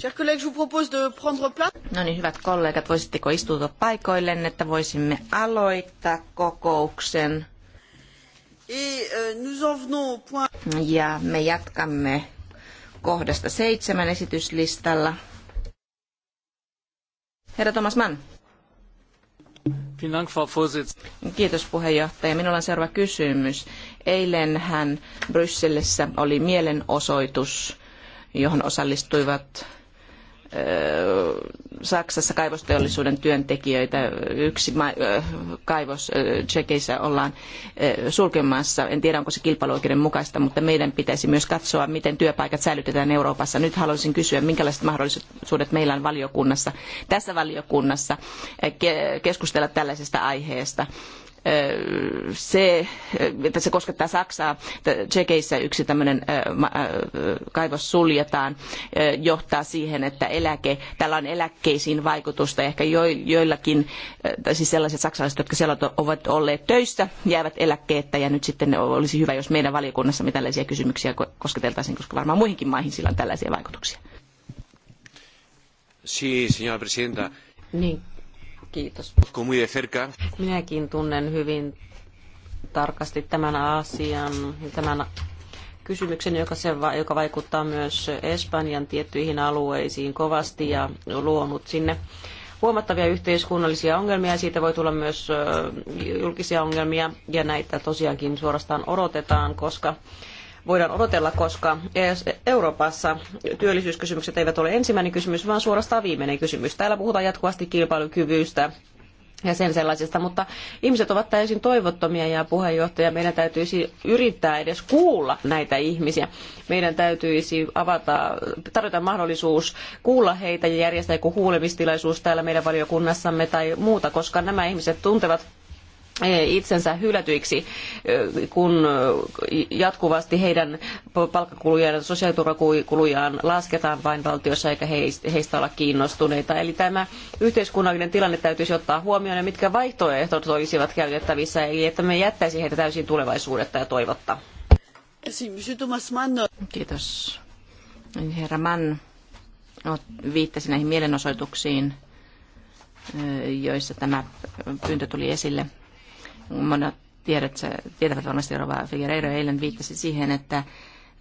Chers collègues, je vous propose de prendre place. No niin, hyvät kollegat, voisitteko istua paikoilleen, että voisimme aloittaa kokouksen. Et, euh, nous en venons point... Ja me jatkamme kohdasta seitsemän esityslistalla. Herra Thomas Mann. Kiitos puheenjohtaja. Minulla on seuraava kysymys. Eilenhän Brysselissä oli mielenosoitus, johon osallistuivat Saksassa kaivosteollisuuden työntekijöitä. Yksi kaivos Tsekeissä ollaan sulkemassa. En tiedä, onko se kilpailuoikeuden mukaista, mutta meidän pitäisi myös katsoa, miten työpaikat säilytetään Euroopassa. Nyt haluaisin kysyä, minkälaiset mahdollisuudet meillä on valiokunnassa, tässä valiokunnassa keskustella tällaisesta aiheesta se, että se koskettaa Saksaa, Tsekeissä yksi tämmöinen kaivos suljetaan, johtaa siihen, että eläke, tällä on eläkkeisiin vaikutusta. Ehkä joillakin, siis sellaiset saksalaiset, jotka siellä ovat olleet töissä, jäävät eläkkeettä ja nyt sitten olisi hyvä, jos meidän valiokunnassamme tällaisia kysymyksiä kosketeltaisiin, koska varmaan muihinkin maihin sillä on tällaisia vaikutuksia. Sí, señora presidenta. Niin, Kiitos. Minäkin tunnen hyvin tarkasti tämän asian, tämän kysymyksen, joka, se, joka vaikuttaa myös Espanjan tiettyihin alueisiin kovasti ja luonut sinne huomattavia yhteiskunnallisia ongelmia ja siitä voi tulla myös julkisia ongelmia ja näitä tosiaankin suorastaan odotetaan, koska voidaan odotella, koska Euroopassa työllisyyskysymykset eivät ole ensimmäinen kysymys, vaan suorastaan viimeinen kysymys. Täällä puhutaan jatkuvasti kilpailukyvystä, ja sen sellaisesta, mutta ihmiset ovat täysin toivottomia ja puheenjohtaja, meidän täytyisi yrittää edes kuulla näitä ihmisiä. Meidän täytyisi avata, tarjota mahdollisuus kuulla heitä ja järjestää joku huulemistilaisuus täällä meidän valiokunnassamme tai muuta, koska nämä ihmiset tuntevat Eh, itsensä hylätyiksi, eh, kun eh, jatkuvasti heidän palkkakulujaan ja sosiaaliturvakulujaan lasketaan vain valtiossa eikä heistä olla kiinnostuneita. Eli tämä yhteiskunnallinen tilanne täytyisi ottaa huomioon ja mitkä vaihtoehdot olisivat käytettävissä, eli että me jättäisi heitä täysin tulevaisuudetta ja toivotta. Kiitos. Herra Mann viittasi näihin mielenosoituksiin, joissa tämä pyyntö tuli esille Monet tiedät, tietävät varmasti Rova Figueiredo eilen viittasi siihen, että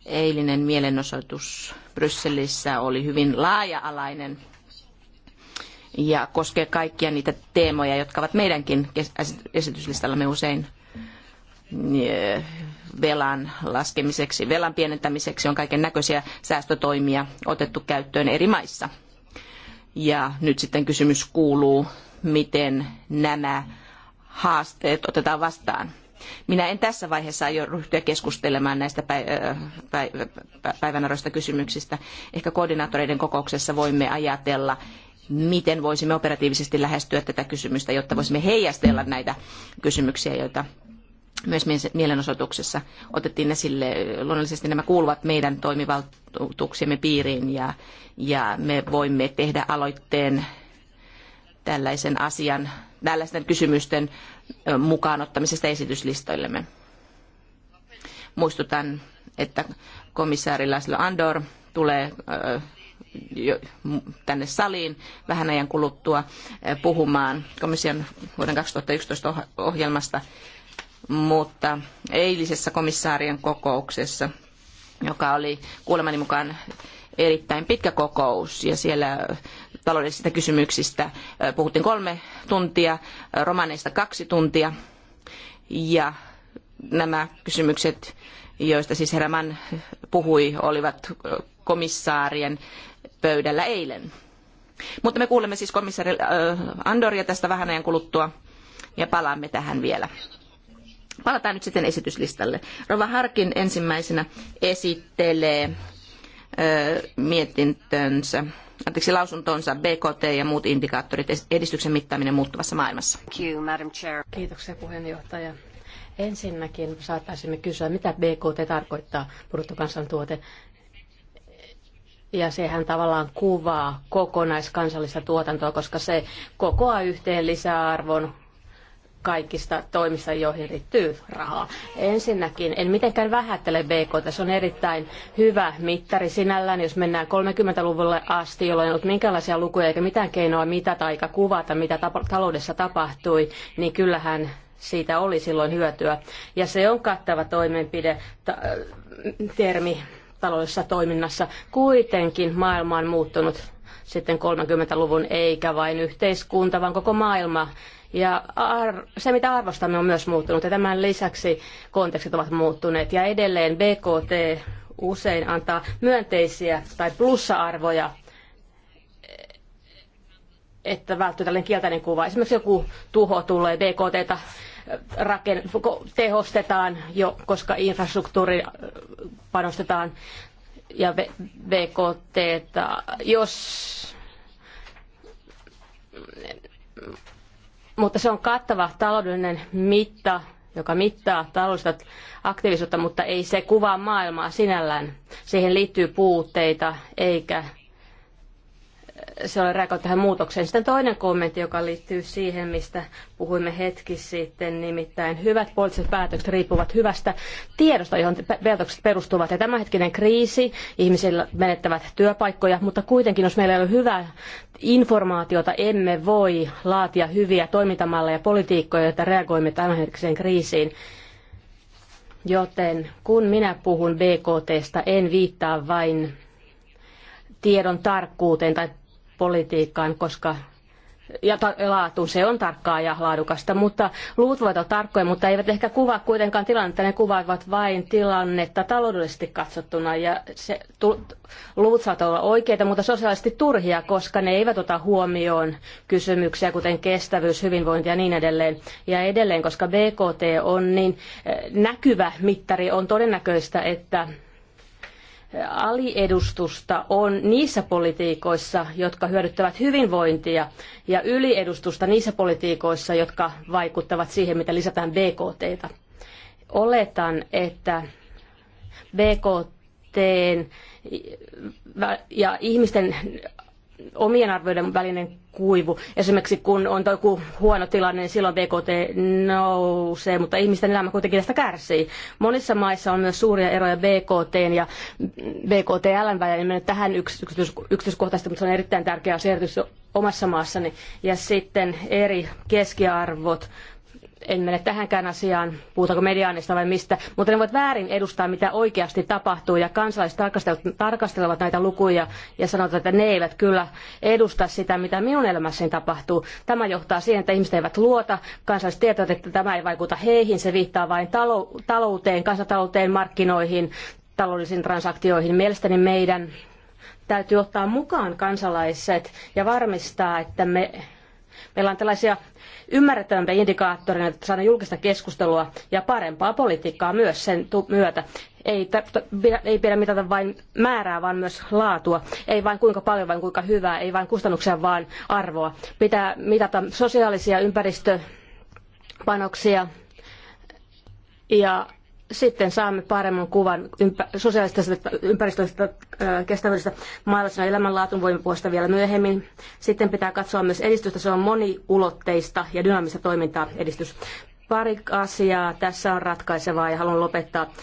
eilinen mielenosoitus Brysselissä oli hyvin laaja-alainen ja koskee kaikkia niitä teemoja, jotka ovat meidänkin esityslistallamme usein velan laskemiseksi, velan pienentämiseksi on kaiken näköisiä säästötoimia otettu käyttöön eri maissa. Ja nyt sitten kysymys kuuluu, miten nämä haasteet otetaan vastaan. Minä en tässä vaiheessa aio ryhtyä keskustelemaan näistä päivänaroista kysymyksistä. Ehkä koordinaattoreiden kokouksessa voimme ajatella, miten voisimme operatiivisesti lähestyä tätä kysymystä, jotta voisimme heijastella näitä kysymyksiä, joita myös mielenosoituksessa otettiin esille. Luonnollisesti nämä kuuluvat meidän toimivaltuuksiemme piiriin ja, ja me voimme tehdä aloitteen tällaisen asian tällaisten kysymysten mukaan ottamisesta esityslistoillemme. Muistutan, että komissaari Laszlo Andor tulee tänne saliin vähän ajan kuluttua puhumaan komission vuoden 2011 ohjelmasta, mutta eilisessä komissaarien kokouksessa, joka oli kuulemani mukaan erittäin pitkä kokous ja siellä taloudellisista kysymyksistä. Puhuttiin kolme tuntia, romaneista kaksi tuntia ja nämä kysymykset, joista siis Mann puhui, olivat komissaarien pöydällä eilen. Mutta me kuulemme siis komissaari Andoria tästä vähän ajan kuluttua ja palaamme tähän vielä. Palataan nyt sitten esityslistalle. Rova Harkin ensimmäisenä esittelee mietintönsä anteeksi, lausuntonsa BKT ja muut indikaattorit edistyksen mittaaminen muuttuvassa maailmassa. Kiitoksia puheenjohtaja. Ensinnäkin saattaisimme kysyä, mitä BKT tarkoittaa, bruttokansantuote. Ja sehän tavallaan kuvaa kokonaiskansallista tuotantoa, koska se kokoaa yhteen lisäarvon kaikista toimista, joihin riittyy rahaa. Ensinnäkin en mitenkään vähättele BK, se on erittäin hyvä mittari sinällään, jos mennään 30-luvulle asti, jolloin ei ollut minkälaisia lukuja eikä mitään keinoa mitä tai kuvata, mitä taloudessa tapahtui, niin kyllähän siitä oli silloin hyötyä. Ja se on kattava toimenpide, ta- termi taloudessa toiminnassa. Kuitenkin maailma on muuttunut sitten 30-luvun, eikä vain yhteiskunta, vaan koko maailma ja se, mitä arvostamme, on myös muuttunut. Ja tämän lisäksi kontekstit ovat muuttuneet. Ja edelleen BKT usein antaa myönteisiä tai plussa-arvoja että välttyy tällainen kielteinen kuva. Esimerkiksi joku tuho tulee, BKTtä äh, raken, tehostetaan, jo, koska infrastruktuuri äh, panostetaan ja BKT, jos mutta se on kattava taloudellinen mitta, joka mittaa taloudellista aktiivisuutta, mutta ei se kuvaa maailmaa sinällään. Siihen liittyy puutteita, eikä se oli reagoinut tähän muutokseen. Sitten toinen kommentti, joka liittyy siihen, mistä puhuimme hetki sitten, nimittäin hyvät poliittiset päätökset riippuvat hyvästä tiedosta, johon päätökset perustuvat. Ja tämänhetkinen kriisi, ihmisillä menettävät työpaikkoja, mutta kuitenkin, jos meillä ei ole hyvää informaatiota, emme voi laatia hyviä toimintamalleja politiikkoja, joita reagoimme tämänhetkiseen kriisiin. Joten kun minä puhun BKTstä, en viittaa vain tiedon tarkkuuteen tai politiikkaan, koska ja laatuun se on tarkkaa ja laadukasta, mutta luvut voivat olla tarkkoja, mutta eivät ehkä kuvaa kuitenkaan tilannetta. Ne kuvaavat vain tilannetta taloudellisesti katsottuna ja se, tu, luvut saattavat olla oikeita, mutta sosiaalisesti turhia, koska ne eivät ota huomioon kysymyksiä kuten kestävyys, hyvinvointi ja niin edelleen. Ja edelleen, koska BKT on niin eh, näkyvä mittari, on todennäköistä, että aliedustusta on niissä politiikoissa, jotka hyödyttävät hyvinvointia, ja yliedustusta niissä politiikoissa, jotka vaikuttavat siihen, mitä lisätään BKTtä. Oletan, että BKT ja ihmisten omien arvioiden välinen kuivu. Esimerkiksi kun on joku huono tilanne, niin silloin BKT nousee, mutta ihmisten elämä kuitenkin tästä kärsii. Monissa maissa on myös suuria eroja BKT ja BKTL välillä. En mene tähän yksityiskohtaisesti, mutta se on erittäin tärkeä asia erityisesti omassa maassani. Ja sitten eri keskiarvot en mene tähänkään asiaan, puhutaanko mediaanista vai mistä, mutta ne voivat väärin edustaa, mitä oikeasti tapahtuu, ja kansalaiset tarkastelevat näitä lukuja ja sanovat, että ne eivät kyllä edusta sitä, mitä minun elämässäni tapahtuu. Tämä johtaa siihen, että ihmiset eivät luota, kansalaiset tietävät, että tämä ei vaikuta heihin, se viittaa vain talouteen, kansantalouteen, markkinoihin, taloudellisiin transaktioihin. Mielestäni meidän täytyy ottaa mukaan kansalaiset ja varmistaa, että me, meillä on tällaisia ymmärrettävämpänä indikaattorina, että saadaan julkista keskustelua ja parempaa politiikkaa myös sen myötä. Ei, ei pidä mitata vain määrää, vaan myös laatua. Ei vain kuinka paljon, vaan kuinka hyvää. Ei vain kustannuksia, vaan arvoa. Pitää mitata sosiaalisia ympäristöpanoksia ja sitten saamme paremman kuvan ympä, sosiaalisesta ympäristöstä kestävyydestä maailmassa elämänlaatun voimme puolesta vielä myöhemmin. Sitten pitää katsoa myös edistystä. Se on moniulotteista ja dynaamista toimintaa edistys. Pari asiaa tässä on ratkaisevaa ja haluan lopettaa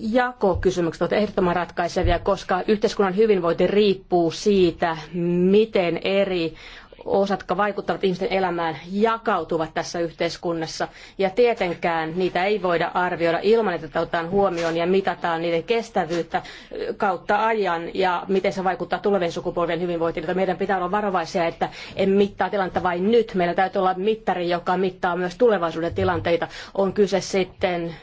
jakokysymykset ovat ehdottoman ratkaisevia, koska yhteiskunnan hyvinvointi riippuu siitä, miten eri osat, jotka vaikuttavat ihmisten elämään, jakautuvat tässä yhteiskunnassa. Ja tietenkään niitä ei voida arvioida ilman, että otetaan huomioon ja mitataan niiden kestävyyttä kautta ajan ja miten se vaikuttaa tulevien sukupolvien hyvinvointiin. Joten meidän pitää olla varovaisia, että en mittaa tilannetta vain nyt. Meillä täytyy olla mittari, joka mittaa myös tulevaisuuden tilanteita. On kyse sitten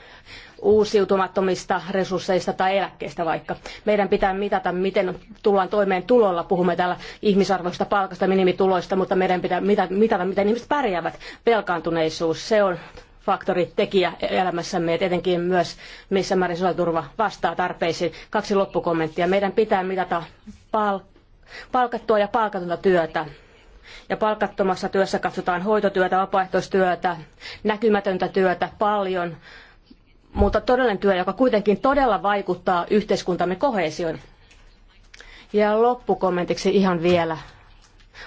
uusiutumattomista resursseista tai eläkkeistä vaikka. Meidän pitää mitata, miten tullaan toimeen tulolla. Puhumme täällä ihmisarvoista palkasta, minimituloista, mutta meidän pitää mitata, miten ihmiset pärjäävät. Velkaantuneisuus, se on faktori, tekijä elämässämme ja tietenkin myös missä määrin sosiaaliturva vastaa tarpeisiin. Kaksi loppukommenttia. Meidän pitää mitata pal- palkattua ja palkatonta työtä. Ja palkattomassa työssä katsotaan hoitotyötä, vapaaehtoistyötä, näkymätöntä työtä, paljon mutta todellinen työ, joka kuitenkin todella vaikuttaa yhteiskuntamme koheesioon. Ja loppukommentiksi ihan vielä.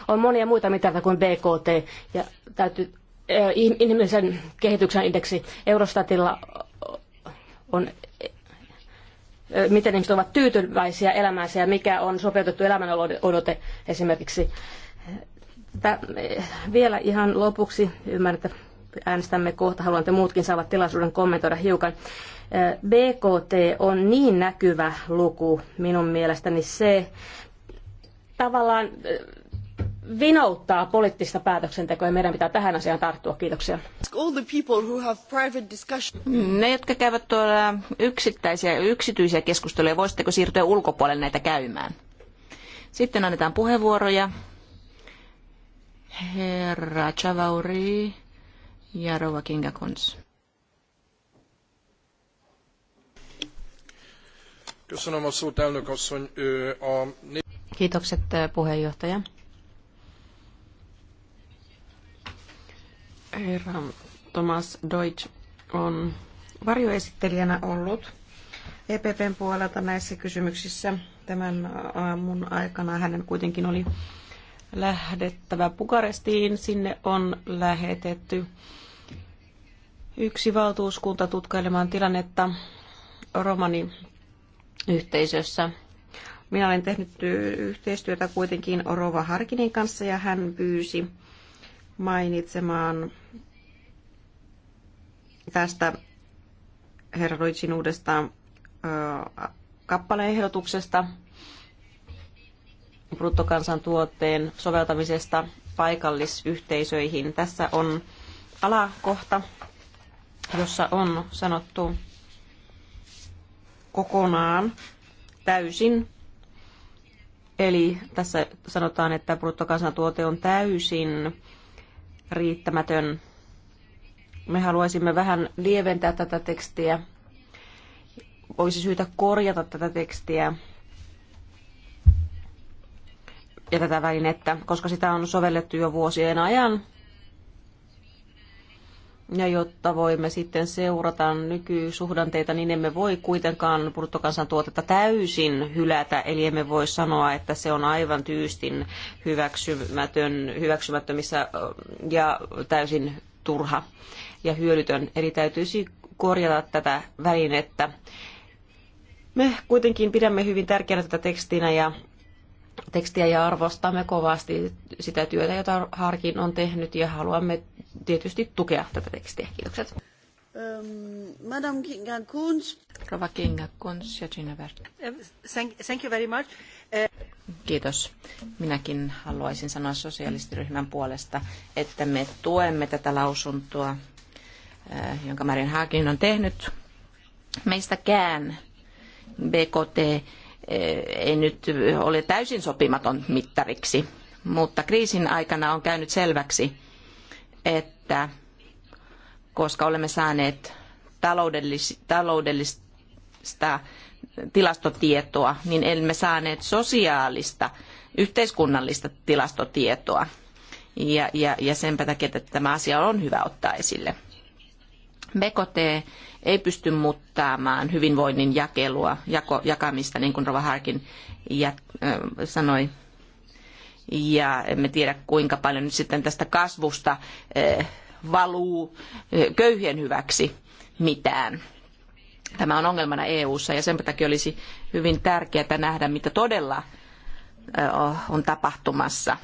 On monia muita mitarita kuin BKT ja täytyy, eh, inhimillisen kehityksen indeksi Eurostatilla on eh, miten ihmiset ovat tyytyväisiä elämäänsä ja mikä on sopeutettu elämän odote esimerkiksi. Tätä, eh, vielä ihan lopuksi ymmärrän, että äänestämme kohta. Haluan, että muutkin saavat tilaisuuden kommentoida hiukan. BKT on niin näkyvä luku minun mielestäni se tavallaan vinouttaa poliittista päätöksentekoa ja meidän pitää tähän asiaan tarttua. Kiitoksia. Ne, jotka käyvät tuolla yksittäisiä yksityisiä keskusteluja, voisitteko siirtyä ulkopuolelle näitä käymään? Sitten annetaan puheenvuoroja. Herra Chavauri ja Rova Kinga Kons. Köszönöm a szót, elnök asszony. A... Kiitokset puheenjohtaja. Herra Thomas Deutsch on varjoesittelijänä ollut EPPn puolelta näissä kysymyksissä tämän aamun aikana. Hänen kuitenkin oli lähdettävä Bukarestiin. Sinne on lähetetty yksi valtuuskunta tutkailemaan tilannetta romani yhteisössä. Minä olen tehnyt yhteistyötä kuitenkin Orova Harkinin kanssa ja hän pyysi mainitsemaan tästä herra Roitsin uudesta kappaleehdotuksesta bruttokansantuotteen soveltamisesta paikallisyhteisöihin. Tässä on alakohta jossa on sanottu kokonaan täysin. Eli tässä sanotaan, että bruttokansantuote on täysin riittämätön. Me haluaisimme vähän lieventää tätä tekstiä. Olisi syytä korjata tätä tekstiä ja tätä välinettä, koska sitä on sovellettu jo vuosien ajan ja jotta voimme sitten seurata nykysuhdanteita, niin emme voi kuitenkaan bruttokansantuotetta täysin hylätä, eli emme voi sanoa, että se on aivan tyystin hyväksymätön, hyväksymättömissä ja täysin turha ja hyödytön. Eli täytyisi korjata tätä välinettä. Me kuitenkin pidämme hyvin tärkeänä tätä tekstinä ja tekstiä ja arvostamme kovasti sitä työtä, jota Harkin on tehnyt ja haluamme tietysti tukea tätä tekstiä. Kiitokset. Um, Madame Kinga Kunz. Rova Kinga Kunz ja Gina Bert. Äh, thank, you very much. Äh, Kiitos. Minäkin haluaisin sanoa sosialistiryhmän puolesta, että me tuemme tätä lausuntoa, äh, jonka Marin Haakin on tehnyt. Meistäkään BKT ei nyt ole täysin sopimaton mittariksi, mutta kriisin aikana on käynyt selväksi, että koska olemme saaneet taloudellis- taloudellista tilastotietoa, niin emme saaneet sosiaalista, yhteiskunnallista tilastotietoa. Ja, ja, ja senpä takia, että tämä asia on hyvä ottaa esille. BKT ei pysty muuttamaan hyvinvoinnin jakelua, jako, jakamista, niin kuin Rova Harkin jät, äh, sanoi ja emme tiedä kuinka paljon nyt sitten tästä kasvusta eh, valuu eh, köyhien hyväksi mitään. Tämä on ongelmana EU:ssa ja sen takia olisi hyvin tärkeää nähdä, mitä todella eh, on tapahtumassa.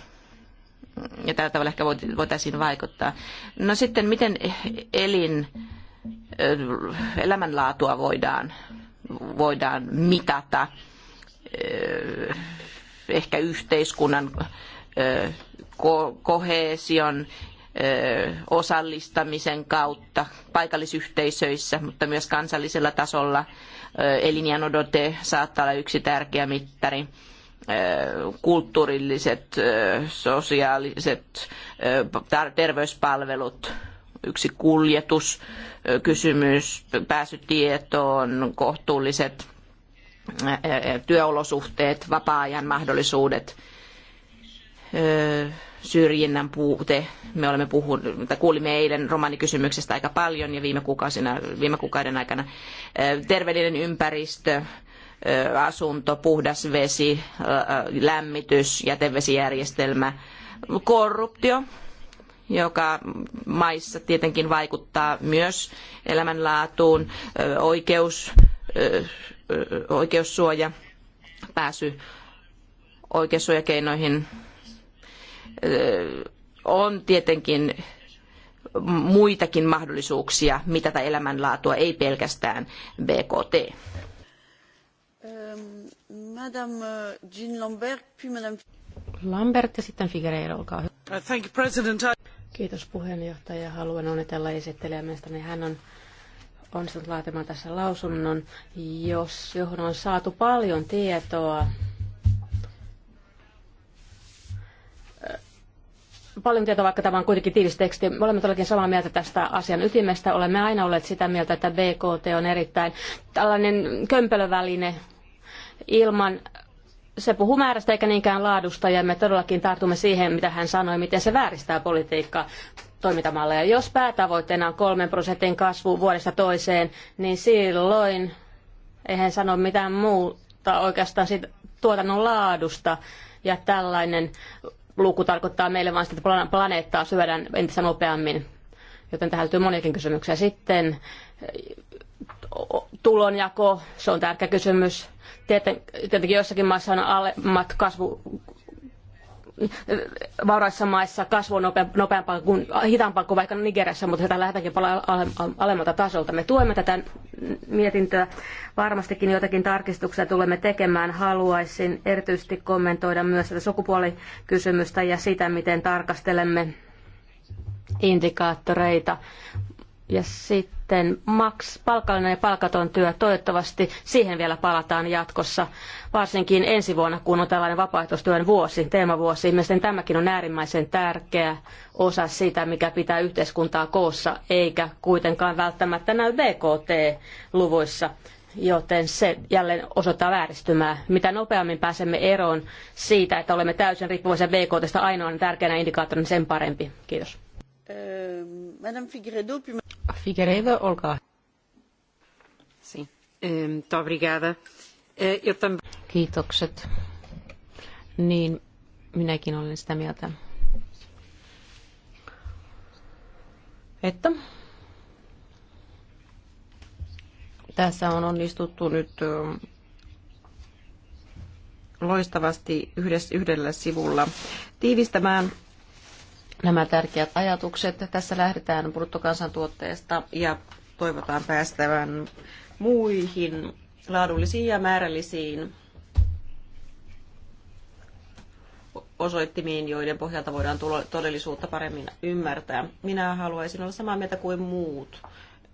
Ja tällä tavalla ehkä voitaisiin vaikuttaa. No sitten, miten elin, elämänlaatua voidaan, voidaan mitata? ehkä yhteiskunnan kohesion osallistamisen kautta paikallisyhteisöissä, mutta myös kansallisella tasolla elinjänodote saattaa olla yksi tärkeä mittari kulttuurilliset, sosiaaliset, terveyspalvelut, yksi kuljetuskysymys, pääsy tietoon, kohtuulliset työolosuhteet, vapaa-ajan mahdollisuudet, syrjinnän puute. Me olemme puhuneet, kuulimme eilen romanikysymyksestä aika paljon ja viime, kuukausina, viime kuukauden aikana terveellinen ympäristö, asunto, puhdas vesi, lämmitys, jätevesijärjestelmä, korruptio, joka maissa tietenkin vaikuttaa myös elämänlaatuun, oikeus oikeussuoja, pääsy oikeussuojakeinoihin on tietenkin muitakin mahdollisuuksia mitä mitata elämänlaatua, ei pelkästään BKT. Ähm, Madame äh, Jean Lambert, puis Madame... Lambert ja sitten Figueiredo, olkaa hyvä. Thank you, President. Kiitos puheenjohtaja. Haluan onnitella esittelijämiestäni. Hän on onnistunut laatimaan tässä lausunnon, jos, johon on saatu paljon tietoa paljon tietoa, vaikka tämä on kuitenkin tiivis teksti. Me olemme todellakin samaa mieltä tästä asian ytimestä. Olemme aina olleet sitä mieltä, että BKT on erittäin tällainen kömpelöväline ilman se puhuu määrästä eikä niinkään laadusta ja me todellakin tartumme siihen, mitä hän sanoi, miten se vääristää politiikkaa toimintamalleja. Jos päätavoitteena on kolmen prosentin kasvu vuodesta toiseen, niin silloin eihän sano mitään muuta oikeastaan siitä tuotannon laadusta. Ja tällainen luku tarkoittaa meille vain sitä, että planeettaa syödään entistä nopeammin. Joten tähän löytyy moniakin kysymyksiä. Sitten tulonjako, se on tärkeä kysymys. Tietenkin joissakin maissa on alemmat kasvu, vauraissa maissa kasvu on nopeampaa kuin, hitaampaa kuin vaikka Nigeriassa, mutta sitä lähdetäänkin paljon alemmalta tasolta. Me tuemme tätä mietintöä. Varmastikin jotakin tarkistuksia tulemme tekemään. Haluaisin erityisesti kommentoida myös tätä sukupuolikysymystä ja sitä, miten tarkastelemme indikaattoreita ja sitten maks, palkallinen ja palkaton työ, toivottavasti siihen vielä palataan jatkossa, varsinkin ensi vuonna, kun on tällainen vapaaehtoistyön vuosi, teemavuosi. Mielestäni tämäkin on äärimmäisen tärkeä osa sitä, mikä pitää yhteiskuntaa koossa, eikä kuitenkaan välttämättä näy BKT-luvuissa joten se jälleen osoittaa vääristymää. Mitä nopeammin pääsemme eroon siitä, että olemme täysin riippuvaisia BKTsta ainoana tärkeänä indikaattorina, sen parempi. Kiitos. Euh, eh, eh, Kiitokset. Niin, minäkin olen sitä mieltä, että tässä on onnistuttu nyt loistavasti yhdessä, yhdellä sivulla tiivistämään nämä tärkeät ajatukset. Tässä lähdetään bruttokansantuotteesta ja toivotaan päästävän muihin laadullisiin ja määrällisiin osoittimiin, joiden pohjalta voidaan todellisuutta paremmin ymmärtää. Minä haluaisin olla samaa mieltä kuin muut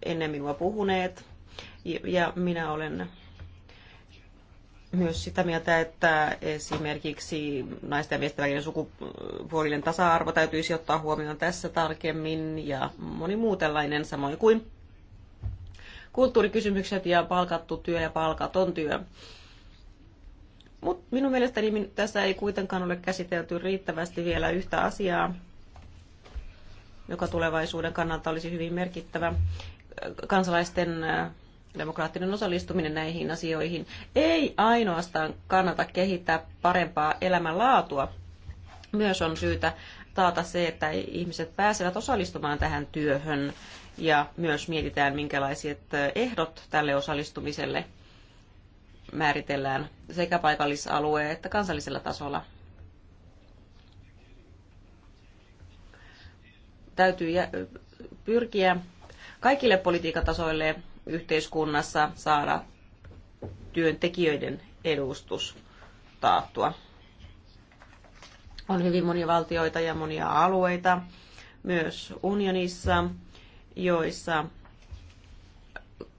ennen minua puhuneet, ja minä olen myös sitä mieltä, että esimerkiksi naisten ja miesten välinen sukupuolinen tasa-arvo täytyisi ottaa huomioon tässä tarkemmin ja moni muu tällainen, samoin kuin kulttuurikysymykset ja palkattu työ ja palkaton työ. Mutta minun mielestäni tässä ei kuitenkaan ole käsitelty riittävästi vielä yhtä asiaa, joka tulevaisuuden kannalta olisi hyvin merkittävä kansalaisten demokraattinen osallistuminen näihin asioihin ei ainoastaan kannata kehittää parempaa elämänlaatua, myös on syytä taata se, että ihmiset pääsevät osallistumaan tähän työhön ja myös mietitään, minkälaiset ehdot tälle osallistumiselle määritellään sekä paikallisalueen että kansallisella tasolla. Täytyy pyrkiä kaikille politiikatasoille yhteiskunnassa saada työntekijöiden edustus taattua. On hyvin monia valtioita ja monia alueita myös unionissa, joissa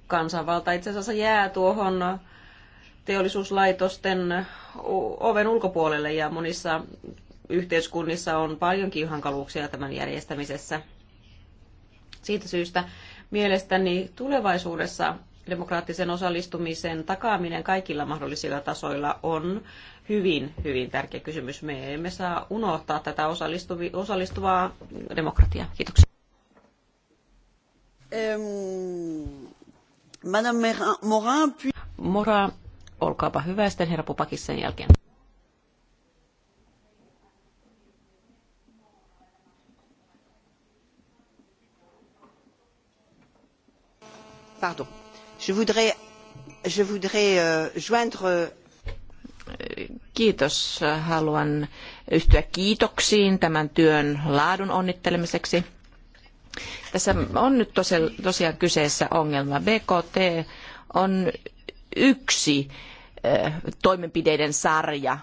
kansanvalta itse asiassa jää tuohon teollisuuslaitosten oven ulkopuolelle ja monissa yhteiskunnissa on paljonkin hankaluuksia tämän järjestämisessä. Siitä syystä Mielestäni tulevaisuudessa demokraattisen osallistumisen takaaminen kaikilla mahdollisilla tasoilla on hyvin, hyvin tärkeä kysymys. Me emme saa unohtaa tätä osallistuvi, osallistuvaa demokratiaa. Kiitoksia. Ähm, Madame Morin, puis... Mora, olkaapa hyvä, sitten herra Pupakis sen jälkeen. Pardon. Je voudrais, je voudrais euh, joindre euh, Kiitos. Haluan yhtyä kiitoksiin tämän työn laadun onnittelemiseksi. Tässä on nyt tosiaan kyseessä ongelma. BKT on yksi toimenpideiden sarja,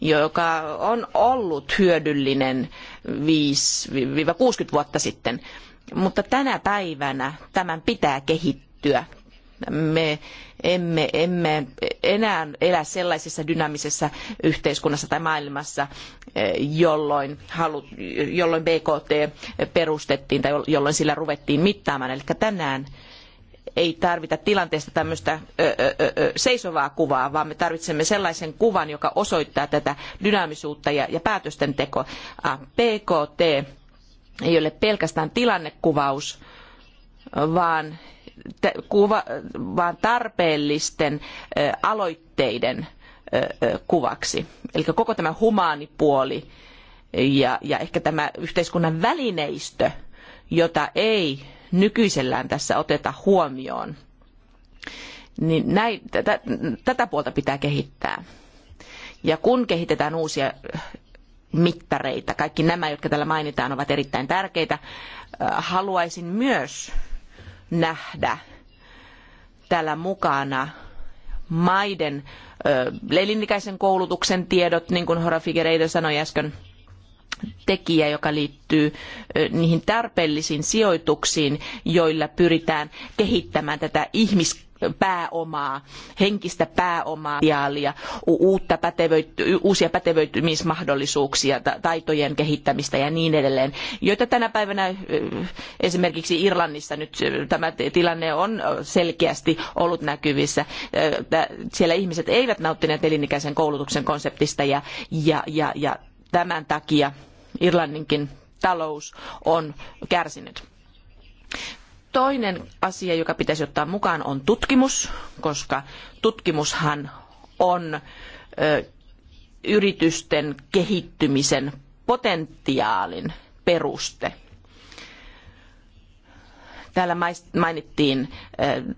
joka on ollut hyödyllinen 5-60 vuotta sitten, mutta tänä päivänä tämän pitää kehittyä. Me emme, emme enää elä sellaisessa dynaamisessa yhteiskunnassa tai maailmassa, jolloin, halu, jolloin BKT perustettiin tai jolloin sillä ruvettiin mittaamaan. Eli tänään ei tarvita tilanteesta tämmöistä seisovaa kuvaa, vaan me tarvitsemme sellaisen kuvan, joka osoittaa tätä dynaamisuutta ja, ja päätösten tekoa. PKT ei ole pelkästään tilannekuvaus, vaan, kuva, vaan tarpeellisten aloitteiden kuvaksi. Eli koko tämä humaanipuoli ja, ja ehkä tämä yhteiskunnan välineistö, jota ei nykyisellään tässä oteta huomioon, niin näin, tätä, tätä puolta pitää kehittää. Ja kun kehitetään uusia mittareita. Kaikki nämä, jotka täällä mainitaan, ovat erittäin tärkeitä. Haluaisin myös nähdä täällä mukana maiden elinikäisen koulutuksen tiedot, niin kuin Hora Figueiredo sanoi äsken, tekijä, joka liittyy niihin tarpeellisiin sijoituksiin, joilla pyritään kehittämään tätä ihmis pääomaa, henkistä pääomaa, uutta pätevöity, uusia pätevöitymismahdollisuuksia, taitojen kehittämistä ja niin edelleen, joita tänä päivänä esimerkiksi Irlannissa nyt tämä tilanne on selkeästi ollut näkyvissä. Siellä ihmiset eivät nauttineet elinikäisen koulutuksen konseptista ja, ja, ja, ja tämän takia Irlanninkin talous on kärsinyt. Toinen asia, joka pitäisi ottaa mukaan, on tutkimus, koska tutkimushan on yritysten kehittymisen potentiaalin peruste. Täällä mainittiin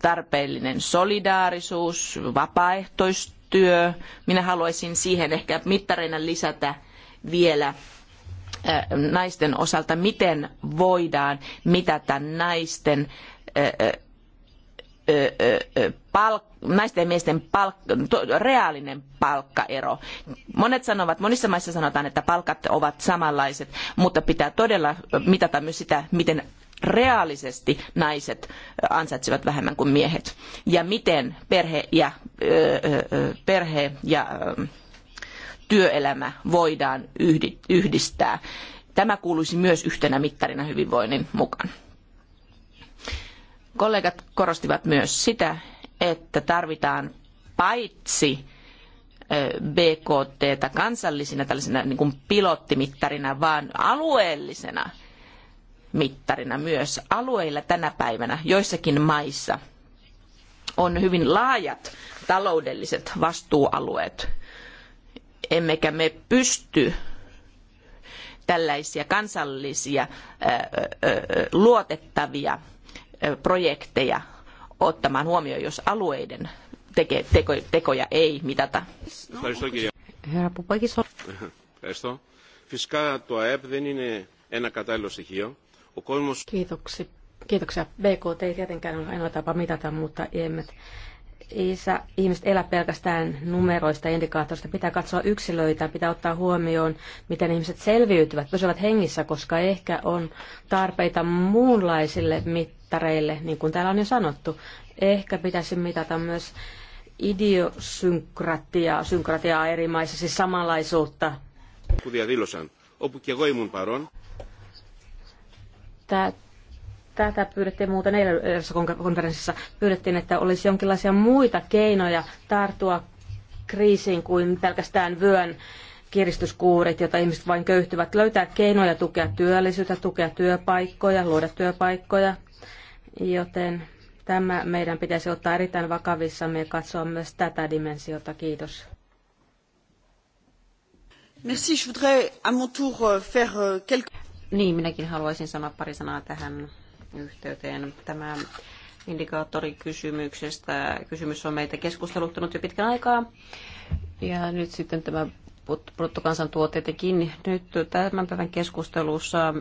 tarpeellinen solidaarisuus, vapaaehtoistyö. Minä haluaisin siihen ehkä mittareina lisätä vielä naisten osalta, miten voidaan mitata naisten palk, naisten ja miesten palk, reaalinen palkkaero. Monet sanovat, monissa maissa sanotaan, että palkat ovat samanlaiset, mutta pitää todella mitata myös sitä, miten reaalisesti naiset ansaitsevat vähemmän kuin miehet ja miten perhe ja, perhe ja työelämä voidaan yhdistää. Tämä kuuluisi myös yhtenä mittarina hyvinvoinnin mukaan. Kollegat korostivat myös sitä, että tarvitaan paitsi BKT kansallisina tällaisena niin kuin pilottimittarina, vaan alueellisena mittarina myös. Alueilla tänä päivänä joissakin maissa on hyvin laajat taloudelliset vastuualueet emmekä me pysty tällaisia kansallisia luotettavia projekteja ottamaan huomioon, jos alueiden teke, teko, tekoja ei mitata. Herra Pupakis. Ευχαριστώ. Φυσικά το ΑΕΠ δεν είναι ένα κατάλληλο στοιχείο. Ο κόσμος... Kiitoksia. BKT ei tietenkään ole ainoa tapa mitata, mutta emme ei saa ihmiset elä pelkästään numeroista ja indikaattorista. Pitää katsoa yksilöitä, pitää ottaa huomioon, miten ihmiset selviytyvät, pysyvät hengissä, koska ehkä on tarpeita muunlaisille mittareille, niin kuin täällä on jo sanottu. Ehkä pitäisi mitata myös idiosynkratiaa, synkratiaa eri maissa, siis samanlaisuutta. Tämä tätä pyydettiin muuten eilen konferenssissa, pyydettiin, että olisi jonkinlaisia muita keinoja tartua kriisiin kuin pelkästään vyön kiristyskuurit, joita ihmiset vain köyhtyvät. Löytää keinoja tukea työllisyyttä, tukea työpaikkoja, luoda työpaikkoja, joten tämä meidän pitäisi ottaa erittäin vakavissamme ja katsoa myös tätä dimensiota. Kiitos. Merci, je voudrais à mon tour euh, faire euh, quelques... Niin, minäkin haluaisin sanoa pari sanaa tähän yhteyteen. Tämä indikaattorikysymyksestä kysymys on meitä keskusteluttanut jo pitkän aikaa. Ja nyt sitten tämä bruttokansantuotteitakin. Nyt tämän päivän keskustelussa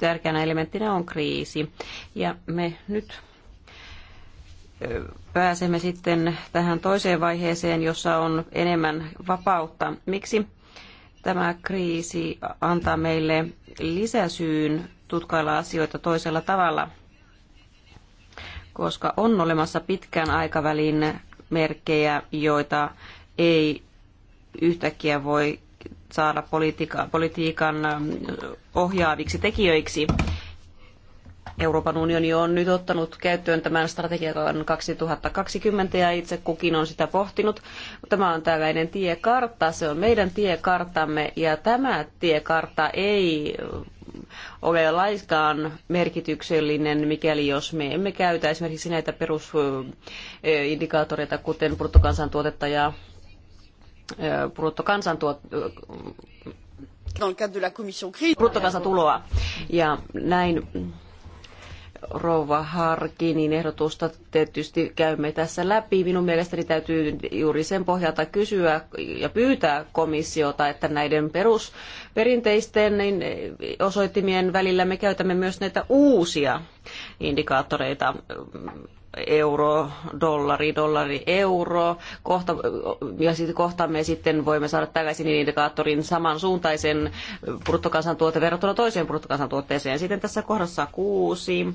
tärkeänä elementtinä on kriisi. Ja me nyt pääsemme sitten tähän toiseen vaiheeseen, jossa on enemmän vapautta. Miksi tämä kriisi antaa meille lisäsyyn tutkailla asioita toisella tavalla, koska on olemassa pitkän aikavälin merkkejä, joita ei yhtäkkiä voi saada politiikan, politiikan ähm, ohjaaviksi tekijöiksi. Euroopan unioni on nyt ottanut käyttöön tämän strategian 2020 ja itse kukin on sitä pohtinut. Tämä on tällainen tiekartta, se on meidän tiekarttamme ja tämä tiekartta ei ole laiskaan merkityksellinen, mikäli jos me emme käytä esimerkiksi näitä perusindikaattoreita, kuten bruttokansantuotetta ja bruttokansantuotetta bruttokansantuloa. Ja näin rouva Harkinin ehdotusta tietysti käymme tässä läpi. Minun mielestäni täytyy juuri sen pohjalta kysyä ja pyytää komissiota, että näiden perusperinteisten osoittimien välillä me käytämme myös näitä uusia indikaattoreita euro, dollari, dollari, euro. Kohta, ja sitten kohta me sitten voimme saada tällaisen indikaattorin samansuuntaisen bruttokansantuote verrattuna toiseen bruttokansantuotteeseen. Sitten tässä kohdassa kuusi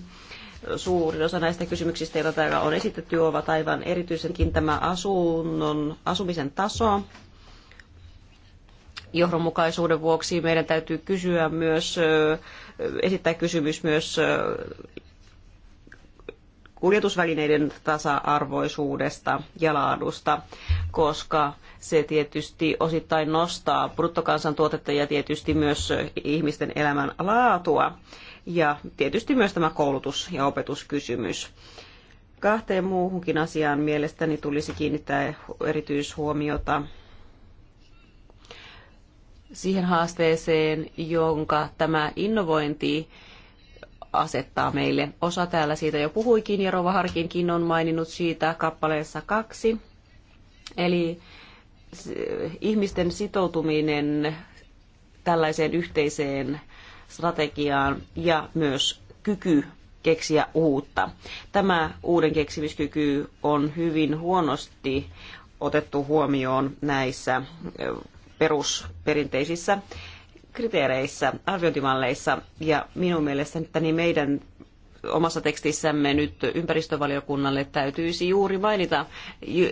suurin osa näistä kysymyksistä, joita täällä on esitetty, ovat aivan erityisenkin tämä asunnon, asumisen taso. Johdonmukaisuuden vuoksi meidän täytyy kysyä myös, esittää kysymys myös kuljetusvälineiden tasa-arvoisuudesta ja laadusta, koska se tietysti osittain nostaa bruttokansantuotetta ja tietysti myös ihmisten elämän laatua ja tietysti myös tämä koulutus- ja opetuskysymys. Kahteen muuhunkin asiaan mielestäni tulisi kiinnittää erityishuomiota siihen haasteeseen, jonka tämä innovointi asettaa meille. Osa täällä siitä jo puhuikin ja Rova Harkinkin on maininnut siitä kappaleessa kaksi. Eli ihmisten sitoutuminen tällaiseen yhteiseen strategiaan ja myös kyky keksiä uutta. Tämä uuden keksimiskyky on hyvin huonosti otettu huomioon näissä perusperinteissä kriteereissä, arviointimalleissa. Ja minun mielestäni niin meidän omassa tekstissämme nyt ympäristövaliokunnalle täytyisi juuri mainita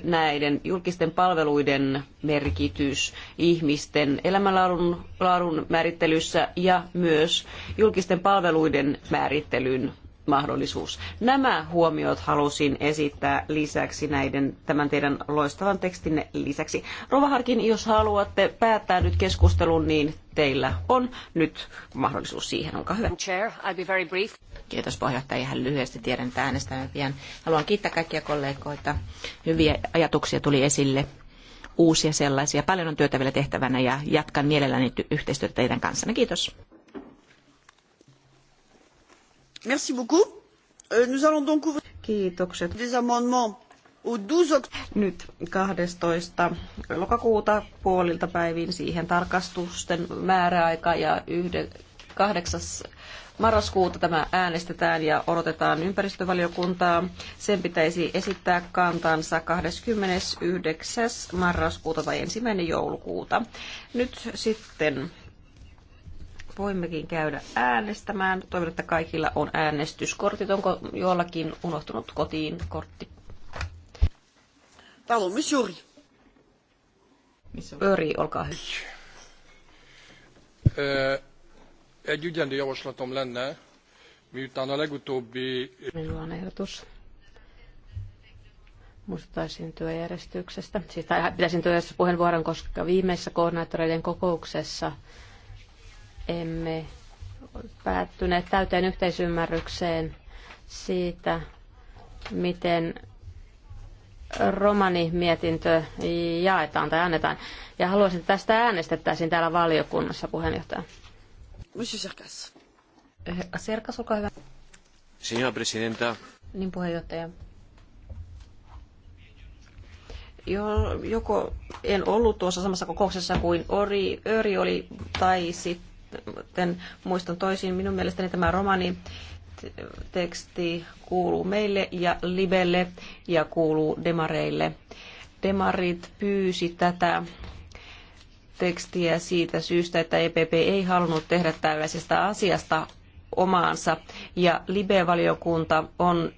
näiden julkisten palveluiden merkitys ihmisten elämänlaadun laadun määrittelyssä ja myös julkisten palveluiden määrittelyn mahdollisuus. Nämä huomiot halusin esittää lisäksi näiden, tämän teidän loistavan tekstinne lisäksi. Rovaharkin, Harkin, jos haluatte päättää nyt keskustelun, niin teillä on nyt mahdollisuus siihen. Olkaa hyvä. Chair, I'll be very brief. Kiitos puheenjohtaja. Ihan lyhyesti tiedän, että äänestämme pian. Haluan kiittää kaikkia kollegoita. Hyviä ajatuksia tuli esille uusia sellaisia. Paljon on työtä vielä tehtävänä ja jatkan mielelläni yhteistyötä teidän kanssanne. Kiitos. Merci nyt kahdestoista lokakuuta puolilta päivin siihen tarkastusten määräaika ja 8. marraskuuta tämä äänestetään ja odotetaan ympäristövaliokuntaa. Sen pitäisi esittää kantansa 29. marraskuuta tai ensimmäinen joulukuuta. Nyt sitten voimmekin käydä äänestämään. Toivon, että kaikilla on äänestyskortit. Onko jollakin unohtunut kotiin kortti? missä Juri. Pöri, olkaa hyvä. Egy ügyendő javaslatom lenne, miután a legutóbbi... Minulla on ehdotus muistuttaisin työjärjestyksestä. Siis, pitäisin työjärjestyksessä puheenvuoron, koska viimeisessä koordinaattoreiden kokouksessa emme päättyneet täyteen yhteisymmärrykseen siitä, miten romanimietintö jaetaan tai annetaan. Ja haluaisin, että tästä äänestettäisiin täällä valiokunnassa, puheenjohtaja. Monsieur Serkas. Eh, Serkas, olkaa hyvä. Signora Presidenta. Niin, puheenjohtaja. Jo, joko en ollut tuossa samassa kokouksessa kuin Ori, Öri oli, tai sitten sitten muistan toisin. Minun mielestäni tämä romani teksti kuuluu meille ja Libelle ja kuuluu Demareille. Demarit pyysi tätä tekstiä siitä syystä, että EPP ei halunnut tehdä tällaisesta asiasta omaansa. Ja Libe-valiokunta on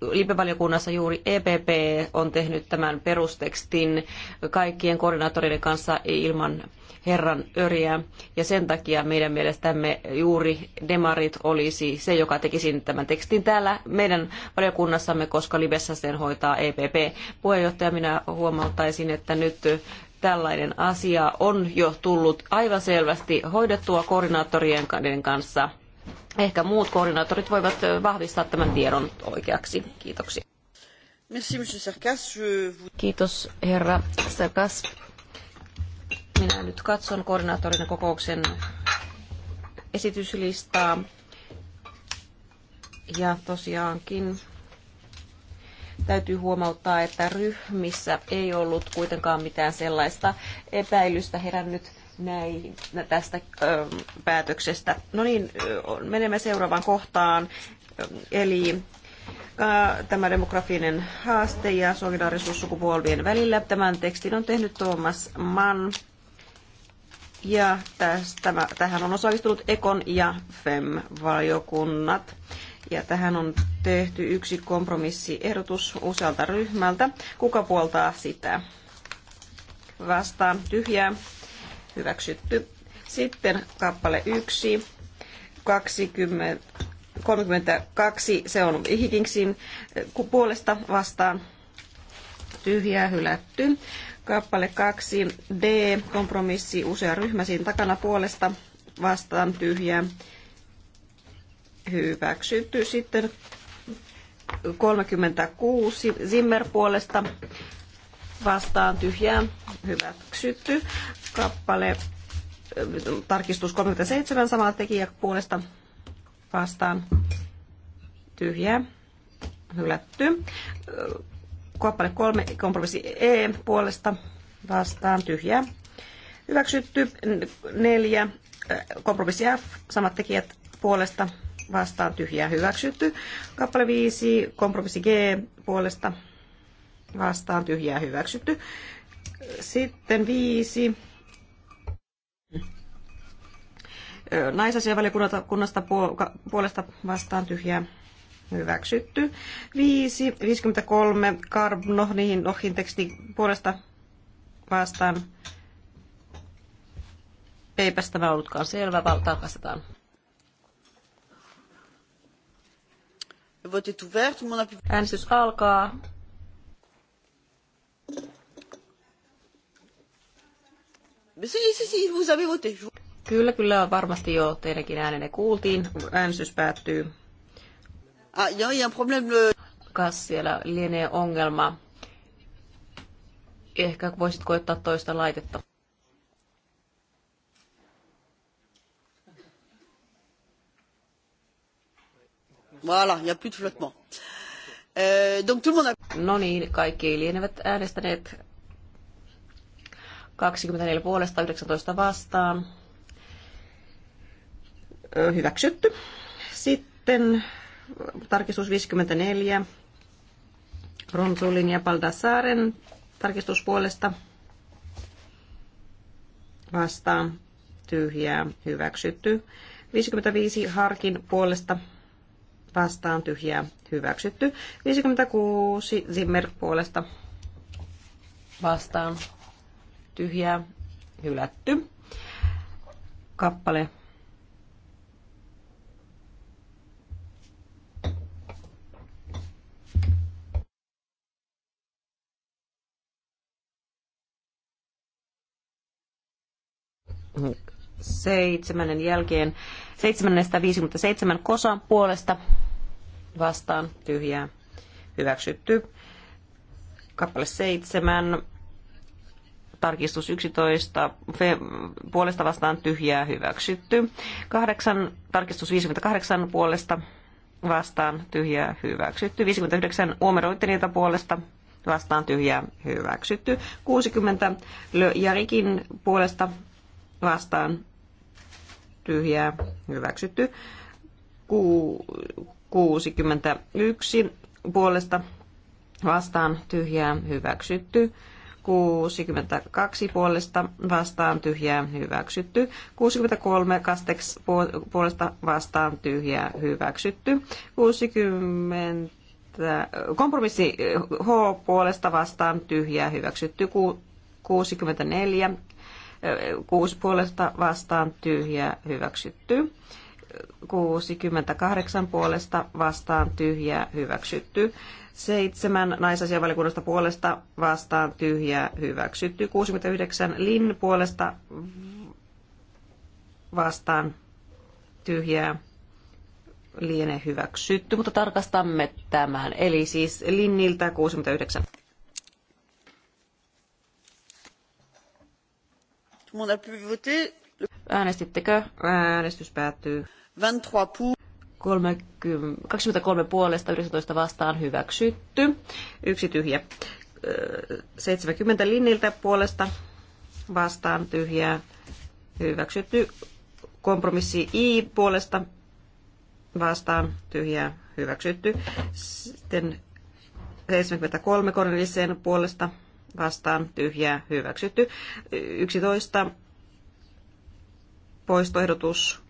Lipevaliokunnassa juuri EPP on tehnyt tämän perustekstin kaikkien koordinaattoreiden kanssa ilman herran öriä. Ja sen takia meidän mielestämme juuri demarit olisi se, joka tekisi tämän tekstin täällä meidän valiokunnassamme, koska libessä sen hoitaa EPP. Puheenjohtaja, minä huomauttaisin, että nyt tällainen asia on jo tullut aivan selvästi hoidettua koordinaattorien kanssa ehkä muut koordinaattorit voivat vahvistaa tämän tiedon oikeaksi. Kiitoksia. Kiitos herra Sarkas. Minä nyt katson koordinaattorin kokouksen esityslistaa. Ja tosiaankin täytyy huomauttaa, että ryhmissä ei ollut kuitenkaan mitään sellaista epäilystä herännyt näihin, tästä ö, päätöksestä. No niin, menemme seuraavaan kohtaan. Eli ö, tämä demografinen haaste ja solidaarisuus sukupolvien välillä. Tämän tekstin on tehnyt Thomas Mann. Ja tästä, tämä, tähän on osallistunut Ekon ja FEM-valiokunnat. Ja tähän on tehty yksi kompromissiehdotus usealta ryhmältä. Kuka puoltaa sitä? Vastaan tyhjää hyväksytty. Sitten kappale 1, 32, se on Higginsin eh, puolesta vastaan tyhjää hylätty. Kappale 2, D, kompromissi usea ryhmä siinä takana puolesta vastaan tyhjää hyväksytty. Sitten 36 Zimmer puolesta vastaan tyhjää hyväksytty kappale, äh, tarkistus 37 samalla tekijä puolesta vastaan tyhjää, hylätty. Äh, kappale 3, kompromissi E puolesta vastaan tyhjää, hyväksytty. 4, äh, kompromissi F, samat tekijät puolesta vastaan tyhjää, hyväksytty. Kappale 5, kompromissi G puolesta vastaan tyhjää, hyväksytty. Sitten 5, naisasiavaliokunnasta puolesta vastaan tyhjää hyväksytty. 5, 53 Karbnohniin Nohin teksti puolesta vastaan. Eipä tämä ollutkaan selvä, tarkastetaan. Äänestys alkaa. Si, si, si, vous avez voté. Kyllä, kyllä, varmasti jo teidänkin äänenne kuultiin. Äänestys päättyy. Ah, joo, ja no. Kas siellä lienee ongelma. Ehkä voisit koittaa toista laitetta. Voilà, il a plus de flottement. Euh, donc tout le monde a... No niin, kaikki lienevät äänestäneet 24 puolesta 19 vastaan hyväksytty. Sitten tarkistus 54, Ronsulin ja tarkistus tarkistuspuolesta vastaan tyhjää hyväksytty. 55 Harkin puolesta vastaan tyhjää hyväksytty. 56 Zimmer puolesta vastaan tyhjää hylätty. Kappale seitsemännen jälkeen. Seitsemännestä seitsemän kosa puolesta vastaan tyhjää hyväksytty. Kappale 7, tarkistus 11, fe, puolesta vastaan tyhjää hyväksytty. 8, tarkistus 58 puolesta vastaan tyhjää hyväksytty. 59 uomeroitteilta puolesta vastaan tyhjää hyväksytty. 60 Jarikin puolesta vastaan tyhjää hyväksytty. Ku, 61 puolesta vastaan tyhjää hyväksytty. 62 puolesta vastaan tyhjää hyväksytty. 63 kasteks puolesta vastaan tyhjää hyväksytty. 60 kompromissi H puolesta vastaan tyhjää hyväksytty. 64 Kuusi puolesta vastaan tyhjä hyväksytty. 68 puolesta vastaan tyhjä hyväksytty. 7 naisasiavalikunnasta puolesta vastaan tyhjä hyväksytty. 69 Lin puolesta vastaan tyhjä liene hyväksytty, mutta tarkastamme tämän. Eli siis Linniltä 69. Tout le monde a pu voter. Äänestittekö? Äänestys päättyy. 23 pu... 30, 23 puolesta 19 vastaan hyväksytty. Yksi tyhjä. 70 linniltä puolesta vastaan tyhjää hyväksytty. Kompromissi I puolesta vastaan tyhjää hyväksytty. Sitten 73 Cornelissen puolesta vastaan tyhjää hyväksytty. 11 poistoehdotus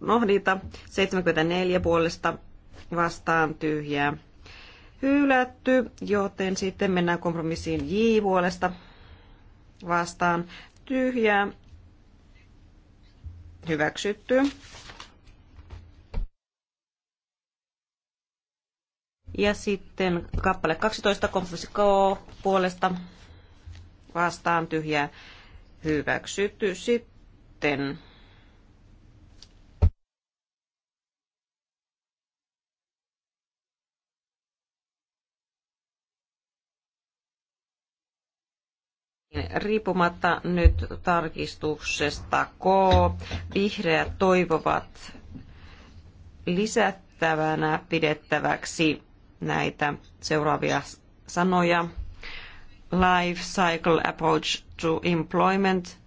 Nohdita 74 puolesta vastaan tyhjää hylätty, joten sitten mennään kompromissiin J puolesta vastaan tyhjää hyväksytty. Ja sitten kappale 12, kompromissi K puolesta vastaan tyhjää hyväksytty. Sitten riippumatta nyt tarkistuksesta K, vihreät toivovat lisättävänä pidettäväksi näitä seuraavia sanoja. Life Cycle Approach to Employment.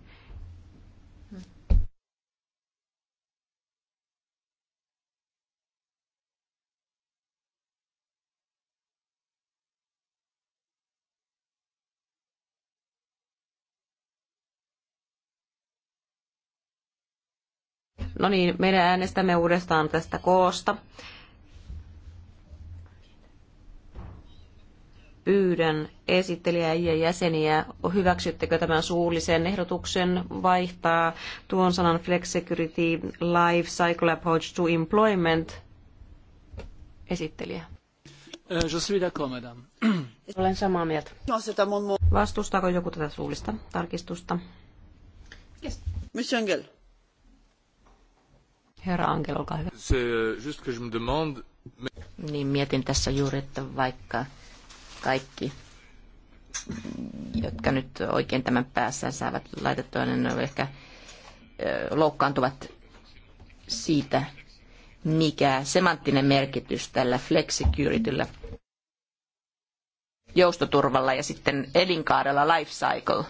No niin, meidän äänestämme uudestaan tästä koosta. pyydän esittelijä ja jäseniä, hyväksyttekö tämän suullisen ehdotuksen vaihtaa tuon sanan security life cycle approach to employment esittelijä. Eh, je suis d'accord, madame. Olen samaa mieltä. No, Vastustaako joku tätä suullista tarkistusta? Yes. Monsieur Angel. Herra Angel, olkaa hyvä. Euh, Just que je me demande... Niin mietin tässä juuri, että vaikka kaikki, jotka nyt oikein tämän päässään saavat laitettua, niin ehkä loukkaantuvat siitä, mikä semanttinen merkitys tällä flexicurityllä joustoturvalla ja sitten elinkaarella life cycle.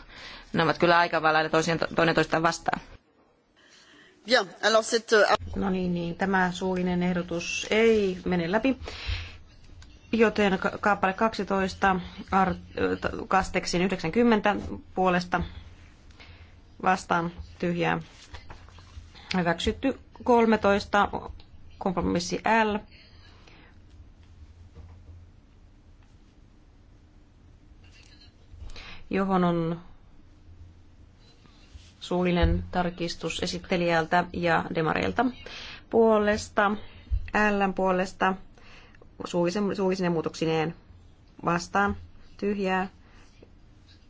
Ne ovat kyllä aika lailla toisiaan, toinen toistaan vastaan. Euh, no niin, niin, tämä suullinen ehdotus ei mene läpi. Joten kappale 12 kasteksin 90 puolesta vastaan tyhjää. Hyväksytty 13 kompromissi L johon on suullinen tarkistus esittelijältä ja demareilta puolesta, L puolesta suullisen, suullisine muutoksineen vastaan tyhjää.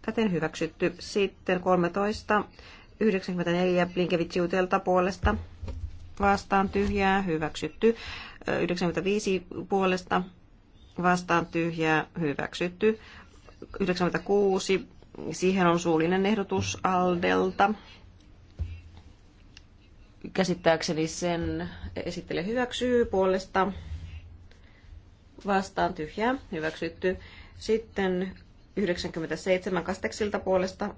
Täten hyväksytty. Sitten 13. 94 Blinkevitsiutelta puolesta vastaan tyhjää hyväksytty. 95 puolesta vastaan tyhjää hyväksytty. 96 siihen on suullinen ehdotus Aldelta. Käsittääkseni sen esittelee hyväksyy puolesta vastaan tyhjää, hyväksytty. Sitten 97 kasteksilta puolesta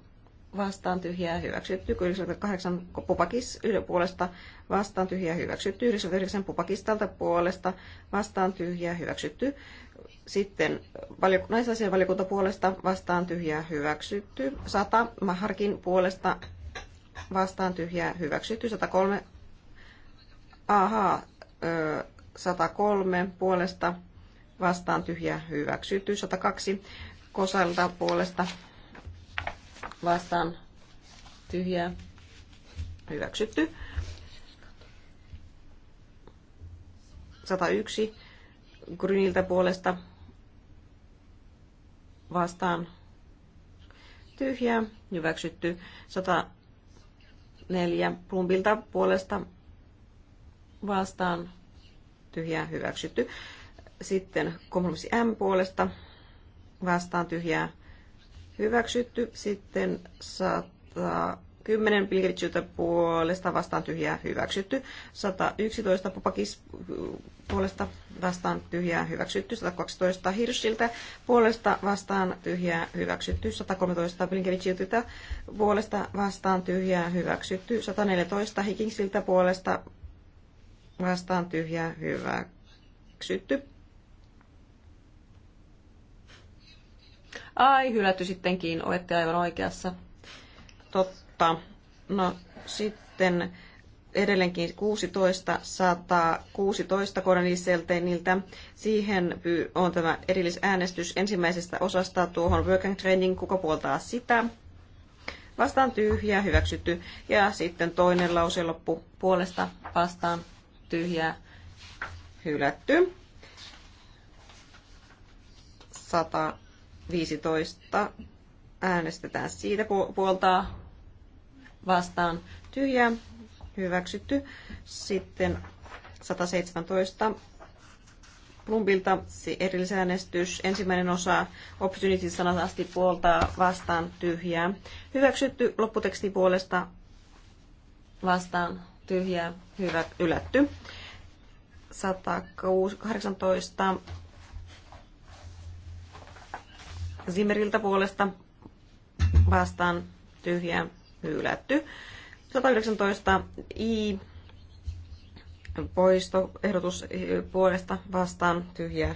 vastaan tyhjää, hyväksytty. 98 pupakis puolesta vastaan tyhjää, hyväksytty. 99 pupakistalta puolesta vastaan tyhjää, hyväksytty. Sitten naisasian valiokunta puolesta vastaan tyhjää, hyväksytty. 100 maharkin puolesta vastaan tyhjää, hyväksytty. 103 aha, 103 puolesta vastaan tyhjä hyväksytty. 102 kosalta puolesta vastaan tyhjä hyväksytty. 101 Gryniltä puolesta vastaan tyhjä hyväksytty. 104 Plumbilta puolesta vastaan tyhjä hyväksytty. Sitten kompromissi M puolesta vastaan tyhjää hyväksytty. Sitten 110 pilkitsyltä puolesta vastaan tyhjää hyväksytty. 111 popakis puolesta vastaan tyhjää hyväksytty. 112 hirsiltä puolesta vastaan tyhjää hyväksytty. 113 pilkitsyltä puolesta vastaan tyhjää hyväksytty. 114 hikingsiltä puolesta vastaan tyhjää hyväksytty. Ai, hylätty sittenkin, olette aivan oikeassa. Totta. No sitten edelleenkin 16, 116 Cornelisselteiniltä. Siihen on tämä erillisäänestys ensimmäisestä osasta tuohon work and training, kuka puoltaa sitä. Vastaan tyhjää, hyväksytty. Ja sitten toinen lause loppu puolesta vastaan tyhjää, hylätty. 100 15 äänestetään siitä puolta vastaan tyhjä hyväksytty. Sitten 117 Plumbilta erillisäänestys, ensimmäinen osa opportunity sanat asti puolta vastaan tyhjää. Hyväksytty lopputeksti puolesta vastaan tyhjää, hyvä, ylätty. 118 Zimmeriltä puolesta vastaan tyhjää hylätty. 119 I poistoehdotus puolesta vastaan tyhjää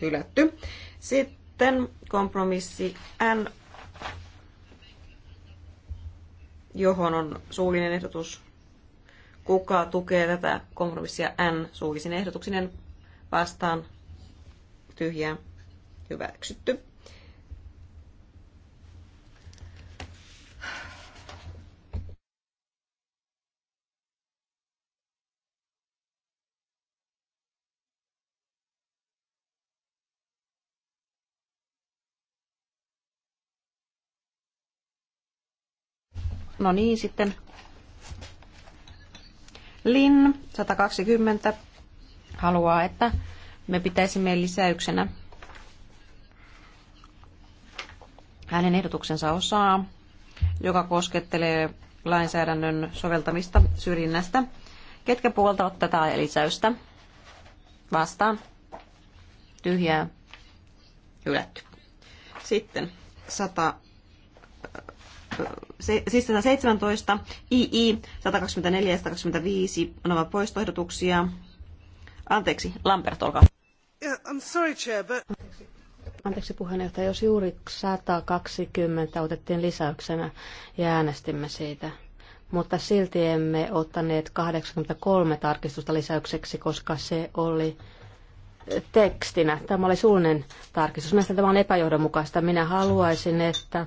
hylätty. Sitten kompromissi N, johon on suullinen ehdotus. Kuka tukee tätä kompromissia N suullisin ehdotuksinen vastaan tyhjää hyväksytty. No niin, sitten Lin 120 haluaa, että me pitäisimme lisäyksenä hänen ehdotuksensa osaa, joka koskettelee lainsäädännön soveltamista syrjinnästä. Ketkä puoltavat tätä lisäystä? Vastaan. Tyhjää. Hylätty. Sitten 100, siis 117, II, 124 ja 125 ovat poistoehdotuksia. Anteeksi, Lambert, olkaa. Yeah, I'm sorry, chair, but... Anteeksi puheenjohtaja, jos juuri 120 otettiin lisäyksenä ja äänestimme siitä, mutta silti emme ottaneet 83 tarkistusta lisäykseksi, koska se oli tekstinä. Tämä oli suunnilleen tarkistus. Mielestäni tämä on epäjohdonmukaista. Minä haluaisin, että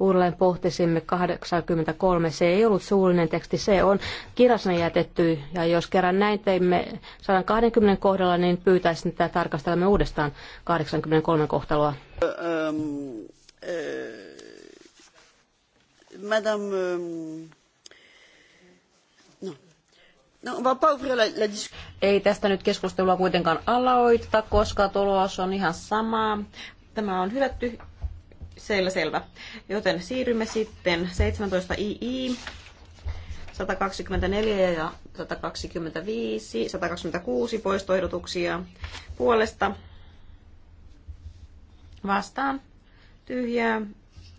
uudelleen pohtisimme 83. Se ei ollut suullinen teksti, se on kirjasena jätetty. Ja jos kerran näin teimme 120 kohdalla, niin pyytäisin, että tarkastelemme uudestaan 83 kohtaloa. Madame No, Ei tästä nyt keskustelua kuitenkaan aloiteta, koska tulos on ihan sama. Tämä on hylätty. Selvä, selvä. Joten siirrymme sitten 17 II, 124 ja 125, 126 poistoehdotuksia puolesta. Vastaan. Tyhjää.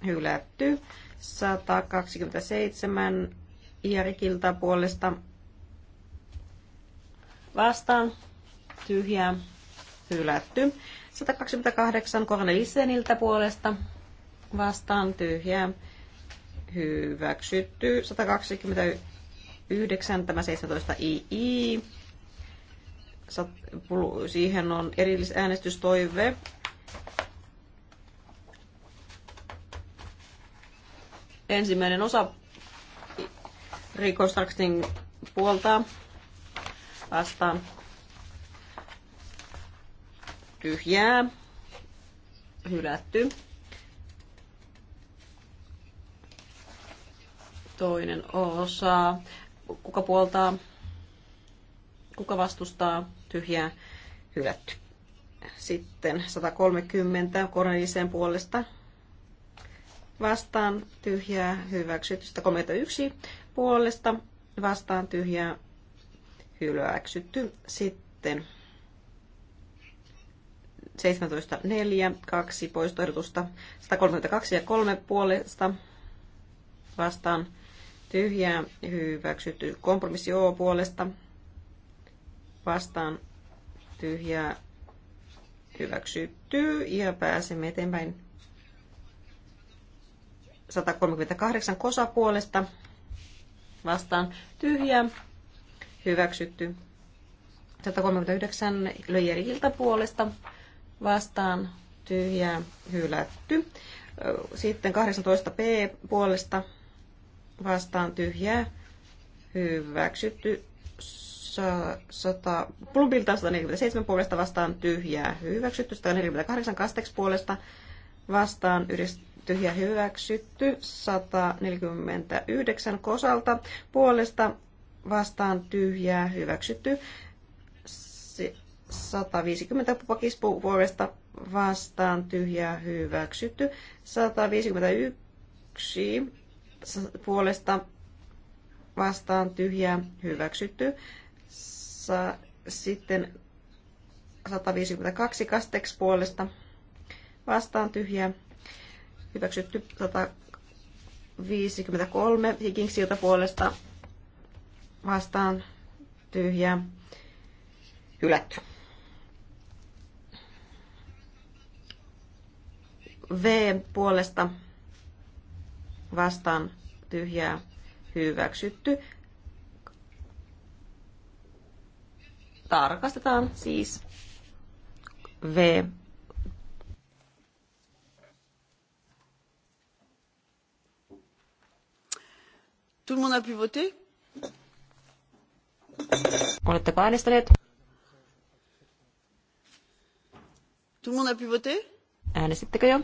Hylätty. 127 Iarikilta puolesta vastaan tyhjää hylätty. 128 Kornelisseniltä puolesta vastaan tyhjää hyväksytty. 129 tämä 17 II. Siihen on erillisäänestystoive. Ensimmäinen osa rikostarkastin puolta vastaan tyhjää, hylätty. Toinen osa, kuka puoltaa, kuka vastustaa, tyhjää, hylätty. Sitten 130 koneelliseen puolesta vastaan tyhjää hyväksytty. 131 puolesta vastaan tyhjää hyväksytty. Sitten 17.4, kaksi poistoehdotusta, 132 ja 3 puolesta vastaan tyhjää, hyväksytty kompromissi O puolesta vastaan tyhjää, hyväksytty ja pääsemme eteenpäin 138 kosa puolesta vastaan tyhjää, hyväksytty. 139 löijeri iltapuolesta vastaan tyhjää hylätty. Sitten 18p puolesta vastaan tyhjää hyväksytty. 100, 147 puolesta vastaan tyhjää hyväksytty. 148 kastex puolesta vastaan tyhjä hyväksytty. 149 kosalta puolesta vastaan tyhjää hyväksytty. 150 pupakis puolesta vastaan tyhjää hyväksytty. 151 puolesta vastaan tyhjää hyväksytty. Sa- sitten 152 kasteks puolesta vastaan tyhjää hyväksytty. 153 Higgingsilta puolesta vastaan tyhjää hylätty. V puolesta vastaan tyhjää hyväksytty. Tarkastetaan siis V. Tout le monde a pu voter? Oletteko äänestäneet? Tout le monde a pu voter? Äänestittekö jo?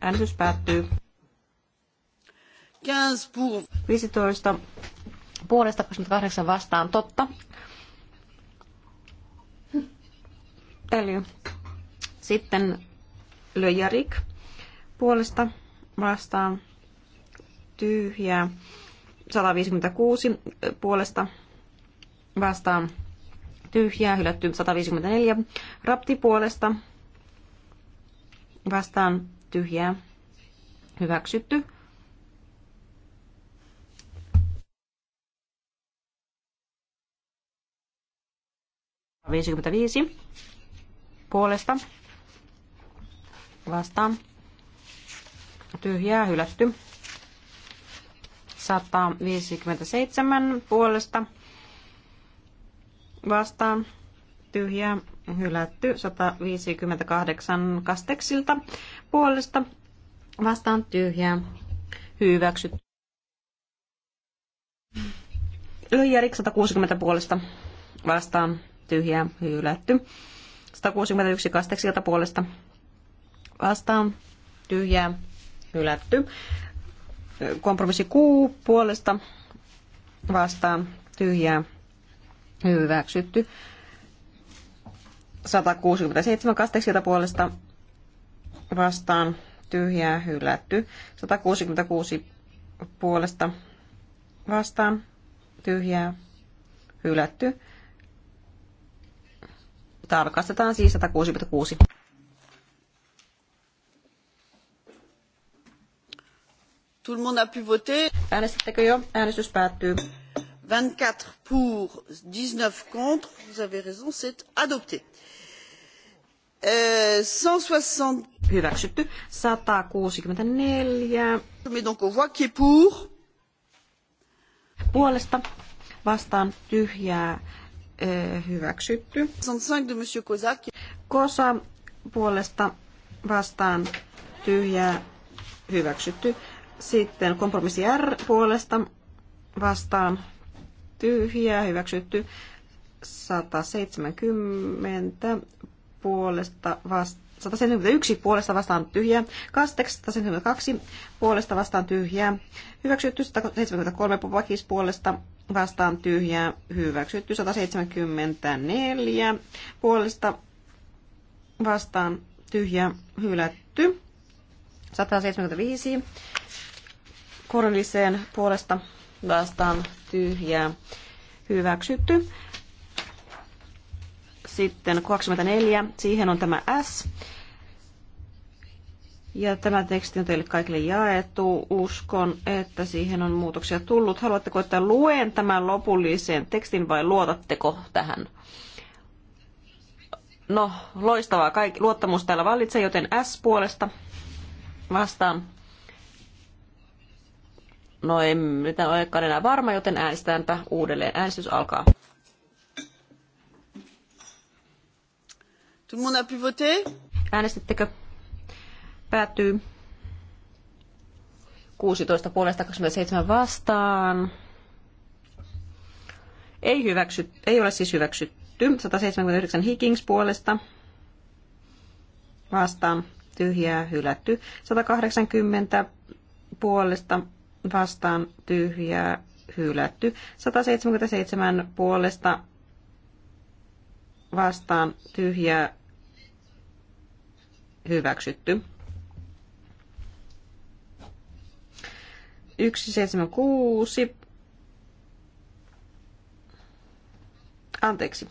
Äänestys päättyy. 15 pour. 15 puolesta 28 vastaan. Totta. Tälju. Sitten Le Jarik puolesta vastaan tyhjää. 156 puolesta vastaan tyhjää, hylätty 154. Rapti puolesta vastaan tyhjää, hyväksytty. Viisikymmentäviisi puolesta vastaan tyhjää hylätty. 157 puolesta vastaan tyhjää hylätty 158 kasteksilta puolesta vastaan tyhjää hyväksytty. Lyijärik 160 puolesta vastaan tyhjää hylätty. 161 kasteksilta puolesta vastaan tyhjää hylätty. Kompromissi Q puolesta vastaan tyhjää Hyväksytty. 167 kasteksilta puolesta vastaan tyhjää hylätty. 166 puolesta vastaan tyhjää hylätty. Tarkastetaan siis 166. Tout le monde a pu voter. Äänestittekö jo? Äänestys päättyy vingt quatre pour dix neuf contre vous avez raison c'est adopté. Euh, cent soixante hyväksytty satakuusikymmentäneljä donc aux voix qui est pour puolesta vastaan tyhjää äh, hyväksytty. 65 de monsieur Kozak. Kosa puolesta vastaan tyhjää hyväksytty. Sitten kompromissi R puolesta vastaan tyhjää, hyväksytty 170 puolesta vastaan. 171 puolesta vastaan tyhjää, Kastex 172 puolesta vastaan tyhjää, hyväksytty 173 Popakis puolesta vastaan tyhjää, hyväksytty 174 puolesta vastaan tyhjää, hylätty 175 Korneliseen puolesta vastaan tyhjää hyväksytty. Sitten 24, siihen on tämä S. Ja tämä teksti on teille kaikille jaettu. Uskon, että siihen on muutoksia tullut. Haluatteko, että luen tämän lopullisen tekstin vai luotatteko tähän? No, loistavaa. kaik luottamus täällä vallitsee, joten S puolesta vastaan No en nyt en olekaan enää varma, joten äänestäänpä uudelleen. Äänestys alkaa. Tout le monde a pu voter? Äänestittekö? Päättyy 16 puolesta 27 vastaan. Ei, hyväksy, ei ole siis hyväksytty. 179 Higgins puolesta vastaan tyhjää hylätty. 180 puolesta vastaan tyhjää hylätty. 177 puolesta vastaan tyhjää hyväksytty. 176. Anteeksi.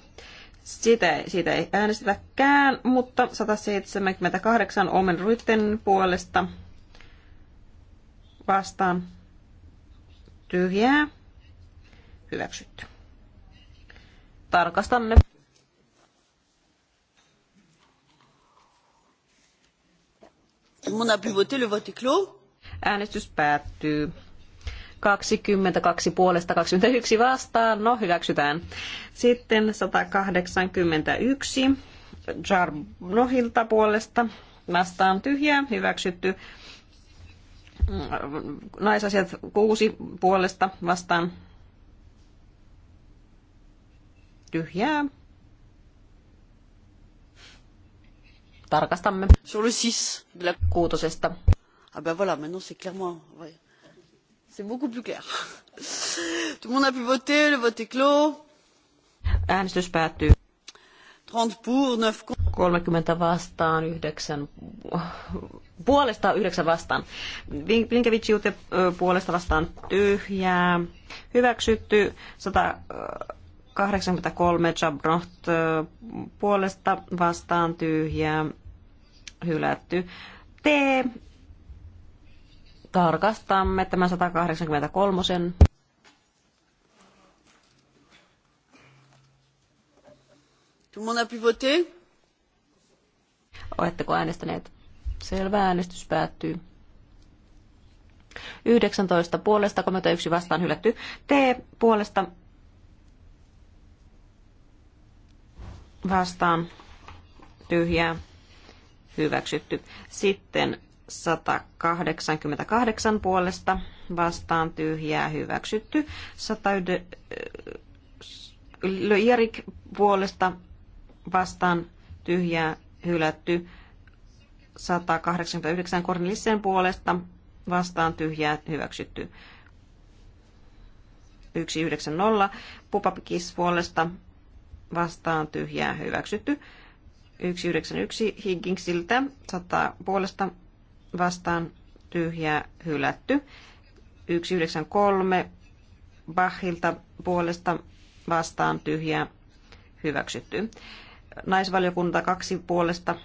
Sitä, siitä ei äänestetäkään, mutta 178 Omen Ruitten puolesta vastaan Tyhjää. Hyväksytty. Tarkastamme. Mun a pu le vote Äänestys päättyy. 22 puolesta 21 vastaan. No, hyväksytään. Sitten 181 Jarnohilta puolesta. Vastaan tyhjää. Hyväksytty naisasiat kuusi puolesta vastaan tyhjää. Tarkastamme. Sur le 6 de la kuutosesta. Ah ben voilà, maintenant c'est clairement ouais. C'est beaucoup plus clair. Tout le monde a pu voter, le vote est clos. Äänestys päättyy. 30 vastaan, 9 puolesta, 9 vastaan. Blinkevich Jute puolesta vastaan tyhjää. Hyväksytty 183 Jabroht puolesta vastaan tyhjää. Hylätty. T. Tarkastamme tämän 183. Tout le monde a pu voter? Oletteko äänestäneet? Selvä äänestys päättyy. 19 puolesta, 31 vastaan hylätty. T puolesta vastaan tyhjää hyväksytty. Sitten 188 puolesta vastaan tyhjää hyväksytty. 100 Löjärik puolesta vastaan tyhjää hylätty 189 Kornelissen puolesta vastaan tyhjää hyväksytty 190 Pupapikis puolesta vastaan tyhjää hyväksytty 191 Higginsiltä 100 puolesta vastaan tyhjää hylätty 193 Bachilta puolesta vastaan tyhjää hyväksytty naisvaliokunta kaksi puolesta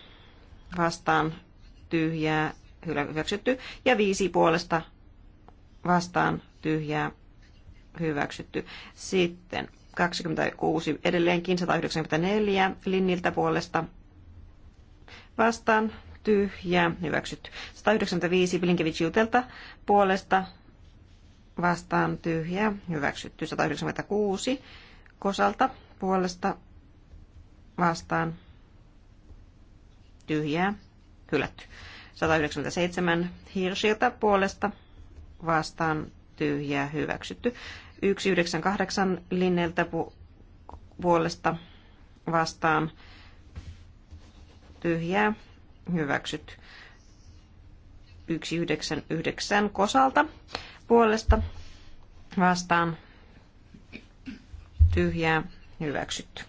vastaan tyhjää hyväksytty ja viisi puolesta vastaan tyhjää hyväksytty. Sitten 26 edelleenkin 194 linniltä puolesta vastaan tyhjää hyväksytty. 195 Blinkevichiutelta puolesta vastaan tyhjää hyväksytty. 196 Kosalta puolesta vastaan tyhjää hylätty. 197 Hirsiltä puolesta vastaan tyhjää hyväksytty. 198 Linneltä pu- puolesta vastaan tyhjää hyväksytty. 199 Kosalta puolesta vastaan tyhjää hyväksytty.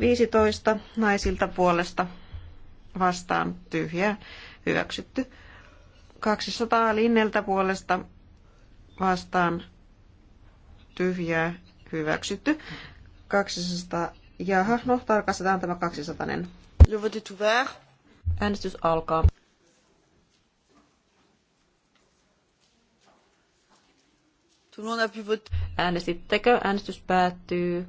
15 naisilta puolesta vastaan tyhjä hyväksytty. 200 linneltä puolesta vastaan tyhjää hyväksytty. 200, jaha, no tarkastetaan tämä 200. Le vote est ouvert. Äänestys alkaa. Äänestittekö? Äänestys päättyy.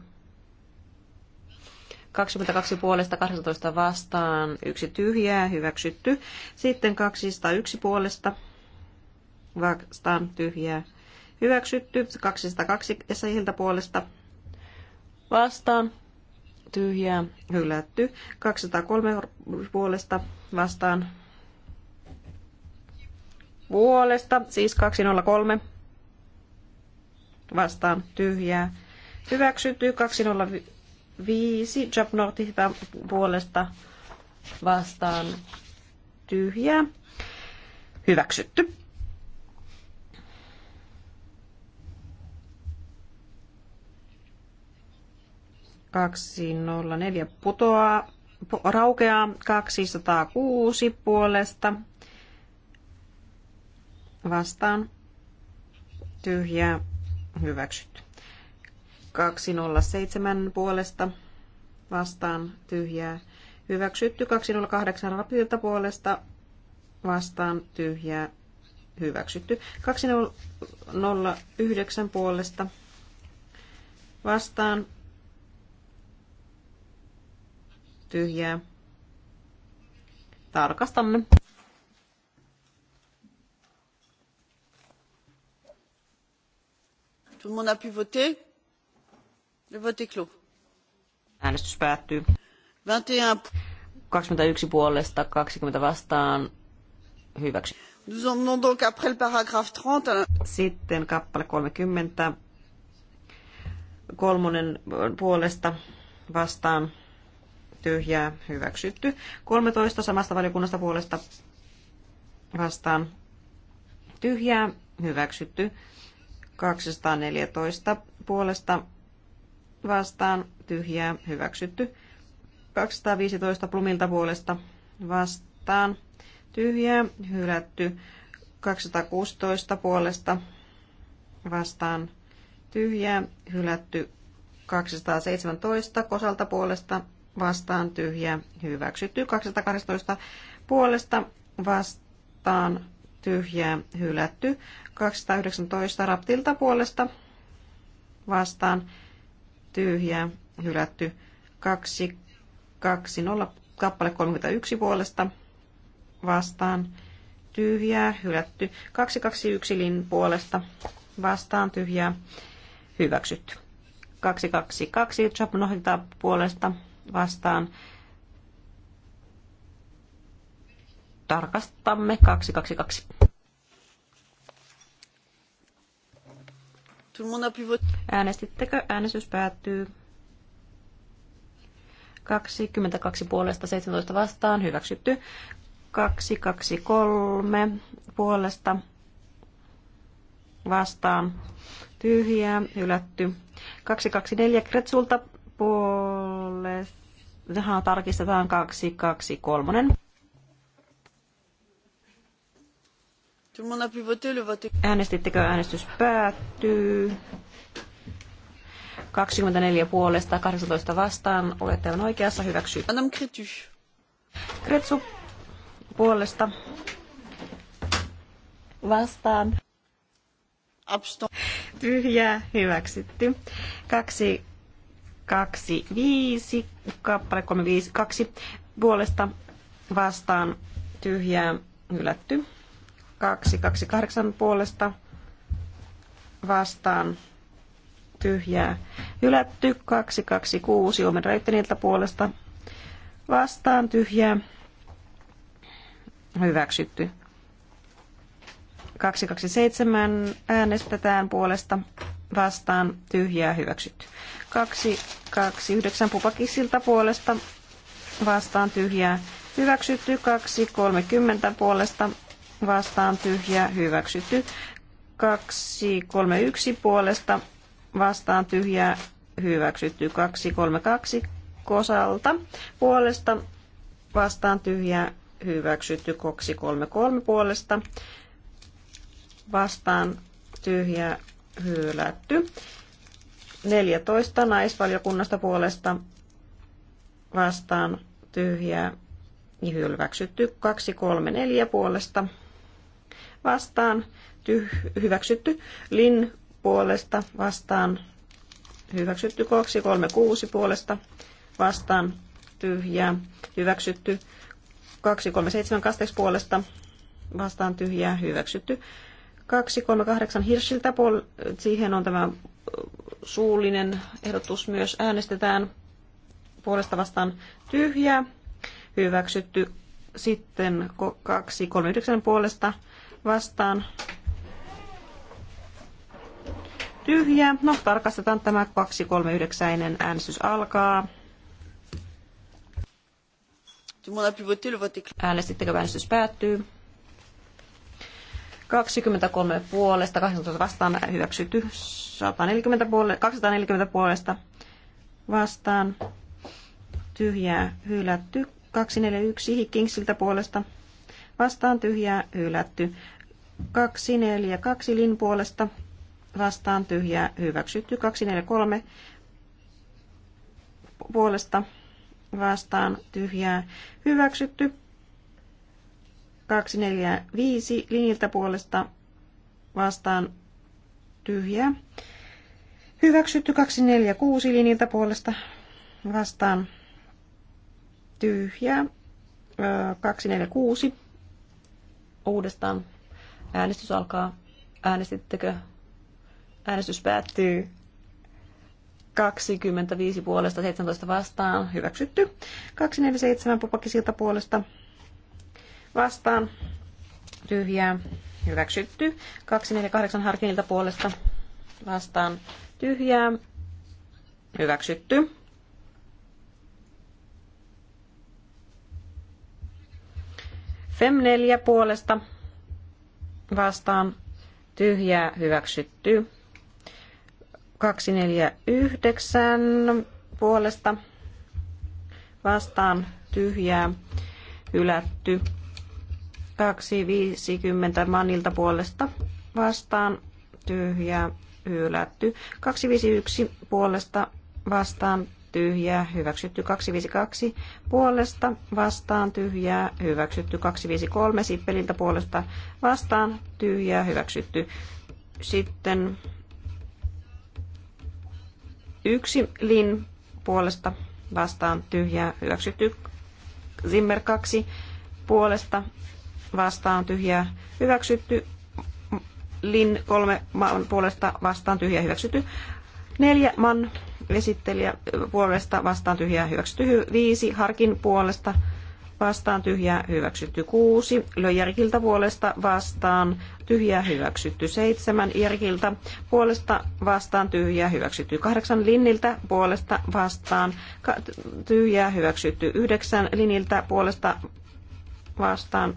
22 puolesta, 18 vastaan, yksi tyhjää, hyväksytty. Sitten 201 puolesta, vastaan, tyhjää, hyväksytty. 202 Esahilta puolesta, vastaan, tyhjää, hylätty. 203 puolesta, vastaan, puolesta, siis 203 vastaan, tyhjää, hyväksytty. 205 viisi Job North puolesta vastaan tyhjä Hyväksytty. Kaksi nolla neljä putoaa, raukeaa 206 puolesta vastaan tyhjää hyväksytty. 207 puolesta vastaan tyhjää. Hyväksytty 208 Lapilta puolesta vastaan tyhjää. Hyväksytty 209 puolesta vastaan tyhjää. Tarkastamme. Tout le monde a pu voter? Le vote Äänestys päättyy. 21. 21 puolesta, 20 vastaan. Hyväksy. Sitten kappale 30. Kolmonen puolesta vastaan tyhjää hyväksytty. 13 samasta valiokunnasta puolesta vastaan tyhjää hyväksytty. 214 puolesta vastaan tyhjää hyväksytty. 215 Plumilta puolesta vastaan tyhjää hylätty. 216 puolesta vastaan tyhjää hylätty. 217 Kosalta puolesta vastaan tyhjää hyväksytty. 218 puolesta vastaan tyhjää hylätty. 219 Raptilta puolesta vastaan tyhjää, hylätty 2, 2, 0, kappale 31 puolesta vastaan, tyhjää, hylätty 221 lin puolesta vastaan, tyhjää, hyväksytty. kaksi, Chapnohilta puolesta vastaan, tarkastamme 222. Äänestittekö? Äänestys päättyy. 22 puolesta 17 vastaan hyväksytty. 223 puolesta vastaan tyhjää hylätty. 224 Kretsulta puolesta. Tähän tarkistetaan 223. Äänestittekö? Äänestys päättyy. 24 puolesta, 18 vastaan. Olette aivan oikeassa. Hyväksy. Madame Kretu. Kretsu puolesta. Vastaan. Abstain. Tyhjää. Hyväksytty. Kaksi, kaksi, viisi. Kappale kolme, viisi, kaksi. Puolesta. Vastaan. Tyhjää. Hylätty. 228 puolesta vastaan tyhjää. Hylätty 226 reittiniltä puolesta vastaan tyhjää. Hyväksytty. 227 äänestetään puolesta vastaan tyhjää hyväksytty. 229 pupakisilta puolesta vastaan tyhjää hyväksytty. 230 puolesta vastaan tyhjä hyväksytty. 231 puolesta vastaan tyhjä hyväksytty. 232 kosalta puolesta vastaan tyhjä hyväksytty. 233 puolesta vastaan tyhjä, hylätty. 14 naisvaliokunnasta puolesta vastaan tyhjä, hyväksytty. 234 puolesta vastaan ty- hyväksytty. Lin puolesta vastaan hyväksytty. kaksi kolme kuusi puolesta vastaan tyhjää hyväksytty. kaksi kolme seitsemän kasteeksi puolesta vastaan tyhjää hyväksytty. kaksi kahdeksan hirsiltä puol- siihen on tämä suullinen ehdotus myös äänestetään puolesta vastaan tyhjää hyväksytty. Sitten 239 puolesta vastaan tyhjä. No, tarkastetaan tämä 239 äänestys alkaa. Äänestittekö äänestys päättyy? 23 puolesta, 18 vastaan hyväksytty, 140 puole- 240 puolesta vastaan, tyhjää hylätty, 241 Kingsiltä puolesta vastaan tyhjää hylätty. 242 lin puolesta vastaan tyhjää hyväksytty. 243 puolesta vastaan tyhjää hyväksytty. 245 liniltä puolesta vastaan tyhjää. Hyväksytty 246 liniltä puolesta vastaan tyhjää. 246 uudestaan. Äänestys alkaa. Äänestittekö? Äänestys päättyy. 25 puolesta, 17 vastaan. Hyväksytty. 247 pupakisilta puolesta vastaan. Tyhjää. Hyväksytty. 248 harkinilta puolesta vastaan. Tyhjää. Hyväksytty. FEM 4 puolesta vastaan tyhjää hyväksytty. 249 puolesta vastaan tyhjää hylätty. 250 manilta puolesta vastaan tyhjää hylätty. 251 puolesta vastaan tyhjää, hyväksytty 252 puolesta, vastaan tyhjää, hyväksytty 253 sippeliltä puolesta, vastaan tyhjää, hyväksytty. Sitten yksi lin puolesta, vastaan tyhjää, hyväksytty. Zimmer 2 puolesta, vastaan tyhjää, hyväksytty. Lin 3 puolesta, vastaan tyhjää, hyväksytty. Neljä man esittelijä puolesta vastaan tyhjää hyväksytty. Viisi harkin puolesta vastaan tyhjää hyväksytty. Kuusi löjärkiltä puolesta vastaan tyhjää hyväksytty. Seitsemän järkiltä puolesta vastaan tyhjää hyväksytty. Kahdeksan linniltä puolesta vastaan tyhjää hyväksytty. Yhdeksän liniltä puolesta vastaan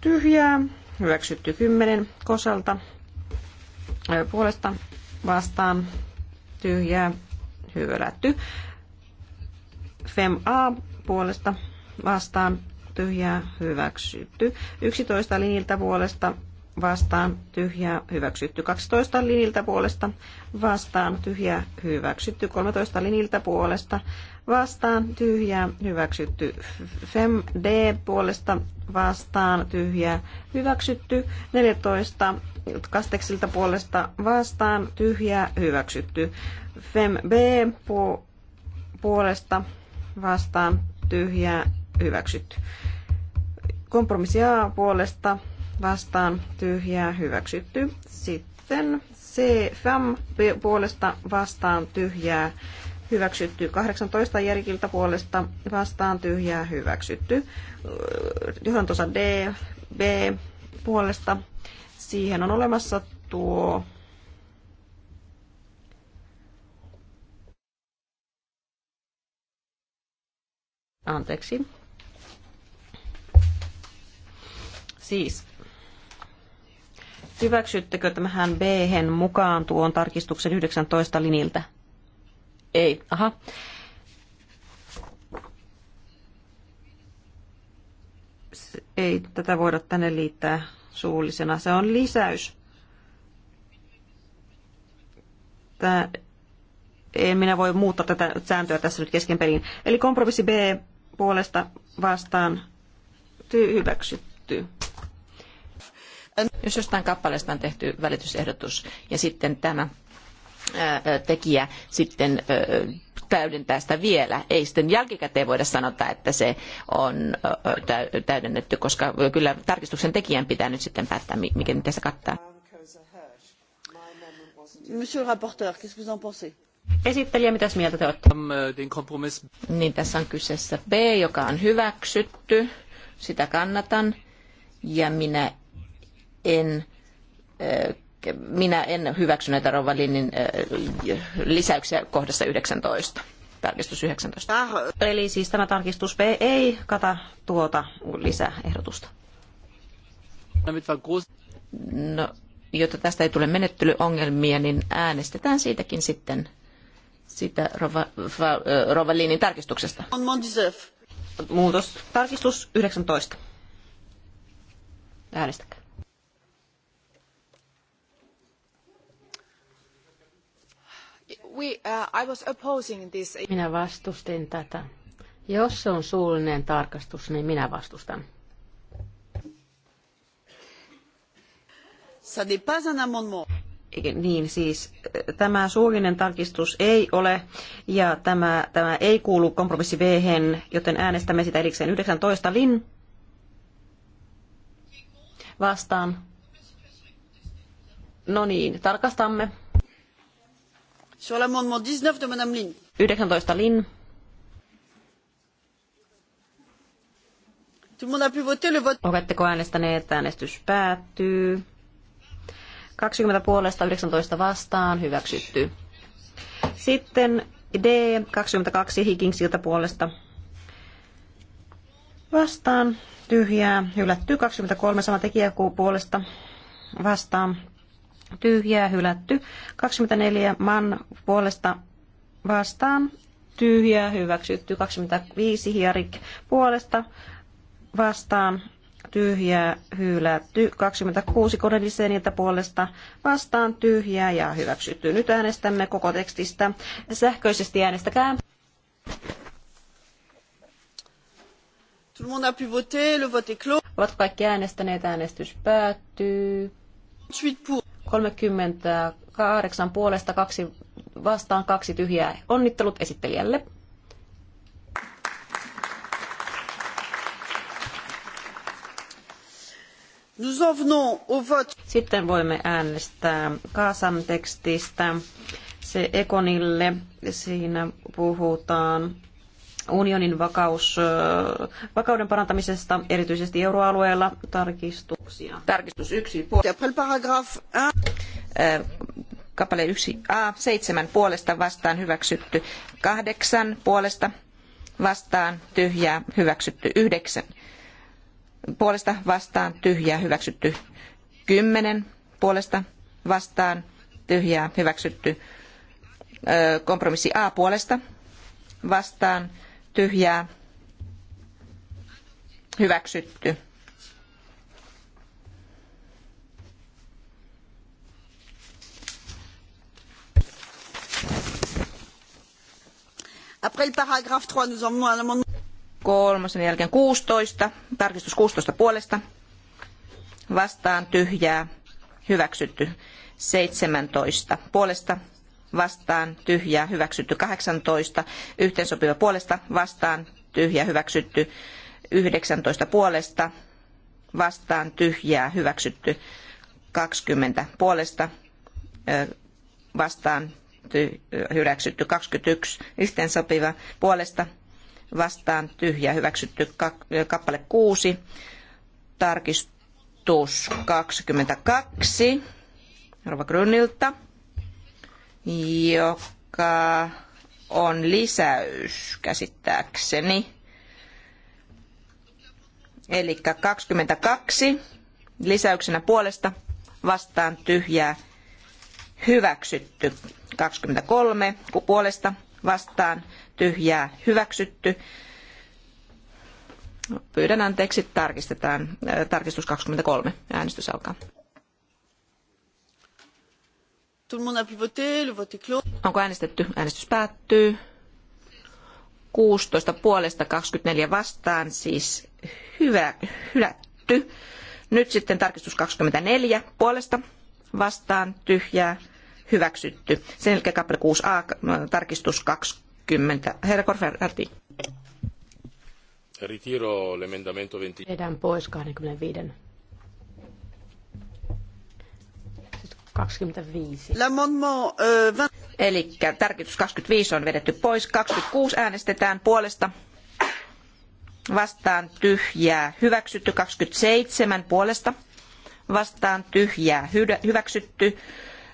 tyhjää hyväksytty. Kymmenen kosalta puolesta vastaan tyhjää hylätty. Fem A puolesta vastaan tyhjää hyväksytty. 11 liniltä puolesta vastaan tyhjää hyväksytty 12 liniltä puolesta, vastaan tyhjää hyväksytty 13 liniltä puolesta, vastaan tyhjää hyväksytty fem d puolesta, vastaan tyhjää hyväksytty 14 kasteksilta puolesta, vastaan tyhjää hyväksytty fem b puolesta, vastaan tyhjää hyväksytty. Kompromissia puolesta vastaan tyhjää hyväksytty. Sitten C 5 puolesta vastaan tyhjää hyväksytty. 18 järkiltä puolesta vastaan tyhjää hyväksytty. tuossa D, B puolesta. Siihen on olemassa tuo Anteeksi. Siis Hyväksyttekö tämähän b mukaan tuon tarkistuksen 19 liniltä? Ei. Aha. Ei tätä voida tänne liittää suullisena. Se on lisäys. Tää, en minä voi muuttaa tätä sääntöä tässä nyt kesken pelin. Eli kompromissi B puolesta vastaan hyväksytty. Jos jostain kappaleesta on tehty välitysehdotus ja sitten tämä tekijä sitten täydentää sitä vielä. Ei sitten jälkikäteen voida sanoa, että se on täydennetty, koska kyllä tarkistuksen tekijän pitää nyt sitten päättää, mikä niitä tässä kattaa. Monsieur le rapporteur, qu'est-ce que vous en pensez? Esittelijä, mitä mieltä te olette? Euh, niin, tässä on kyseessä B, joka on hyväksytty. Sitä kannatan. Ja minä en, eh, minä en hyväksy näitä Rovalinin eh, lisäyksiä kohdassa 19 tarkistus 19. Eli siis tämä tarkistus B ei kata tuota lisäehdotusta. No, jotta tästä ei tule menettelyongelmia, niin äänestetään siitäkin sitten sitä Rova, eh, va, tarkistuksesta. Muutos. Tarkistus 19. Äänestäkää. Uh, minä vastustin tätä. Jos se on suullinen tarkastus, niin minä vastustan. Ça n'est pas un amendement niin siis äh, tämä suullinen tarkistus ei ole ja tämä, tämä ei kuulu kompromissi b joten äänestämme sitä erikseen 19 lin vastaan. No niin, tarkastamme. Sur l'amendement 19 de Madame Lin. 19 Lin. Tout le monde a pu voter le vote. Oletteko äänestäneet? Äänestys päättyy. 20 puolesta 19 vastaan hyväksytty. Sitten D 22 Higginsiltä puolesta vastaan tyhjää hylätty 23 sama tekijä puolesta vastaan tyhjää hylätty. 24 man puolesta vastaan tyhjää hyväksytty. 25 hierik puolesta vastaan tyhjää hylätty. 26 kodeliseniltä puolesta vastaan tyhjää ja hyväksytty. Nyt äänestämme koko tekstistä. Sähköisesti äänestäkää. Tout le monde a pu voter, le vote est clos. Ovat kaikki äänestäneet, äänestys päättyy. 28 pour. 38 puolesta, kaksi vastaan, kaksi tyhjää. Onnittelut esittelijälle. Sitten voimme äänestää Kaasan tekstistä. Se Ekonille, siinä puhutaan unionin vakaus, vakauden parantamisesta, erityisesti euroalueella, tarkistuksia. Tarkistus yksi. Kappale 1a, seitsemän puolesta vastaan hyväksytty, kahdeksan puolesta vastaan tyhjää hyväksytty, yhdeksän puolesta vastaan tyhjää hyväksytty, kymmenen puolesta vastaan tyhjää hyväksytty, kompromissi A puolesta vastaan tyhjää hyväksytty. Après le paragraphe 3, nous avons un amendement. Kolmosen jälkeen 16, tarkistus 16 puolesta. Vastaan tyhjää, hyväksytty. 17 puolesta vastaan tyhjää hyväksytty 18, yhteensopiva puolesta vastaan tyhjää hyväksytty 19 puolesta vastaan tyhjää hyväksytty 20 puolesta vastaan hyväksytty 21 yhteensopiva puolesta vastaan tyhjää hyväksytty kappale 6 tarkistus 22 Rova Grunilta joka on lisäys käsittääkseni. Eli 22 lisäyksenä puolesta vastaan tyhjää hyväksytty. 23 puolesta vastaan tyhjää hyväksytty. Pyydän anteeksi, tarkistetaan. Tarkistus 23. Äänestys alkaa. Onko äänestetty? Äänestys päättyy. 16 puolesta 24 vastaan, siis hyvä, hylätty. Nyt sitten tarkistus 24 puolesta vastaan tyhjää hyväksytty. Sen jälkeen kappale 6a, tarkistus 20. Herra Korferti. Retiro l'emendamento 20. Vedän pois 25 25. Euh, Eli tarkistus 25 on vedetty pois. 26 äänestetään puolesta. Vastaan tyhjää. Hyväksytty 27 puolesta. Vastaan tyhjää. hyväksytty.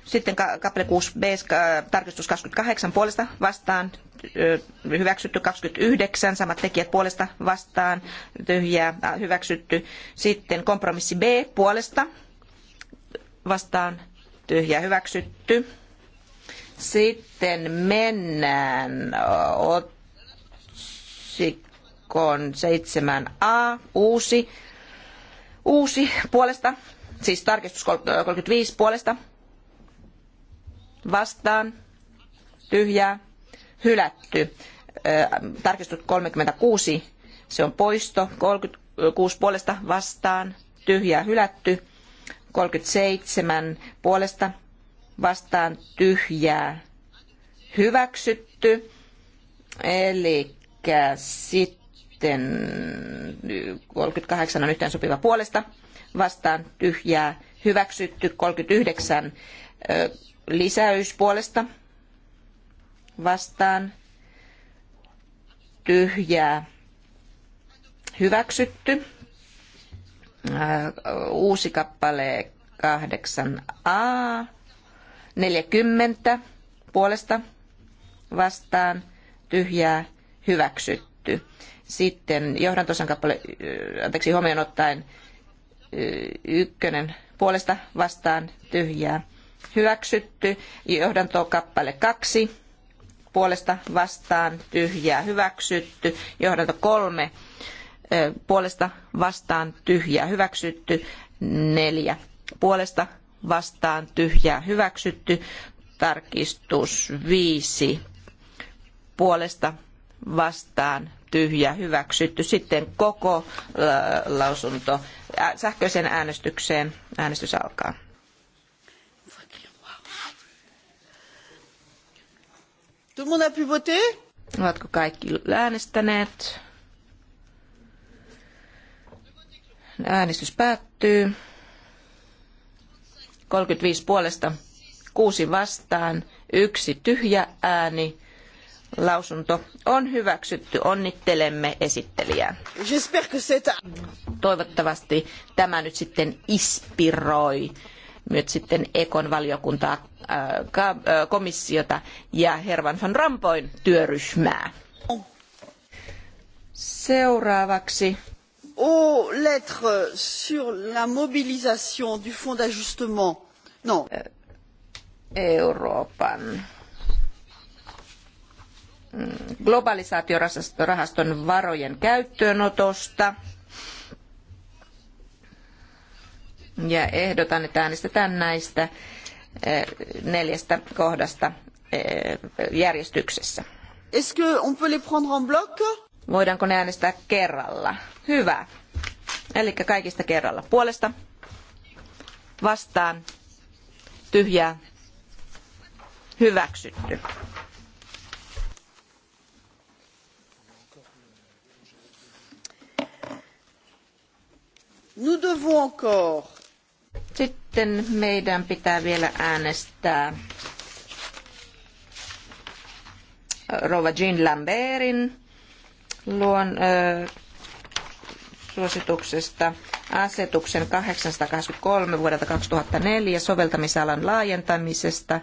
Sitten kappale 6b, tarkistus 28 puolesta vastaan, hyväksytty 29, samat tekijät puolesta vastaan, tyhjää, hyväksytty. Sitten kompromissi B puolesta vastaan, hyväksytty ja hyväksytty. Sitten mennään otsikon 7a, uusi, uusi puolesta, siis tarkistus 35 puolesta, vastaan, tyhjää, hylätty. Tarkistus 36, se on poisto, 36 puolesta vastaan, tyhjää, hylätty. 37 puolesta vastaan tyhjää hyväksytty. Eli sitten 38 on yhteen sopiva puolesta vastaan tyhjää hyväksytty. 39 lisäys puolesta vastaan tyhjää hyväksytty. Äh, uusi kappale 8a, 40 puolesta vastaan tyhjää hyväksytty. Sitten johdantosan kappale, äh, anteeksi huomioon ottaen äh, ykkönen puolesta vastaan tyhjää hyväksytty. kappale kaksi puolesta vastaan tyhjää hyväksytty. Johdanto kolme puolesta vastaan tyhjää hyväksytty, neljä puolesta vastaan tyhjää hyväksytty, tarkistus viisi puolesta vastaan tyhjä hyväksytty. Sitten koko lausunto sähköiseen äänestykseen. Äänestys alkaa. Tout le monde a pu voter? Ovatko kaikki äänestäneet? Äänestys päättyy. 35 puolesta, 6 vastaan, yksi tyhjä ääni. Lausunto on hyväksytty. Onnittelemme esittelijää. Toivottavasti tämä nyt sitten inspiroi nyt sitten Ekon valiokuntaa, äh, äh, komissiota ja Herman van Rampoin työryhmää. Seuraavaksi aux lettres sur la mobilisation du fonds d'ajustement non euh, Euroopan mm, globalisaatiorahaston varojen käyttöönotosta. Ja ehdotan, että äänestetään näistä neljästä kohdasta järjestyksessä. Est-ce qu'on peut les prendre en bloc? Voidaanko ne äänestää kerralla? Hyvä. Eli kaikista kerralla. Puolesta, vastaan, tyhjää, hyväksytty. Nous devons encore. Sitten meidän pitää vielä äänestää Rova Jean Lambertin luon ö, suosituksesta asetuksen 823 vuodelta 2004 soveltamisalan laajentamisesta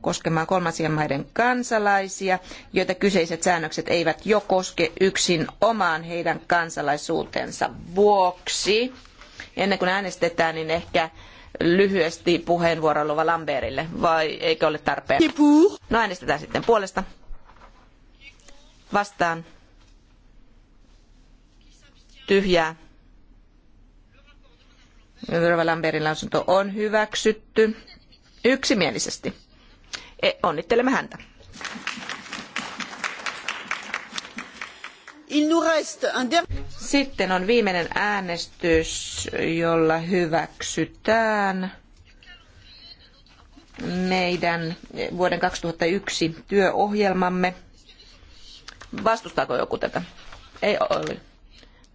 koskemaan kolmansien maiden kansalaisia, joita kyseiset säännökset eivät jo koske yksin omaan heidän kansalaisuutensa vuoksi. Ennen kuin äänestetään, niin ehkä lyhyesti puheenvuoron luva Lamberille, vai eikö ole tarpeen? No äänestetään sitten puolesta. Vastaan tyhjää. Rova Lamberin lausunto on hyväksytty yksimielisesti. E, onnittelemme häntä. Sitten on viimeinen äänestys, jolla hyväksytään meidän vuoden 2001 työohjelmamme. Vastustaako joku tätä? Ei ole.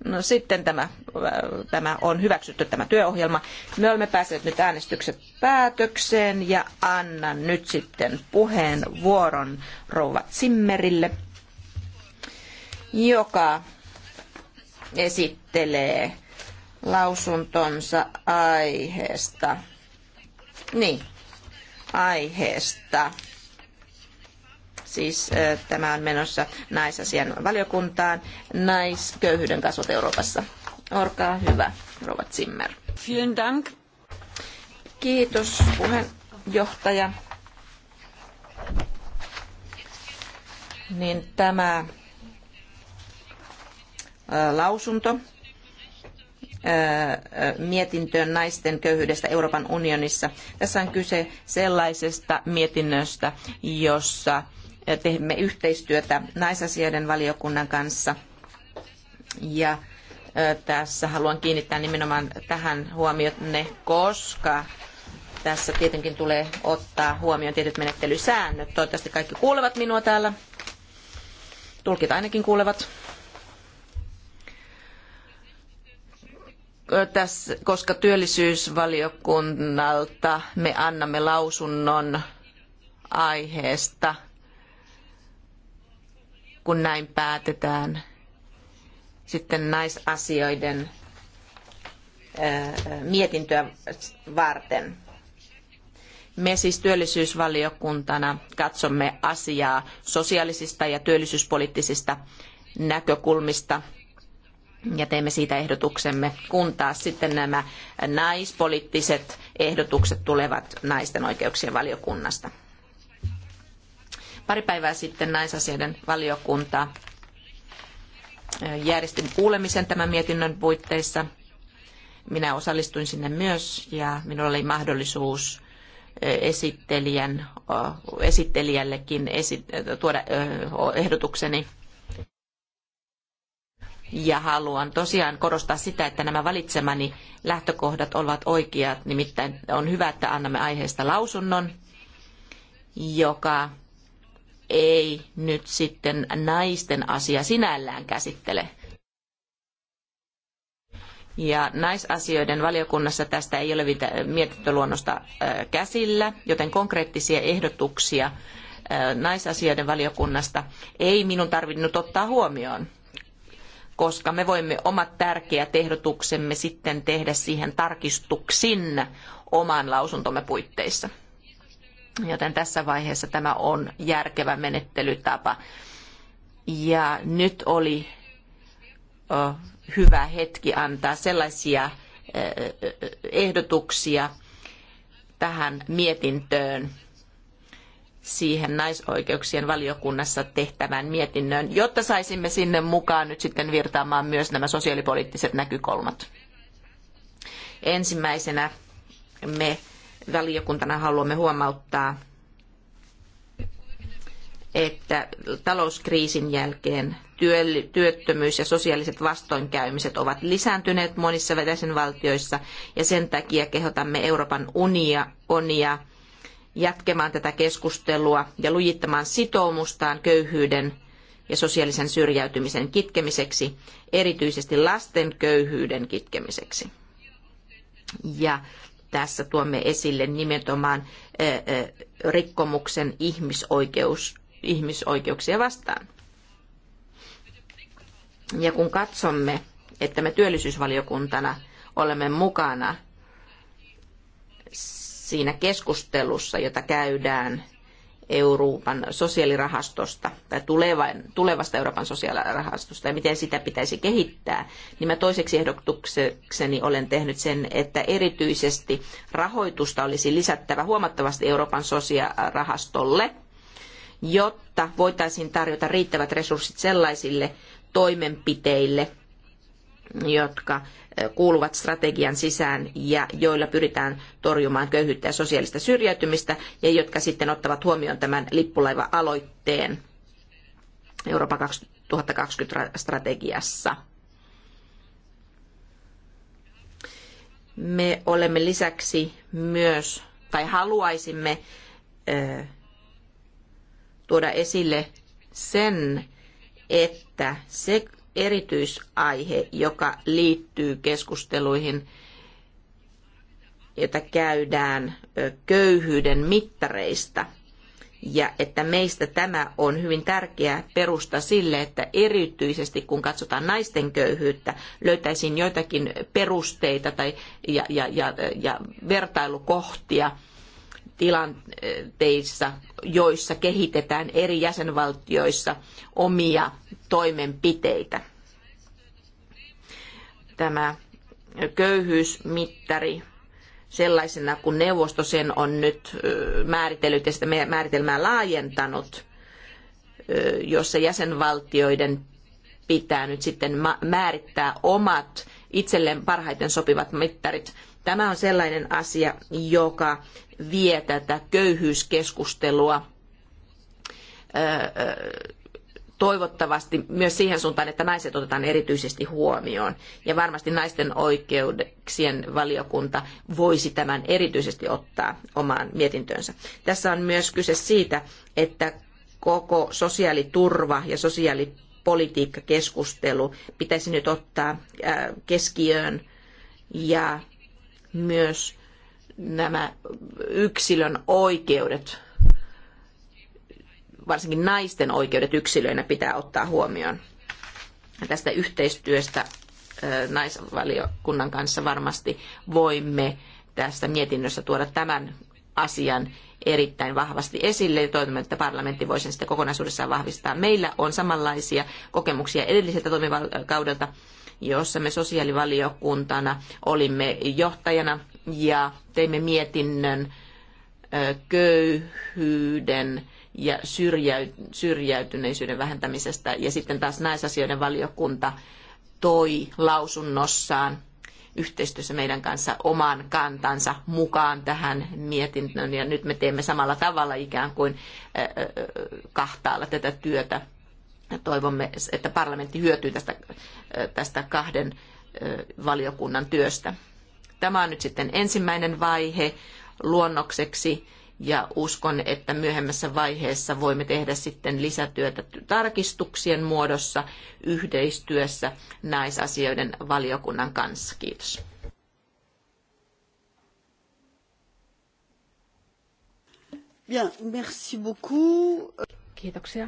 No, sitten tämä, tämä on hyväksytty tämä työohjelma. Me olemme päässeet nyt äänestyksen päätökseen ja annan nyt sitten puheenvuoron rouva Zimmerille, joka esittelee lausuntonsa aiheesta. Niin, aiheesta Siis tämä on menossa naisasian valiokuntaan naisköyhyyden kasvot Euroopassa. Olkaa hyvä, rouva Zimmer. Vielen Dank. Kiitos puheenjohtaja. Niin tämä lausunto mietintöön naisten köyhyydestä Euroopan unionissa. Tässä on kyse sellaisesta mietinnöstä, jossa teemme yhteistyötä naisasioiden valiokunnan kanssa. Ja tässä haluan kiinnittää nimenomaan tähän huomionne, koska tässä tietenkin tulee ottaa huomioon tietyt menettelysäännöt. Toivottavasti kaikki kuulevat minua täällä. Tulkit ainakin kuulevat. Tässä, koska työllisyysvaliokunnalta me annamme lausunnon aiheesta kun näin päätetään. Sitten naisasioiden mietintöä varten. Me siis työllisyysvaliokuntana katsomme asiaa sosiaalisista ja työllisyyspoliittisista näkökulmista ja teemme siitä ehdotuksemme, kun taas sitten nämä naispoliittiset ehdotukset tulevat naisten oikeuksien valiokunnasta. Pari päivää sitten naisasioiden valiokunta järjesti kuulemisen tämän mietinnön puitteissa. Minä osallistuin sinne myös ja minulla oli mahdollisuus esittelijän, esittelijällekin esi, tuoda ehdotukseni. Ja haluan tosiaan korostaa sitä, että nämä valitsemani lähtökohdat ovat oikeat. Nimittäin on hyvä, että annamme aiheesta lausunnon, joka ei nyt sitten naisten asia sinällään käsittele. Ja naisasioiden valiokunnassa tästä ei ole mietintöluonnosta käsillä, joten konkreettisia ehdotuksia naisasioiden valiokunnasta ei minun tarvinnut ottaa huomioon, koska me voimme omat tärkeät ehdotuksemme sitten tehdä siihen tarkistuksin oman lausuntomme puitteissa. Joten tässä vaiheessa tämä on järkevä menettelytapa. Ja nyt oli hyvä hetki antaa sellaisia ehdotuksia tähän mietintöön, siihen naisoikeuksien valiokunnassa tehtävään mietinnön, jotta saisimme sinne mukaan nyt sitten virtaamaan myös nämä sosiaalipoliittiset näkökulmat. Ensimmäisenä me valiokuntana haluamme huomauttaa, että talouskriisin jälkeen työttömyys ja sosiaaliset vastoinkäymiset ovat lisääntyneet monissa jäsenvaltioissa ja sen takia kehotamme Euroopan unia, unia jatkemaan tätä keskustelua ja lujittamaan sitoumustaan köyhyyden ja sosiaalisen syrjäytymisen kitkemiseksi, erityisesti lasten köyhyyden kitkemiseksi. Ja tässä tuomme esille nimenomaan rikkomuksen ihmisoikeus, ihmisoikeuksia vastaan. Ja kun katsomme, että me työllisyysvaliokuntana olemme mukana siinä keskustelussa, jota käydään Euroopan sosiaalirahastosta tai tulevan, tulevasta Euroopan sosiaalirahastosta ja miten sitä pitäisi kehittää, niin mä toiseksi ehdotuksekseni olen tehnyt sen, että erityisesti rahoitusta olisi lisättävä huomattavasti Euroopan sosiaalirahastolle, jotta voitaisiin tarjota riittävät resurssit sellaisille toimenpiteille, jotka kuuluvat strategian sisään ja joilla pyritään torjumaan köyhyyttä ja sosiaalista syrjäytymistä ja jotka sitten ottavat huomioon tämän lippulaiva-aloitteen Euroopan 2020 strategiassa. Me olemme lisäksi myös, tai haluaisimme tuoda esille sen, että se erityisaihe, joka liittyy keskusteluihin, jota käydään köyhyyden mittareista. Ja että meistä tämä on hyvin tärkeä perusta sille, että erityisesti kun katsotaan naisten köyhyyttä, löytäisiin joitakin perusteita tai, ja, ja, ja, ja vertailukohtia – tilanteissa, joissa kehitetään eri jäsenvaltioissa omia toimenpiteitä. Tämä köyhyysmittari sellaisena kuin neuvosto sen on nyt määritellyt ja sitä määritelmää laajentanut, jossa jäsenvaltioiden pitää nyt sitten määrittää omat itselleen parhaiten sopivat mittarit Tämä on sellainen asia, joka vie tätä köyhyyskeskustelua toivottavasti myös siihen suuntaan, että naiset otetaan erityisesti huomioon. Ja varmasti naisten oikeuksien valiokunta voisi tämän erityisesti ottaa omaan mietintöönsä. Tässä on myös kyse siitä, että koko sosiaaliturva ja sosiaalipolitiikkakeskustelu pitäisi nyt ottaa keskiöön ja myös nämä yksilön oikeudet, varsinkin naisten oikeudet yksilöinä pitää ottaa huomioon. Tästä yhteistyöstä naisvaliokunnan kanssa varmasti voimme tässä mietinnössä tuoda tämän asian erittäin vahvasti esille ja toivomme, että parlamentti voisi sen sitten kokonaisuudessaan vahvistaa. Meillä on samanlaisia kokemuksia edelliseltä toimivalkaudelta jossa me sosiaalivaliokuntana olimme johtajana ja teimme mietinnön köyhyyden ja syrjäytyneisyyden vähentämisestä. Ja sitten taas naisasioiden valiokunta toi lausunnossaan yhteistyössä meidän kanssa oman kantansa mukaan tähän mietintöön. Ja nyt me teemme samalla tavalla ikään kuin kahtaalla tätä työtä Toivomme, että parlamentti hyötyy tästä, tästä kahden valiokunnan työstä. Tämä on nyt sitten ensimmäinen vaihe luonnokseksi ja uskon, että myöhemmässä vaiheessa voimme tehdä sitten lisätyötä tarkistuksien muodossa yhteistyössä naisasioiden valiokunnan kanssa. Kiitos. Bien, merci beaucoup. Kiitoksia.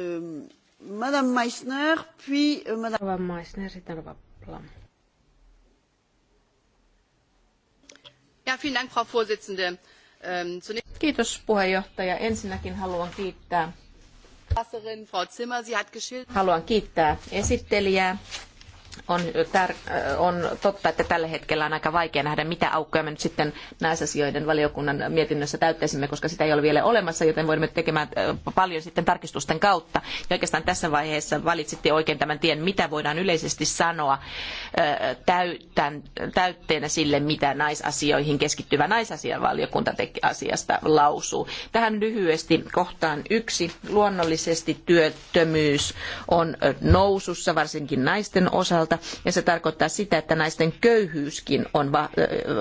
Euh, Madame Meissner, puis euh, Madame... Rova Meissner, Ja, vielen Dank, Frau Vorsitzende. Ähm, Kiitos puheenjohtaja. Ensinnäkin haluan kiittää Haluan kiittää esittelijää on, on, totta, että tällä hetkellä on aika vaikea nähdä, mitä aukkoja me nyt sitten naisasioiden valiokunnan mietinnössä täyttäisimme, koska sitä ei ole vielä olemassa, joten voimme tekemään paljon sitten tarkistusten kautta. Ja oikeastaan tässä vaiheessa valitsitte oikein tämän tien, mitä voidaan yleisesti sanoa täytän, täytteenä sille, mitä naisasioihin keskittyvä naisasianvaliokunta asiasta lausuu. Tähän lyhyesti kohtaan yksi. Luonnollisesti työttömyys on nousussa, varsinkin naisten osalta kannalta ja se tarkoittaa sitä, että naisten köyhyyskin on,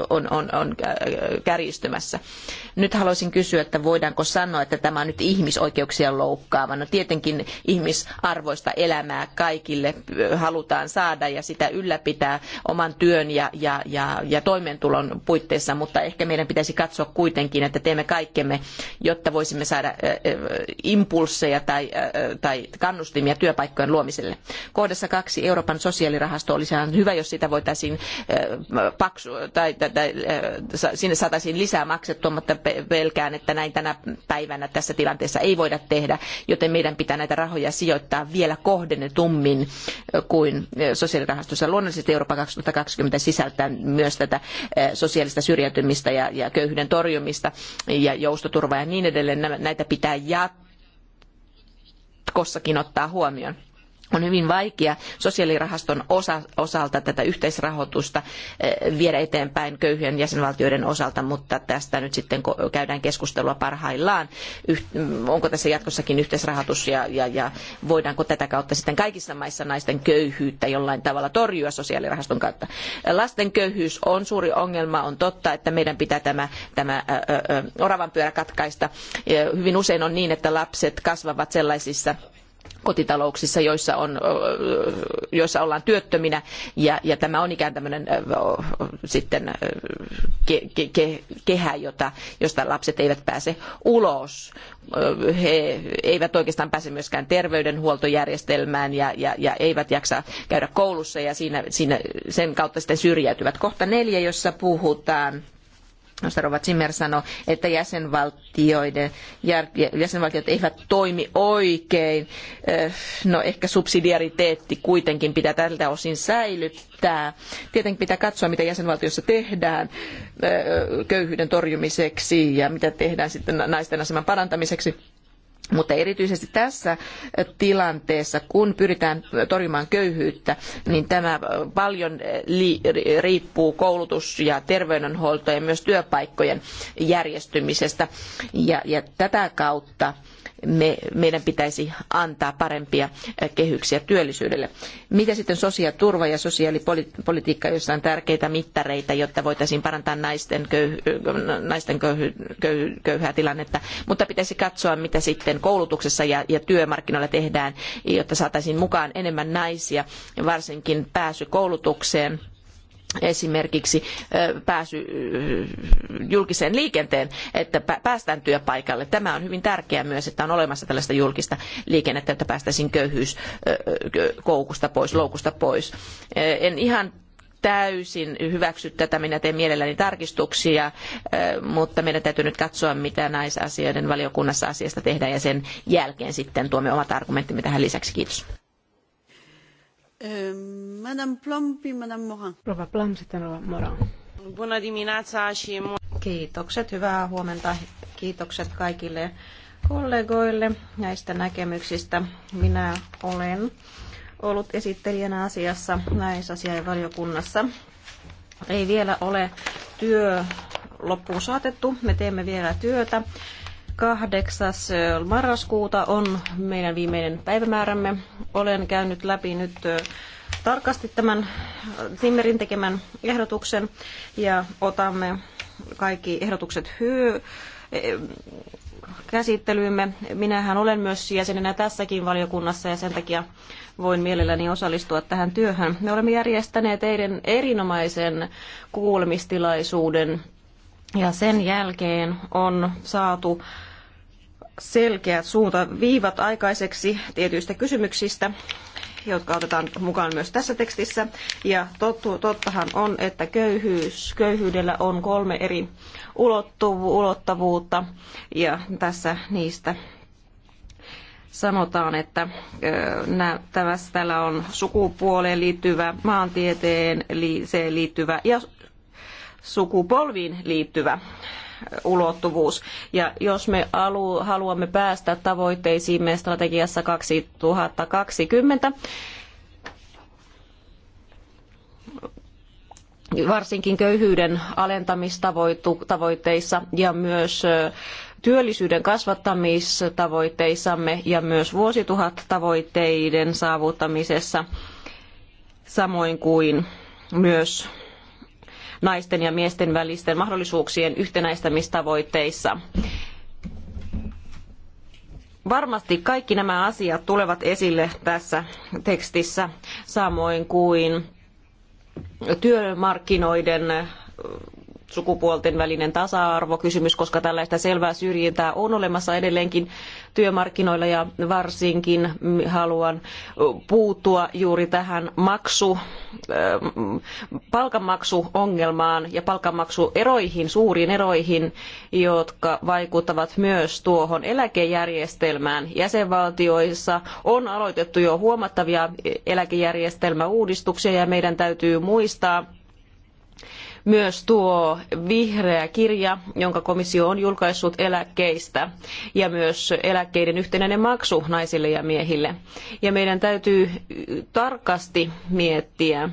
on, on, on kärjistymässä. Nyt haluaisin kysyä, että voidaanko sanoa, että tämä on nyt ihmisoikeuksia loukkaava. No tietenkin ihmisarvoista elämää kaikille halutaan saada ja sitä ylläpitää oman työn ja, ja, ja, ja toimeentulon puitteissa, mutta ehkä meidän pitäisi katsoa kuitenkin, että teemme kaikkemme, jotta voisimme saada impulsseja tai, tai kannustimia työpaikkojen luomiselle. Kohdassa kaksi Euroopan sosiaali- sosiaalirahasto. Olisi ihan hyvä, jos sitä voitaisiin paksu, tai, tai, tai sinne saataisiin lisää maksettua, mutta pelkään, että näin tänä päivänä tässä tilanteessa ei voida tehdä, joten meidän pitää näitä rahoja sijoittaa vielä kohdennetummin kuin sosiaalirahastossa. Luonnollisesti Eurooppa 2020 sisältää myös tätä sosiaalista syrjäytymistä ja, ja köyhyyden torjumista ja joustoturvaa ja niin edelleen. Näitä pitää jatkossakin ottaa huomioon on hyvin vaikea sosiaalirahaston osalta tätä yhteisrahoitusta eh, viedä eteenpäin köyhien jäsenvaltioiden osalta, mutta tästä nyt sitten käydään keskustelua parhaillaan. Mm, onko tässä jatkossakin yhteisrahoitus ja, ja, ja voidaanko tätä kautta sitten kaikissa maissa naisten köyhyyttä jollain tavalla torjua sosiaalirahaston kautta? Lasten köyhyys on suuri ongelma. On totta, että meidän pitää tämä, tämä oravanpyörä katkaista. Hyvin usein on niin, että lapset kasvavat sellaisissa kotitalouksissa, joissa, on, joissa ollaan työttöminä. Ja, ja tämä on ikään tämmöinen sitten ke, ke, kehä, jota, josta lapset eivät pääse ulos. He eivät oikeastaan pääse myöskään terveydenhuoltojärjestelmään ja, ja, ja eivät jaksa käydä koulussa ja siinä, siinä, sen kautta sitten syrjäytyvät. Kohta neljä, jossa puhutaan josta Zimmer sanoi, että jäsenvaltioiden, jäsenvaltiot eivät toimi oikein. Öh, no ehkä subsidiariteetti kuitenkin pitää tältä osin säilyttää. Tietenkin pitää katsoa, mitä jäsenvaltiossa tehdään öh, köyhyyden torjumiseksi ja mitä tehdään sitten naisten aseman parantamiseksi mutta erityisesti tässä tilanteessa, kun pyritään torjumaan köyhyyttä, niin tämä paljon riippuu koulutus- ja terveydenhuolto ja myös työpaikkojen järjestymisestä. Ja, ja tätä kautta me, meidän pitäisi antaa parempia kehyksiä työllisyydelle. Mitä sitten sosiaaliturva ja sosiaalipolitiikka, joissa on tärkeitä mittareita, jotta voitaisiin parantaa naisten, naisten köyhää tilannetta, mutta pitäisi katsoa, mitä sitten koulutuksessa ja, ja työmarkkinoilla tehdään, jotta saataisiin mukaan enemmän naisia, varsinkin pääsy koulutukseen esimerkiksi pääsy julkiseen liikenteen, että päästään työpaikalle. Tämä on hyvin tärkeää myös, että on olemassa tällaista julkista liikennettä, että päästäisiin köyhyyskoukusta pois, loukusta pois. En ihan täysin hyväksy tätä, minä teen mielelläni tarkistuksia, mutta meidän täytyy nyt katsoa, mitä naisasioiden valiokunnassa asiasta tehdään ja sen jälkeen sitten tuomme omat argumenttimme tähän lisäksi. Kiitos. Euh, Madame Plum, Madame Morin. Rova Plum, sitten Rova Morin. Buona dimineața și... Kiitokset, hyvää huomenta. Kiitokset kaikille kollegoille näistä näkemyksistä. Minä olen ollut esittelijänä asiassa naisasiainvaliokunnassa. Ei vielä ole työ loppuun saatettu. Me teemme vielä työtä 8. marraskuuta on meidän viimeinen päivämäärämme. Olen käynyt läpi nyt tarkasti tämän Timmerin tekemän ehdotuksen ja otamme kaikki ehdotukset hyö käsittelyymme. Minähän olen myös jäsenenä tässäkin valiokunnassa ja sen takia voin mielelläni osallistua tähän työhön. Me olemme järjestäneet teidän erinomaisen kuulemistilaisuuden ja sen jälkeen on saatu selkeät suuntaviivat aikaiseksi tietyistä kysymyksistä, jotka otetaan mukaan myös tässä tekstissä. Ja tottu, tottahan on, että köyhyys, köyhyydellä on kolme eri ulottuvu, ulottavuutta ja tässä niistä sanotaan, että tällä on sukupuoleen liittyvä, maantieteeseen liittyvä ja sukupolviin liittyvä ulottuvuus. Ja jos me haluamme päästä tavoitteisiimme strategiassa 2020, varsinkin köyhyyden alentamistavoitteissa ja myös työllisyyden kasvattamistavoitteissamme ja myös tavoitteiden saavuttamisessa, samoin kuin myös naisten ja miesten välisten mahdollisuuksien yhtenäistämistavoitteissa. Varmasti kaikki nämä asiat tulevat esille tässä tekstissä, samoin kuin työmarkkinoiden sukupuolten välinen tasa-arvokysymys, koska tällaista selvää syrjintää on olemassa edelleenkin työmarkkinoilla ja varsinkin haluan puuttua juuri tähän maksu, äh, palkanmaksuongelmaan ja palkanmaksueroihin, suuriin eroihin, jotka vaikuttavat myös tuohon eläkejärjestelmään. Jäsenvaltioissa on aloitettu jo huomattavia eläkejärjestelmäuudistuksia ja meidän täytyy muistaa, myös tuo vihreä kirja, jonka komissio on julkaissut eläkkeistä ja myös eläkkeiden yhtenäinen maksu naisille ja miehille. Ja meidän täytyy tarkasti miettiä,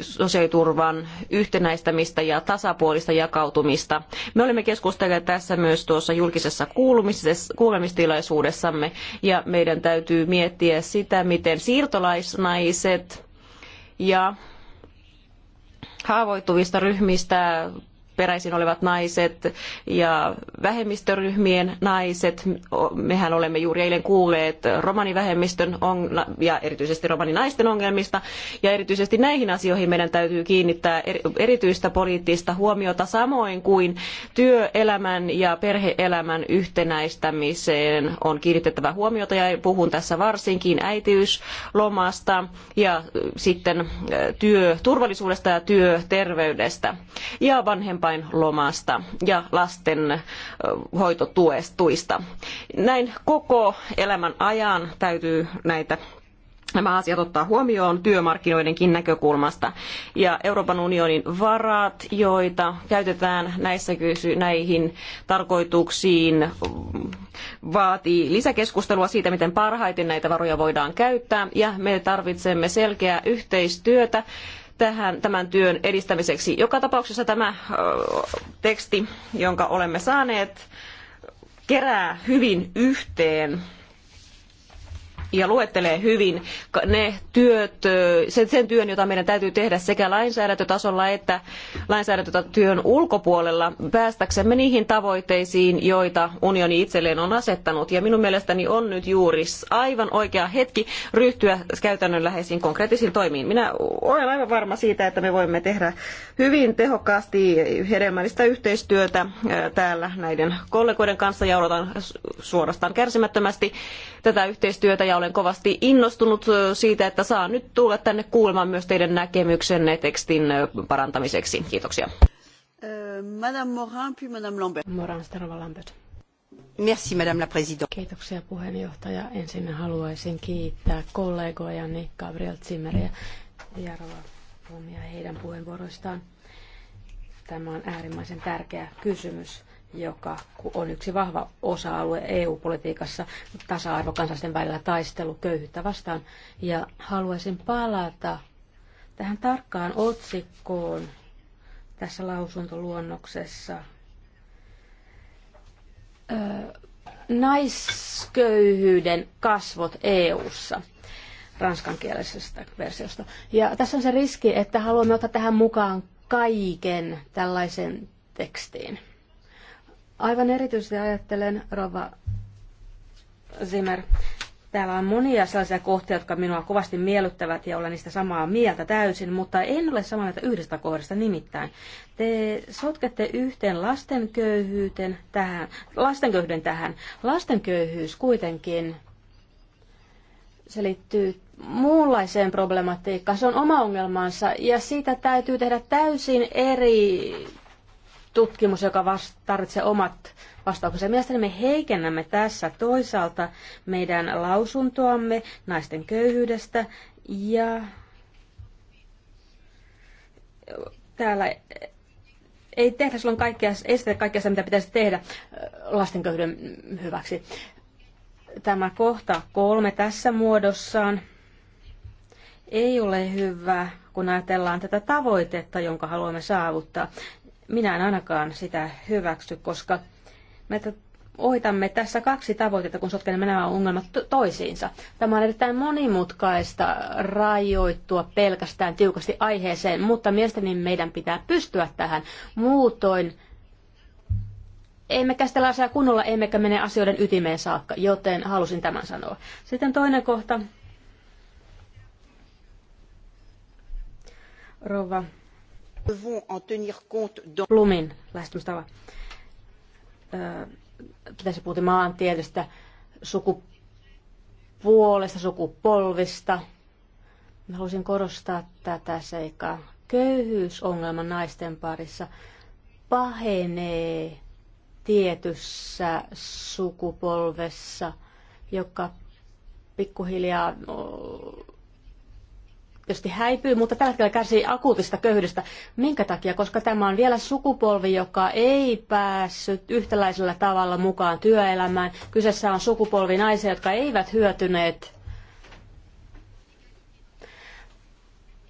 sosiaaliturvan yhtenäistämistä ja tasapuolista jakautumista. Me olemme keskustelleet tässä myös tuossa julkisessa kuulemistilaisuudessamme ja meidän täytyy miettiä sitä, miten siirtolaisnaiset ja haavoittuvista ryhmistä peräisin olevat naiset ja vähemmistöryhmien naiset. Mehän olemme juuri eilen kuulleet romanivähemmistön on, ja erityisesti romaninaisten ongelmista. Ja erityisesti näihin asioihin meidän täytyy kiinnittää erityistä poliittista huomiota samoin kuin työelämän ja perheelämän yhtenäistämiseen on kiinnitettävä huomiota ja puhun tässä varsinkin äitiyslomasta ja sitten työturvallisuudesta ja työterveydestä ja vanhempaa vanhempainlomasta ja lasten hoitotuista. Näin koko elämän ajan täytyy näitä nämä asiat ottaa huomioon työmarkkinoidenkin näkökulmasta. Ja Euroopan unionin varat, joita käytetään näissä kysy- näihin tarkoituksiin, vaatii lisäkeskustelua siitä, miten parhaiten näitä varoja voidaan käyttää. Ja me tarvitsemme selkeää yhteistyötä tähän, tämän työn edistämiseksi. Joka tapauksessa tämä teksti, jonka olemme saaneet, kerää hyvin yhteen ja luettelee hyvin ne työt, sen, sen työn, jota meidän täytyy tehdä sekä lainsäädäntötasolla että lainsäädäntötyön ulkopuolella päästäksemme niihin tavoitteisiin, joita unioni itselleen on asettanut. Ja minun mielestäni on nyt juuri aivan oikea hetki ryhtyä käytännönläheisiin konkreettisiin toimiin. Minä olen aivan varma siitä, että me voimme tehdä hyvin tehokkaasti hedelmällistä yhteistyötä täällä näiden kollegoiden kanssa ja odotan suorastaan kärsimättömästi tätä yhteistyötä ja olen kovasti innostunut siitä, että saan nyt tulla tänne kuulemaan myös teidän näkemyksenne tekstin parantamiseksi. Kiitoksia. Madame Morin, puis Madame Lambert. Morin, Lambert. Merci, Madame la Présidente. Kiitoksia puheenjohtaja. Ensin haluaisin kiittää kollegojani niin Gabriel Zimmeriä ja Jarva Pomia heidän puheenvuoroistaan. Tämä on äärimmäisen tärkeä kysymys joka on yksi vahva osa-alue EU-politiikassa, tasa-arvo kansallisten välillä taistelu köyhyyttä vastaan. Ja haluaisin palata tähän tarkkaan otsikkoon tässä lausuntoluonnoksessa. Öö, naisköyhyyden kasvot EU:ssa ranskankielisestä versiosta. Ja tässä on se riski, että haluamme ottaa tähän mukaan kaiken tällaisen tekstiin. Aivan erityisesti ajattelen, Rova Zimmer, täällä on monia sellaisia kohtia, jotka minua kovasti miellyttävät ja olen niistä samaa mieltä täysin, mutta en ole samaa mieltä yhdestä kohdasta nimittäin. Te sotkette yhteen köyhyyden tähän, köyhyyden tähän. Lastenköyhyys kuitenkin, se liittyy muunlaiseen problematiikkaan. Se on oma ongelmansa ja siitä täytyy tehdä täysin eri tutkimus, joka vasta- tarvitsee omat vastauksensa. Mielestäni me heikennämme tässä toisaalta meidän lausuntoamme naisten köyhyydestä ja täällä ei tehdä silloin kaikkea, estetä kaikkea sitä, mitä pitäisi tehdä lasten köyhyyden hyväksi. Tämä kohta kolme tässä muodossaan ei ole hyvä, kun ajatellaan tätä tavoitetta, jonka haluamme saavuttaa. Minä en ainakaan sitä hyväksy, koska me ohitamme tässä kaksi tavoitetta, kun sotkemme nämä ongelmat toisiinsa. Tämä on erittäin monimutkaista rajoittua pelkästään tiukasti aiheeseen, mutta mielestäni meidän pitää pystyä tähän. Muutoin emme käsitellä asiaa kunnolla, emmekä mene asioiden ytimeen saakka, joten halusin tämän sanoa. Sitten toinen kohta. Rova Plumin lähestymistava. Tässä puhua maantieteestä, sukupuolesta, sukupolvista. Mä haluaisin korostaa tätä seikkaa. Köyhyysongelma naisten parissa pahenee tietyssä sukupolvessa, joka pikkuhiljaa tietysti häipyy, mutta tällä hetkellä kärsii akuutista köyhyydestä. Minkä takia? Koska tämä on vielä sukupolvi, joka ei päässyt yhtäläisellä tavalla mukaan työelämään. Kyseessä on sukupolvi naisia, jotka eivät hyötyneet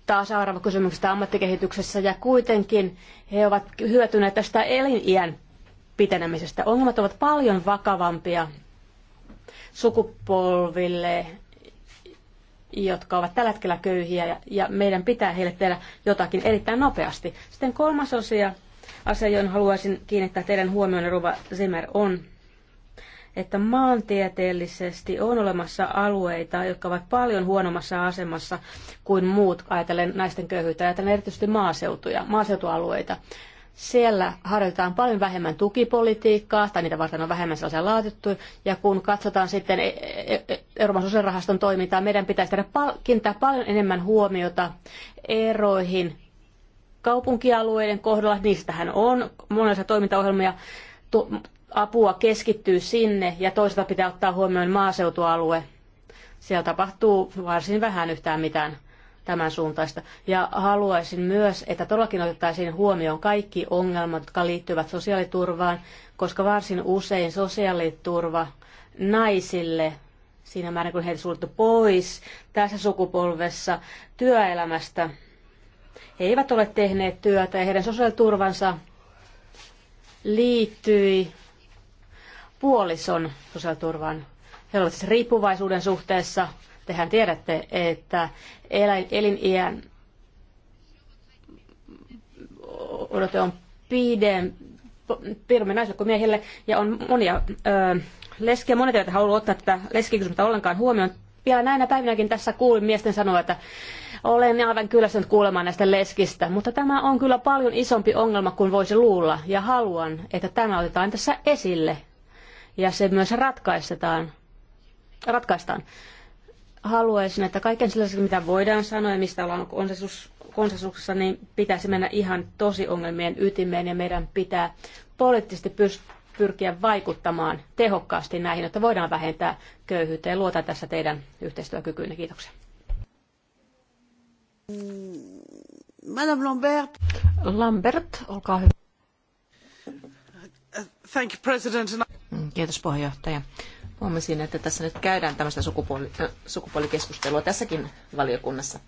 tasa kysymyksestä ammattikehityksessä ja kuitenkin he ovat hyötyneet tästä eliniän pitenemisestä. Ongelmat ovat paljon vakavampia sukupolville, jotka ovat tällä hetkellä köyhiä ja, ja meidän pitää heille tehdä jotakin erittäin nopeasti. Sitten kolmas osia, asia, johon haluaisin kiinnittää teidän huomioon, Ruva Zimmer, on, että maantieteellisesti on olemassa alueita, jotka ovat paljon huonommassa asemassa kuin muut, ajatellen naisten köyhyyttä, ajatellen erityisesti maaseutuja, maaseutualueita. Siellä harjoitetaan paljon vähemmän tukipolitiikkaa, tai niitä varten on vähemmän sellaisia laatettu. Ja kun katsotaan sitten e- e- e- Euroopan sosiaalirahaston toimintaa, meidän pitäisi tehdä kiinnittää paljon enemmän huomiota eroihin kaupunkialueiden kohdalla. Niistähän on monenlaisia toimintaohjelmia. apua keskittyy sinne ja toisaalta pitää ottaa huomioon maaseutualue. Siellä tapahtuu varsin vähän yhtään mitään tämän suuntaista. Ja haluaisin myös, että todellakin otettaisiin huomioon kaikki ongelmat, jotka liittyvät sosiaaliturvaan, koska varsin usein sosiaaliturva naisille siinä määrin, kun heitä suljettu pois tässä sukupolvessa työelämästä. He eivät ole tehneet työtä ja heidän sosiaaliturvansa liittyi puolison sosiaaliturvaan. He olivat siis riippuvaisuuden suhteessa Tehän tiedätte, että eliniän odote on pidempi pidemmin naisille kuin miehille, ja on monia ö, leskiä. Monet eivät halua ottaa tätä leskikysymystä ollenkaan huomioon. Vielä näinä päivinäkin tässä kuulin miesten sanoa, että olen aivan kyllästynyt kuulemaan näistä leskistä, mutta tämä on kyllä paljon isompi ongelma kuin voisi luulla, ja haluan, että tämä otetaan tässä esille, ja se myös ratkaistaan. ratkaistaan haluaisin, että kaiken sellaisen, mitä voidaan sanoa ja mistä ollaan konsensus, konsensuksessa, niin pitäisi mennä ihan tosi ongelmien ytimeen ja meidän pitää poliittisesti pyrkiä vaikuttamaan tehokkaasti näihin, että voidaan vähentää köyhyyttä ja luota tässä teidän yhteistyökykyynne. Kiitoksia. Madame Lambert. Lambert, olkaa hyvä. Thank you, President. Kiitos puheenjohtaja. Huomasin, että tässä nyt käydään tämmöistä sukupuoli, äh, sukupuolikeskustelua tässäkin valiokunnassa.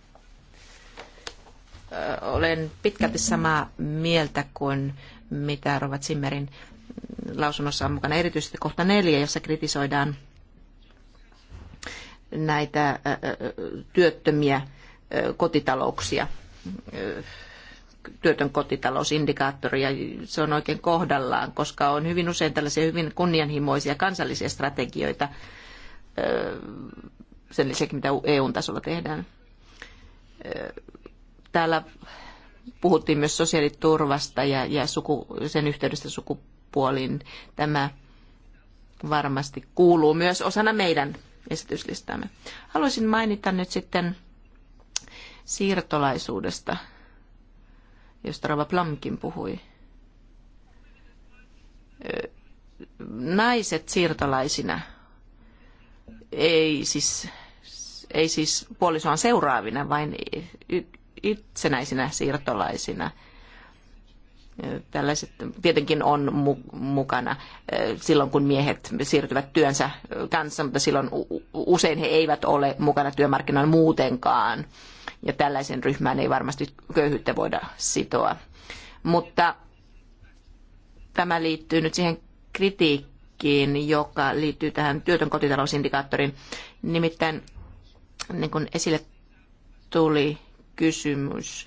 Äh, olen pitkälti samaa mieltä kuin mitä Rovat Simmerin lausunnossa on mukana, erityisesti kohta neljä, jossa kritisoidaan näitä työttömiä kotitalouksia työtön kotitalousindikaattori ja se on oikein kohdallaan, koska on hyvin usein tällaisia hyvin kunnianhimoisia kansallisia strategioita sen lisäksi, mitä EUn tasolla tehdään. Täällä puhuttiin myös sosiaaliturvasta ja, ja suku, sen yhteydestä sukupuoliin. Tämä varmasti kuuluu myös osana meidän esityslistaamme. Haluaisin mainita nyt sitten siirtolaisuudesta josta Rava Plamkin puhui. Naiset siirtolaisina, ei siis, ei siis puolisoaan seuraavina, vain itsenäisinä siirtolaisina. Tällaiset tietenkin on mukana silloin, kun miehet siirtyvät työnsä kanssa, mutta silloin usein he eivät ole mukana työmarkkinoilla muutenkaan ja tällaisen ryhmään ei varmasti köyhyyttä voida sitoa. Mutta tämä liittyy nyt siihen kritiikkiin, joka liittyy tähän työtön kotitalousindikaattoriin. Nimittäin niin kuin esille tuli kysymys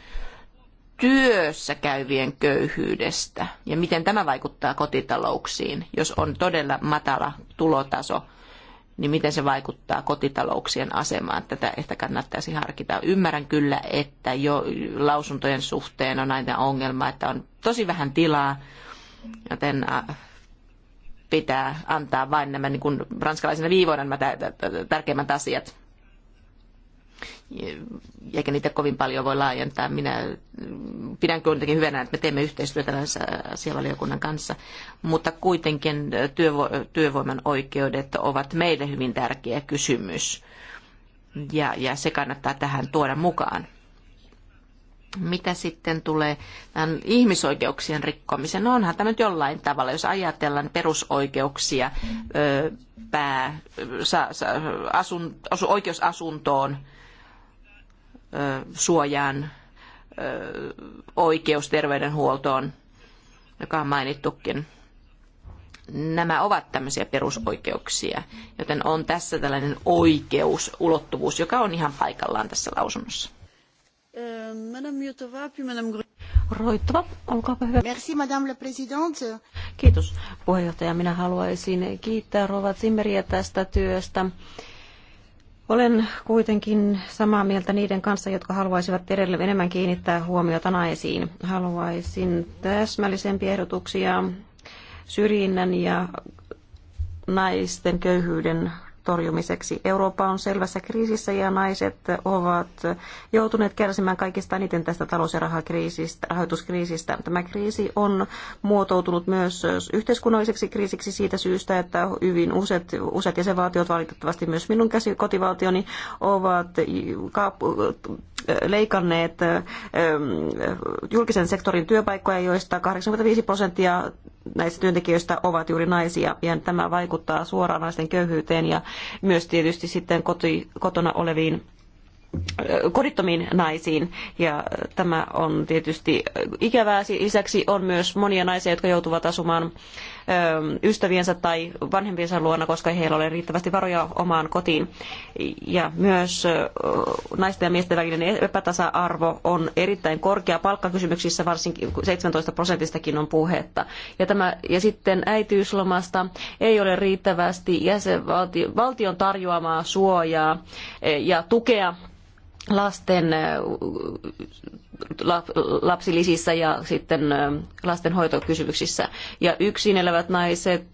työssä käyvien köyhyydestä ja miten tämä vaikuttaa kotitalouksiin, jos on todella matala tulotaso niin miten se vaikuttaa kotitalouksien asemaan. Tätä ehkä kannattaisi harkita. Ymmärrän kyllä, että jo lausuntojen suhteen on aina ongelma, että on tosi vähän tilaa, joten äh, pitää antaa vain nämä niin kuin ranskalaisena viivoina nämä tärkeimmät asiat eikä niitä kovin paljon voi laajentaa. Minä pidän kuitenkin hyvänä, että me teemme yhteistyötä asiavaliokunnan kanssa, mutta kuitenkin työvo- työvoiman oikeudet ovat meille hyvin tärkeä kysymys ja, ja se kannattaa tähän tuoda mukaan. Mitä sitten tulee tämän ihmisoikeuksien rikkomiseen? No onhan tämä nyt jollain tavalla, jos ajatellaan perusoikeuksia, pää, sa, sa, asun, asu, oikeus asuntoon, suojaan, oikeus terveydenhuoltoon, joka on mainittukin. Nämä ovat tämmöisiä perusoikeuksia, joten on tässä tällainen oikeus, ulottuvuus, joka on ihan paikallaan tässä lausunnossa. Madame Madame Roittava, olkaapa hyvä. Merci, Madame la Présidente. Kiitos puheenjohtaja. Minä haluaisin kiittää Rova Zimmeriä tästä työstä olen kuitenkin samaa mieltä niiden kanssa, jotka haluaisivat edelleen enemmän kiinnittää huomiota naisiin. Haluaisin täsmällisempiä ehdotuksia syrjinnän ja naisten köyhyyden torjumiseksi. Eurooppa on selvässä kriisissä ja naiset ovat joutuneet kärsimään kaikista eniten tästä talous- ja rahoituskriisistä. Tämä kriisi on muotoutunut myös yhteiskunnalliseksi kriisiksi siitä syystä, että hyvin useat, useat jäsenvaltiot, valitettavasti myös minun käsi, kotivaltioni, ovat leikanneet julkisen sektorin työpaikkoja, joista 85 prosenttia näistä työntekijöistä ovat juuri naisia. Ja tämä vaikuttaa suoraan naisten köyhyyteen ja myös tietysti sitten koti, kotona oleviin kodittomiin naisiin ja tämä on tietysti ikävää. Lisäksi on myös monia naisia, jotka joutuvat asumaan Ähm, ystäviensä tai vanhempiensa luona, koska heillä ole riittävästi varoja omaan kotiin. Ja myös naisten ja miesten välinen epätasa-arvo on erittäin korkea palkkakysymyksissä, varsinkin 17 prosentistakin on puhetta. Ja, tämä, ja sitten äitiyslomasta ei ole riittävästi jäsenvaltion tarjoamaa suojaa e, ja tukea lasten lapsilisissä ja sitten lastenhoitokysymyksissä. Ja yksin elävät naiset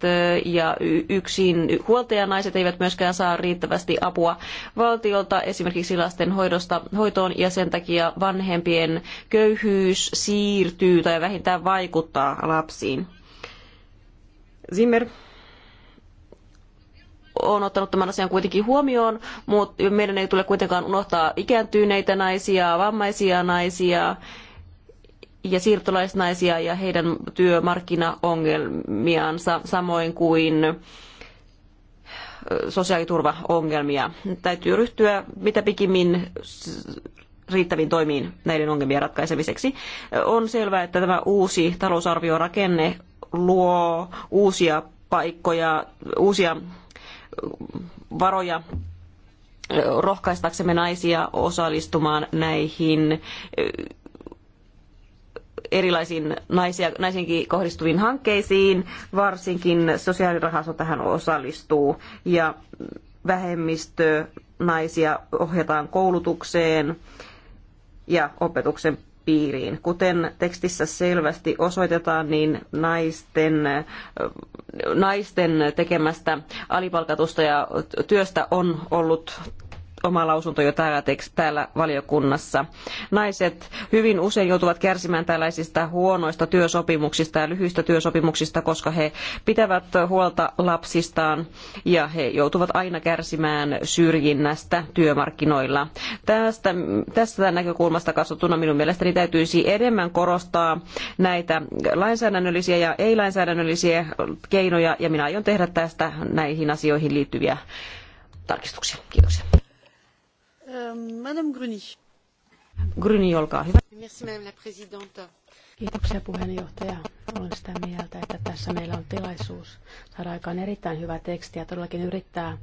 ja yksin huoltajanaiset eivät myöskään saa riittävästi apua valtiolta esimerkiksi lastenhoidosta hoitoon ja sen takia vanhempien köyhyys siirtyy tai vähintään vaikuttaa lapsiin. Zimmer on ottanut tämän asian kuitenkin huomioon, mutta meidän ei tule kuitenkaan unohtaa ikääntyneitä naisia, vammaisia naisia ja siirtolaisnaisia ja heidän työmarkkinaongelmiansa, samoin kuin sosiaaliturvaongelmia. Täytyy ryhtyä mitä pikimmin riittäviin toimiin näiden ongelmien ratkaisemiseksi. On selvää, että tämä uusi talousarviorakenne luo uusia paikkoja, uusia varoja rohkaistaksemme naisia osallistumaan näihin erilaisiin naisia, naisiinkin kohdistuviin hankkeisiin, varsinkin sosiaalirahasto tähän osallistuu ja vähemmistö naisia ohjataan koulutukseen ja opetuksen piiriin. Kuten tekstissä selvästi osoitetaan, niin naisten, naisten tekemästä alipalkatusta ja työstä on ollut oma lausunto jo täällä, täällä valiokunnassa. Naiset hyvin usein joutuvat kärsimään tällaisista huonoista työsopimuksista ja lyhyistä työsopimuksista, koska he pitävät huolta lapsistaan ja he joutuvat aina kärsimään syrjinnästä työmarkkinoilla. Tästä, tästä näkökulmasta katsottuna minun mielestäni täytyisi enemmän korostaa näitä lainsäädännöllisiä ja ei-lainsäädännöllisiä keinoja ja minä aion tehdä tästä näihin asioihin liittyviä tarkistuksia. Kiitoksia. Euh, madame la Présidente. Kiitoksia puheenjohtaja. Olen sitä mieltä, että tässä meillä on tilaisuus saada aikaan erittäin hyvä teksti ja todellakin yrittää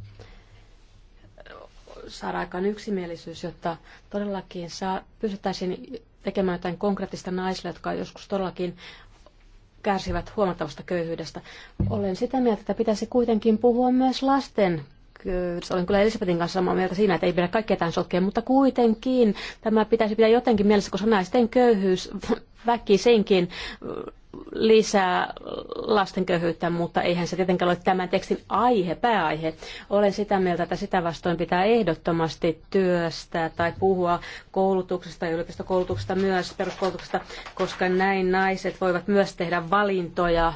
saada aikaan yksimielisyys, jotta todellakin saa, pystyttäisiin tekemään jotain konkreettista naisille, jotka joskus todellakin kärsivät huomattavasta köyhyydestä. Olen sitä mieltä, että pitäisi kuitenkin puhua myös lasten Kyllä, olen kyllä Elisabetin kanssa samaa mieltä siinä, että ei pidä kaikkea tämän sotkea, mutta kuitenkin tämä pitäisi pitää jotenkin mielessä, koska naisten köyhyys väkisinkin lisää lasten köyhyyttä, mutta eihän se tietenkään ole tämän tekstin aihe, pääaihe. Olen sitä mieltä, että sitä vastoin pitää ehdottomasti työstää tai puhua koulutuksesta ja yliopistokoulutuksesta myös, peruskoulutuksesta, koska näin naiset voivat myös tehdä valintoja,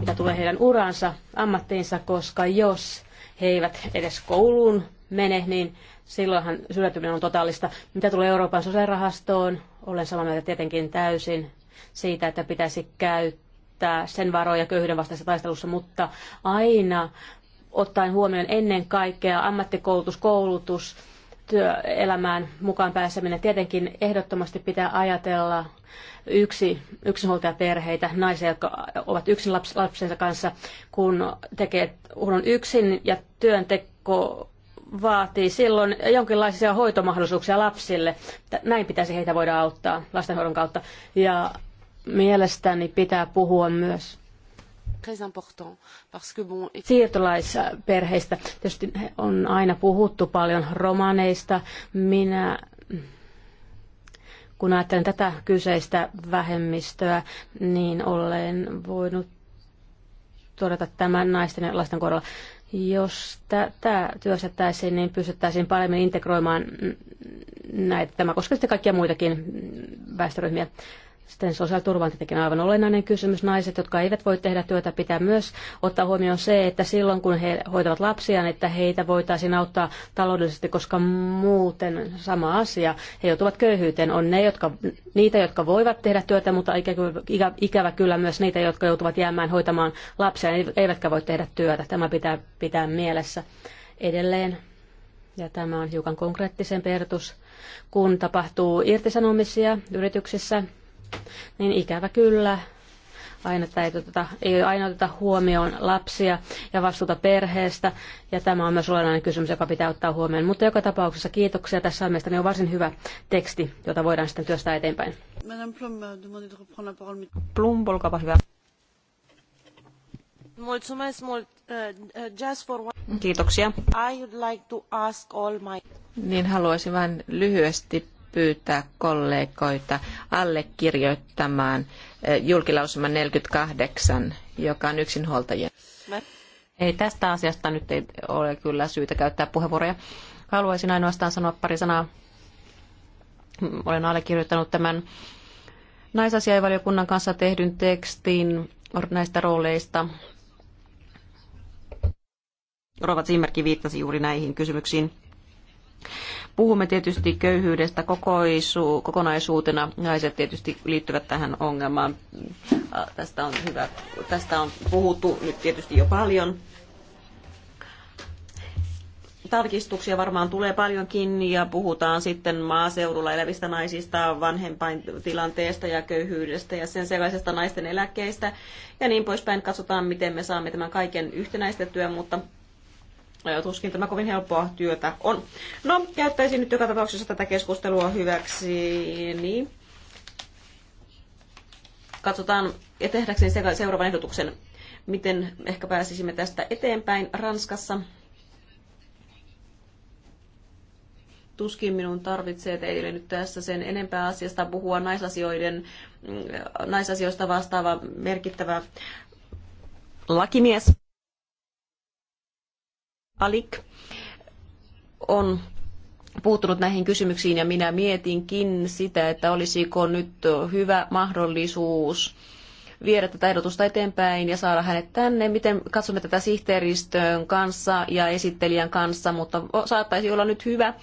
mitä tulee heidän uransa, ammattiinsa, koska jos he eivät edes kouluun mene, niin silloinhan syrjäytyminen on totaalista. Mitä tulee Euroopan sosiaalirahastoon, olen samaa mieltä tietenkin täysin siitä, että pitäisi käyttää sen varoja köyhyyden vastaisessa taistelussa, mutta aina ottaen huomioon ennen kaikkea ammattikoulutus, koulutus työelämään mukaan pääseminen. Tietenkin ehdottomasti pitää ajatella yksi, yksinhuoltajaperheitä, naisia, jotka ovat yksin laps, lapsensa kanssa, kun tekee kun yksin ja työnteko vaatii silloin jonkinlaisia hoitomahdollisuuksia lapsille. Näin pitäisi heitä voida auttaa lastenhoidon kautta. Ja mielestäni pitää puhua myös Siirtolaisperheistä tietysti on aina puhuttu paljon romaneista. Minä kun ajattelen tätä kyseistä vähemmistöä, niin olen voinut todeta tämän naisten ja lasten kohdalla. Jos tätä työstettäisiin, niin pystyttäisiin paremmin integroimaan näitä. Tämä koskee sitten kaikkia muitakin väestöryhmiä. Sitten sosiaaliturva on aivan olennainen kysymys. Naiset, jotka eivät voi tehdä työtä, pitää myös ottaa huomioon se, että silloin kun he hoitavat lapsiaan, että heitä voitaisiin auttaa taloudellisesti, koska muuten sama asia. He joutuvat köyhyyteen. On ne, jotka, niitä, jotka voivat tehdä työtä, mutta ikävä, ikävä kyllä myös niitä, jotka joutuvat jäämään hoitamaan lapsia, eivätkä voi tehdä työtä. Tämä pitää pitää mielessä edelleen. Ja tämä on hiukan konkreettisen ehdotus. Kun tapahtuu irtisanomisia yrityksissä, niin ikävä kyllä aina ei, oteta, ei aina oteta huomioon lapsia ja vastuuta perheestä, ja tämä on myös olennainen kysymys, joka pitää ottaa huomioon. Mutta joka tapauksessa kiitoksia. Tässä on mielestäni on varsin hyvä teksti, jota voidaan sitten työstää eteenpäin. Plum, olkaapa hyvä. Mulțumesc mult. Uh, uh, just for one... Kiitoksia. I would like to ask all my... Niin haluaisin vain lyhyesti pyytää kollegoita allekirjoittamaan eh, julkilausuma 48, joka on yksinhuoltajien. Ei tästä asiasta nyt ei ole kyllä syytä käyttää puheenvuoroja. Haluaisin ainoastaan sanoa pari sanaa. Olen allekirjoittanut tämän naisasiainvaliokunnan kanssa tehdyn tekstin näistä rooleista. Rova Zimmerkin viittasi juuri näihin kysymyksiin. Puhumme tietysti köyhyydestä kokoisu, kokonaisuutena. Naiset tietysti liittyvät tähän ongelmaan. Tästä on, hyvä, tästä on puhuttu nyt tietysti jo paljon tarkistuksia varmaan tulee paljonkin ja puhutaan sitten maaseudulla elävistä naisista, vanhempain tilanteesta ja köyhyydestä ja sen sellaisesta naisten eläkkeistä ja niin poispäin. Katsotaan, miten me saamme tämän kaiken yhtenäistettyä, mutta Tuskin tämä kovin helppoa työtä on. No, käyttäisin nyt joka tapauksessa tätä keskustelua hyväksi. Niin. Katsotaan ja tehdäkseni seuraavan ehdotuksen, miten ehkä pääsisimme tästä eteenpäin Ranskassa. tuskin minun tarvitsee teille nyt tässä sen enempää asiasta puhua naisasioiden, mm, naisasioista vastaava merkittävä lakimies Alik on puuttunut näihin kysymyksiin ja minä mietinkin sitä, että olisiko nyt hyvä mahdollisuus viedä tätä ehdotusta eteenpäin ja saada hänet tänne. Miten katsomme tätä sihteeristön kanssa ja esittelijän kanssa, mutta saattaisi olla nyt hyvä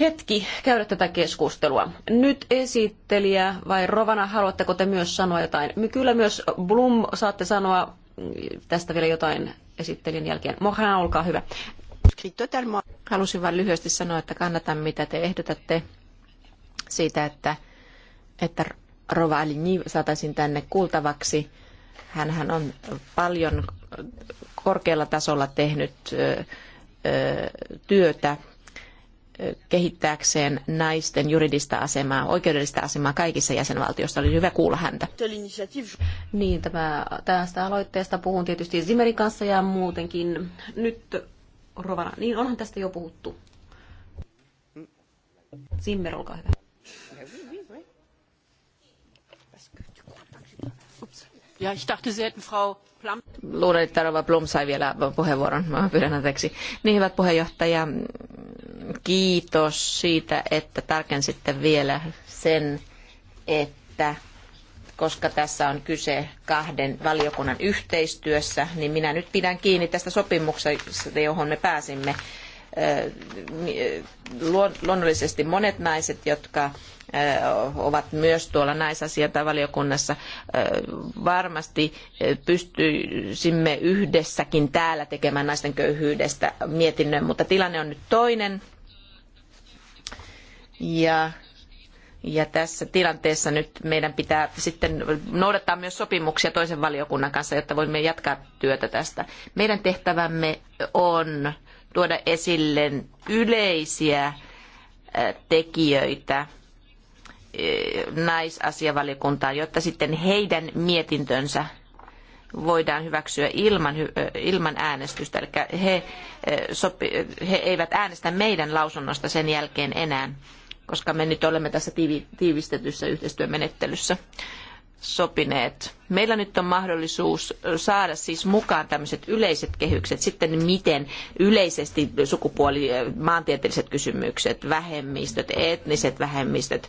hetki käydä tätä keskustelua. Nyt esittelijä vai Rovana, haluatteko te myös sanoa jotain? Kyllä myös Blum saatte sanoa tästä vielä jotain esittelyn jälkeen. Mohan, olkaa hyvä. Halusin vain lyhyesti sanoa, että kannatan mitä te ehdotatte siitä, että, että Rova Aligny saataisiin tänne kuultavaksi. Hän on paljon korkealla tasolla tehnyt työtä kehittääkseen naisten juridista asemaa, oikeudellista asemaa kaikissa jäsenvaltioissa. Oli hyvä kuulla häntä. Niin, tämä, tästä aloitteesta puhun tietysti Zimmerin kanssa ja muutenkin. Nyt Rovana, niin onhan tästä jo puhuttu. Zimmer, olkaa hyvä. Ja, ich dachte, Sie hätten Frau Plum. Luulen, että Rova Plum sai vielä puheenvuoron. Mä pyydän anteeksi. Niin, hyvät puheenjohtaja, kiitos siitä, että tarkensitte vielä sen, että koska tässä on kyse kahden valiokunnan yhteistyössä, niin minä nyt pidän kiinni tästä sopimuksesta, johon me pääsimme. Luonnollisesti monet naiset, jotka ovat myös tuolla valiokunnassa Varmasti pystyisimme yhdessäkin täällä tekemään naisten köyhyydestä mietinnön, mutta tilanne on nyt toinen. Ja ja tässä tilanteessa nyt meidän pitää sitten noudattaa myös sopimuksia toisen valiokunnan kanssa, jotta voimme jatkaa työtä tästä. Meidän tehtävämme on tuoda esille yleisiä tekijöitä naisasiavaliokuntaan, jotta sitten heidän mietintönsä voidaan hyväksyä ilman, ilman äänestystä. Eli he, sopi, he eivät äänestä meidän lausunnosta sen jälkeen enää, koska me nyt olemme tässä tiivistetyssä yhteistyömenettelyssä sopineet. Meillä nyt on mahdollisuus saada siis mukaan tämmöiset yleiset kehykset, sitten miten yleisesti sukupuoli, maantieteelliset kysymykset, vähemmistöt, etniset vähemmistöt,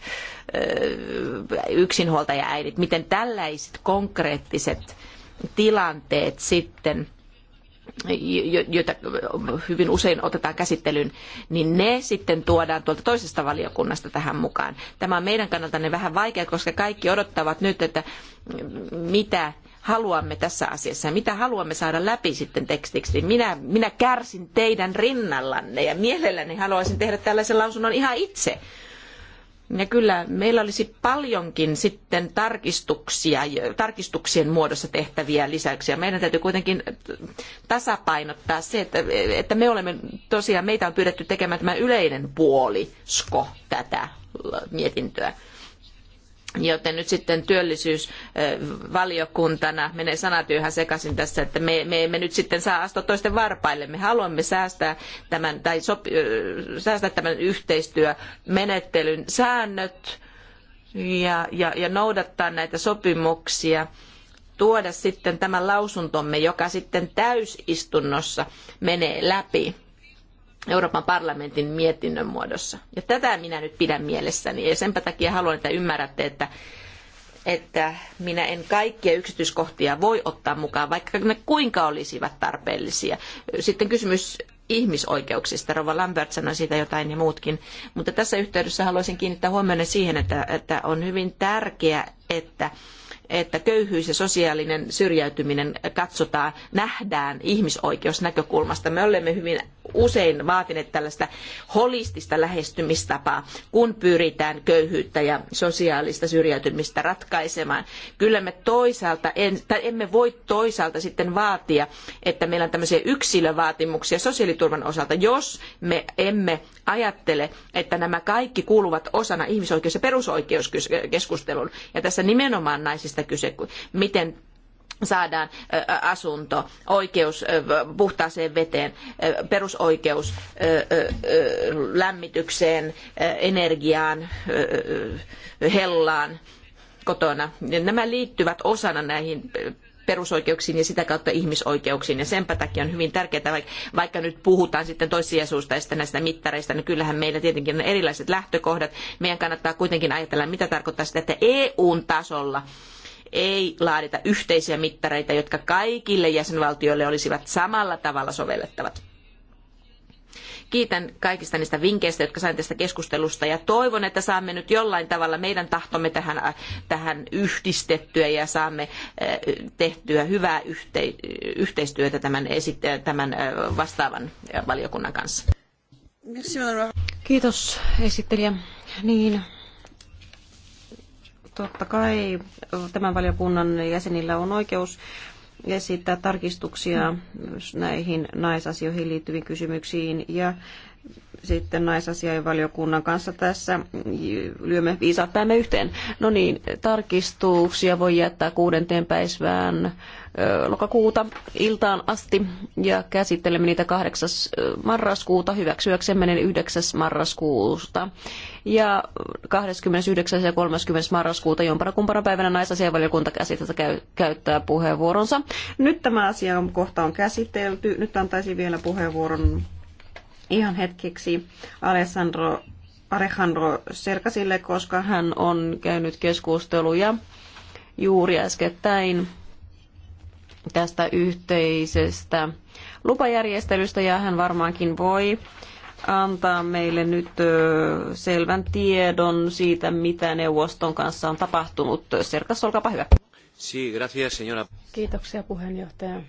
yksinhuoltajaäidit, miten tällaiset konkreettiset tilanteet sitten – joita hyvin usein otetaan käsittelyyn, niin ne sitten tuodaan tuolta toisesta valiokunnasta tähän mukaan. Tämä on meidän kannaltamme vähän vaikea, koska kaikki odottavat nyt, että mitä haluamme tässä asiassa ja mitä haluamme saada läpi sitten tekstiksi. Minä, minä kärsin teidän rinnallanne ja mielelläni haluaisin tehdä tällaisen lausunnon ihan itse ja kyllä meillä olisi paljonkin sitten tarkistuksia, tarkistuksien muodossa tehtäviä lisäyksiä. Meidän täytyy kuitenkin tasapainottaa se, että, että me olemme tosiaan, meitä on pyydetty tekemään tämä yleinen puolisko tätä mietintöä. Joten nyt sitten työllisyysvaliokuntana menee sanat yhä sekaisin tässä, että me, me emme nyt sitten saa astua toisten varpaille. Me haluamme säästää tämän, tai sopi, säästää tämän yhteistyömenettelyn säännöt ja, ja, ja noudattaa näitä sopimuksia tuoda sitten tämän lausuntomme, joka sitten täysistunnossa menee läpi Euroopan parlamentin mietinnön muodossa. Ja tätä minä nyt pidän mielessäni ja senpä takia haluan, että ymmärrätte, että, että minä en kaikkia yksityiskohtia voi ottaa mukaan, vaikka ne kuinka olisivat tarpeellisia. Sitten kysymys ihmisoikeuksista. Rova Lambert sanoi siitä jotain ja muutkin. Mutta tässä yhteydessä haluaisin kiinnittää huomioon siihen, että, että on hyvin tärkeää, että että köyhyys ja sosiaalinen syrjäytyminen katsotaan, nähdään ihmisoikeusnäkökulmasta. Me olemme hyvin usein vaatineet tällaista holistista lähestymistapaa, kun pyritään köyhyyttä ja sosiaalista syrjäytymistä ratkaisemaan. Kyllä me toisaalta, en, tai emme voi toisaalta sitten vaatia, että meillä on tämmöisiä yksilövaatimuksia sosiaaliturvan osalta, jos me emme ajattele, että nämä kaikki kuuluvat osana ihmisoikeus- ja perusoikeuskeskustelun. Ja tässä nimenomaan naisista tästä kyse, miten saadaan asunto, oikeus puhtaaseen veteen, perusoikeus lämmitykseen, energiaan, hellaan kotona. Nämä liittyvät osana näihin perusoikeuksiin ja sitä kautta ihmisoikeuksiin. Ja senpä takia on hyvin tärkeää, vaikka, nyt puhutaan sitten toissijaisuusta ja näistä mittareista, niin kyllähän meillä tietenkin on erilaiset lähtökohdat. Meidän kannattaa kuitenkin ajatella, mitä tarkoittaa sitä, että EUn tasolla ei laadita yhteisiä mittareita, jotka kaikille jäsenvaltioille olisivat samalla tavalla sovellettavat. Kiitän kaikista niistä vinkkeistä, jotka sain tästä keskustelusta ja toivon, että saamme nyt jollain tavalla meidän tahtomme tähän, äh, tähän yhdistettyä ja saamme äh, tehtyä hyvää yhteistyötä tämän, tämän äh, vastaavan valiokunnan kanssa. Kiitos esittelijä. Niin, Totta kai tämän valiokunnan jäsenillä on oikeus esittää tarkistuksia näihin naisasioihin liittyviin kysymyksiin ja sitten naisasiainvaliokunnan kanssa tässä lyömme viisaat päämme yhteen. No niin, tarkistuksia voi jättää kuudenteen päivään lokakuuta iltaan asti ja käsittelemme niitä 8. marraskuuta hyväksyäksemme ne 9. marraskuusta. Ja 29. ja 30. marraskuuta jompana kumpana päivänä naisasiavaliokunta käsitettä käy, käyttää puheenvuoronsa. Nyt tämä asia on kohta on käsitelty. Nyt antaisin vielä puheenvuoron ihan hetkeksi Alessandro Alejandro Serkasille, koska hän on käynyt keskusteluja juuri äskettäin tästä yhteisestä lupajärjestelystä ja hän varmaankin voi antaa meille nyt selvän tiedon siitä, mitä neuvoston kanssa on tapahtunut. Serkas, olkaapa hyvä. Kiitoksia puheenjohtaja.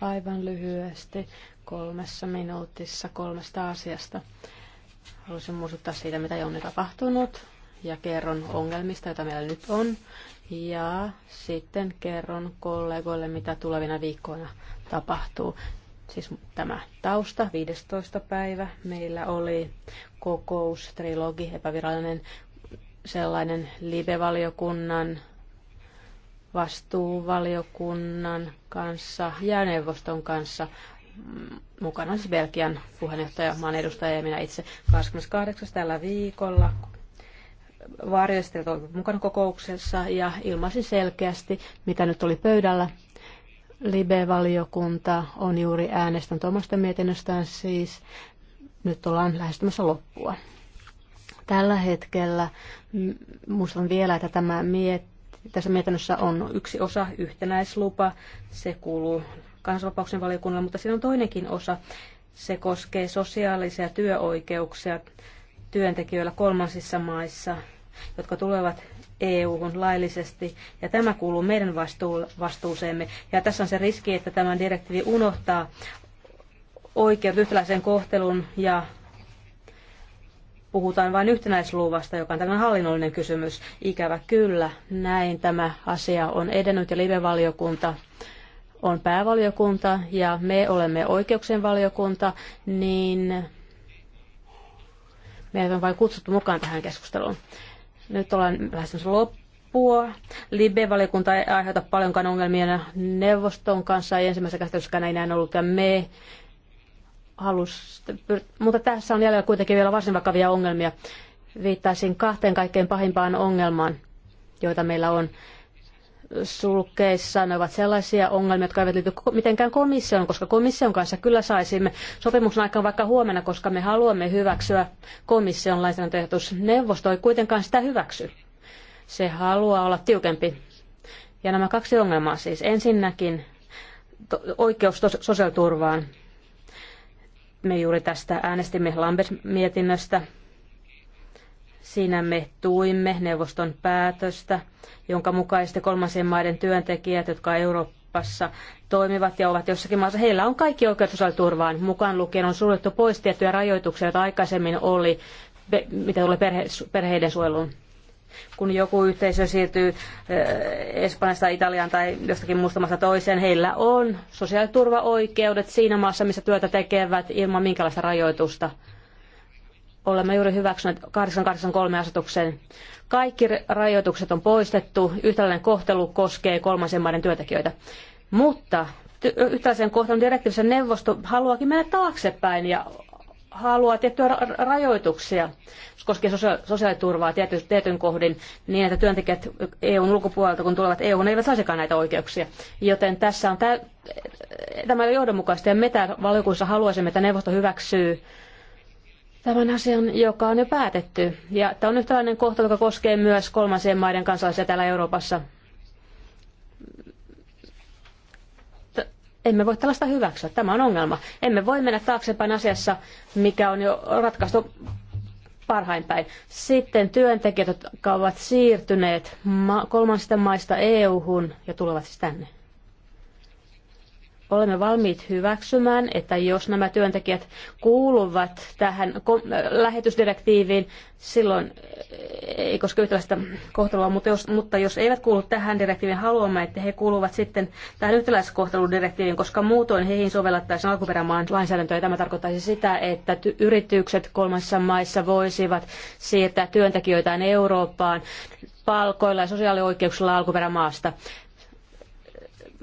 Aivan lyhyesti kolmessa minuutissa kolmesta asiasta. Haluaisin muistuttaa siitä, mitä on tapahtunut ja kerron ongelmista, joita meillä nyt on. Ja sitten kerron kollegoille, mitä tulevina viikkoina tapahtuu. Siis tämä tausta, 15. päivä, meillä oli kokous, trilogi, epävirallinen sellainen live-valiokunnan vastuuvaliokunnan kanssa ja neuvoston kanssa mukana siis Belgian puheenjohtaja, maan edustaja ja minä itse 28. tällä viikolla varjoistelut olivat mukana kokouksessa ja ilmaisin selkeästi, mitä nyt oli pöydällä. Libe-valiokunta on juuri äänestänyt omasta mietinnöstään siis. Nyt ollaan lähestymässä loppua. Tällä hetkellä muistan vielä, että tämä miet, tässä mietinnössä on yksi osa yhtenäislupa. Se kuuluu kansanvapauksen valiokunnalla, mutta siinä on toinenkin osa. Se koskee sosiaalisia työoikeuksia työntekijöillä kolmansissa maissa, jotka tulevat EU-hun laillisesti, ja tämä kuuluu meidän vastuuseemme. Ja tässä on se riski, että tämä direktiivi unohtaa oikeudet yhtäläisen kohtelun ja puhutaan vain yhtenäisluvasta, joka on tällainen hallinnollinen kysymys. Ikävä kyllä, näin tämä asia on edennyt ja live-valiokunta on päävaliokunta ja me olemme oikeuksien valiokunta, niin meidät on vain kutsuttu mukaan tähän keskusteluun. Nyt ollaan lähes loppua. Libe-valiokunta ei aiheuta paljonkaan ongelmia neuvoston kanssa, ei ensimmäisessä käsittelyssäkään ei näin ollut, ja me halus, mutta tässä on jäljellä kuitenkin vielä varsin vakavia ongelmia. Viittaisin kahteen kaikkein pahimpaan ongelmaan, joita meillä on sulkeissa. Ne ovat sellaisia ongelmia, jotka eivät liity mitenkään komission, koska komission kanssa kyllä saisimme sopimuksen aikaan vaikka huomenna, koska me haluamme hyväksyä komission lainsäädäntöehdotus. Neuvosto ei kuitenkaan sitä hyväksy. Se haluaa olla tiukempi. Ja nämä kaksi ongelmaa siis. Ensinnäkin oikeus sosiaaliturvaan. Me juuri tästä äänestimme Lambert-mietinnöstä Siinä me tuimme neuvoston päätöstä, jonka mukaisesti kolmansien maiden työntekijät, jotka Euroopassa toimivat ja ovat jossakin maassa, heillä on kaikki oikeus turvaan. Mukaan lukien on suljettu pois tiettyjä rajoituksia, joita aikaisemmin oli, mitä tulee perhe, perheiden suojeluun kun joku yhteisö siirtyy eh, Espanjasta Italiaan tai jostakin muusta maasta toiseen, heillä on sosiaaliturvaoikeudet siinä maassa, missä työtä tekevät ilman minkälaista rajoitusta olemme juuri hyväksyneet 883 asetuksen. Kaikki rajoitukset on poistettu, yhtäläinen kohtelu koskee kolmansien maiden työntekijöitä. Mutta yhtäläisen kohtelun direktiivissä neuvosto haluaakin mennä taaksepäin ja haluaa tiettyjä rajoituksia, jos koskee sosiaaliturvaa tietyn, tietyn kohdin, niin että työntekijät EUn ulkopuolelta, kun tulevat EUn, eivät saisikaan näitä oikeuksia. Joten tässä on tämä johdonmukaista, ja me täällä valiokunnassa haluaisimme, että neuvosto hyväksyy tämän asian, joka on jo päätetty. Ja tämä on yhtäläinen kohta, joka koskee myös kolmansien maiden kansalaisia täällä Euroopassa. emme voi tällaista hyväksyä. Tämä on ongelma. Emme voi mennä taaksepäin asiassa, mikä on jo ratkaistu parhain päin. Sitten työntekijät, jotka ovat siirtyneet kolmansista maista EU-hun ja tulevat siis tänne olemme valmiit hyväksymään, että jos nämä työntekijät kuuluvat tähän lähetysdirektiiviin, silloin eh, ei koske yhtäläistä kohtelua, mutta jos, mutta jos eivät kuulu tähän direktiiviin, haluamme, että he kuuluvat sitten tähän yhtäläiskohteludirektiiviin, koska muutoin heihin sovellettaisiin alkuperämaan lainsäädäntöä. Tämä tarkoittaisi sitä, että yritykset kolmansissa maissa voisivat siirtää työntekijöitään Eurooppaan palkoilla ja sosiaalioikeuksilla alkuperämaasta.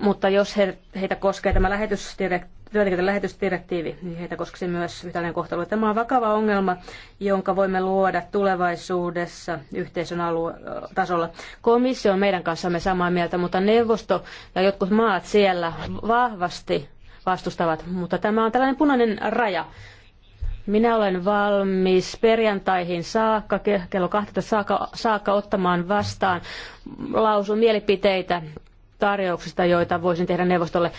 Mutta jos he, heitä koskee tämä lähetysdirektiivi, työntekijöiden lähetysdirektiivi, niin heitä koskisi myös yhtäläinen kohtelu. Tämä on vakava ongelma, jonka voimme luoda tulevaisuudessa yhteisön alue- tasolla. Komissio on meidän kanssamme samaa mieltä, mutta neuvosto ja jotkut maat siellä vahvasti vastustavat. Mutta tämä on tällainen punainen raja. Minä olen valmis perjantaihin saakka, kello 12 saakka, saakka ottamaan vastaan lausun mielipiteitä tarjouksista, joita voisin tehdä neuvostolle.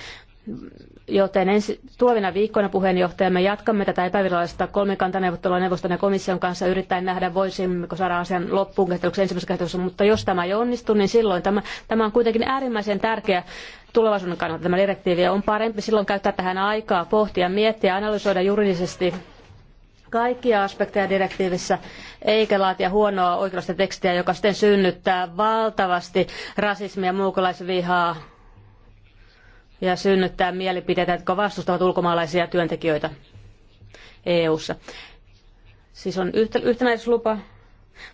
Joten ensi, tulevina viikkoina puheenjohtajamme jatkamme tätä epävirallista kolmikantaneuvottelua neuvoston ja komission kanssa yrittäen nähdä, voisimmeko saada asian loppuun käsittelyksi ensimmäisessä käsittelyssä, mutta jos tämä ei onnistu, niin silloin tämä, tämä on kuitenkin äärimmäisen tärkeä tulevaisuuden kannalta tämä direktiivi. On parempi silloin käyttää tähän aikaa, pohtia, miettiä, analysoida juridisesti kaikkia aspekteja direktiivissä, eikä laatia huonoa oikeudellista tekstiä, joka sitten synnyttää valtavasti rasismia ja muukalaisvihaa ja synnyttää mielipiteitä, jotka vastustavat ulkomaalaisia työntekijöitä EU-ssa. Siis on yhtä, yhtenäislupa,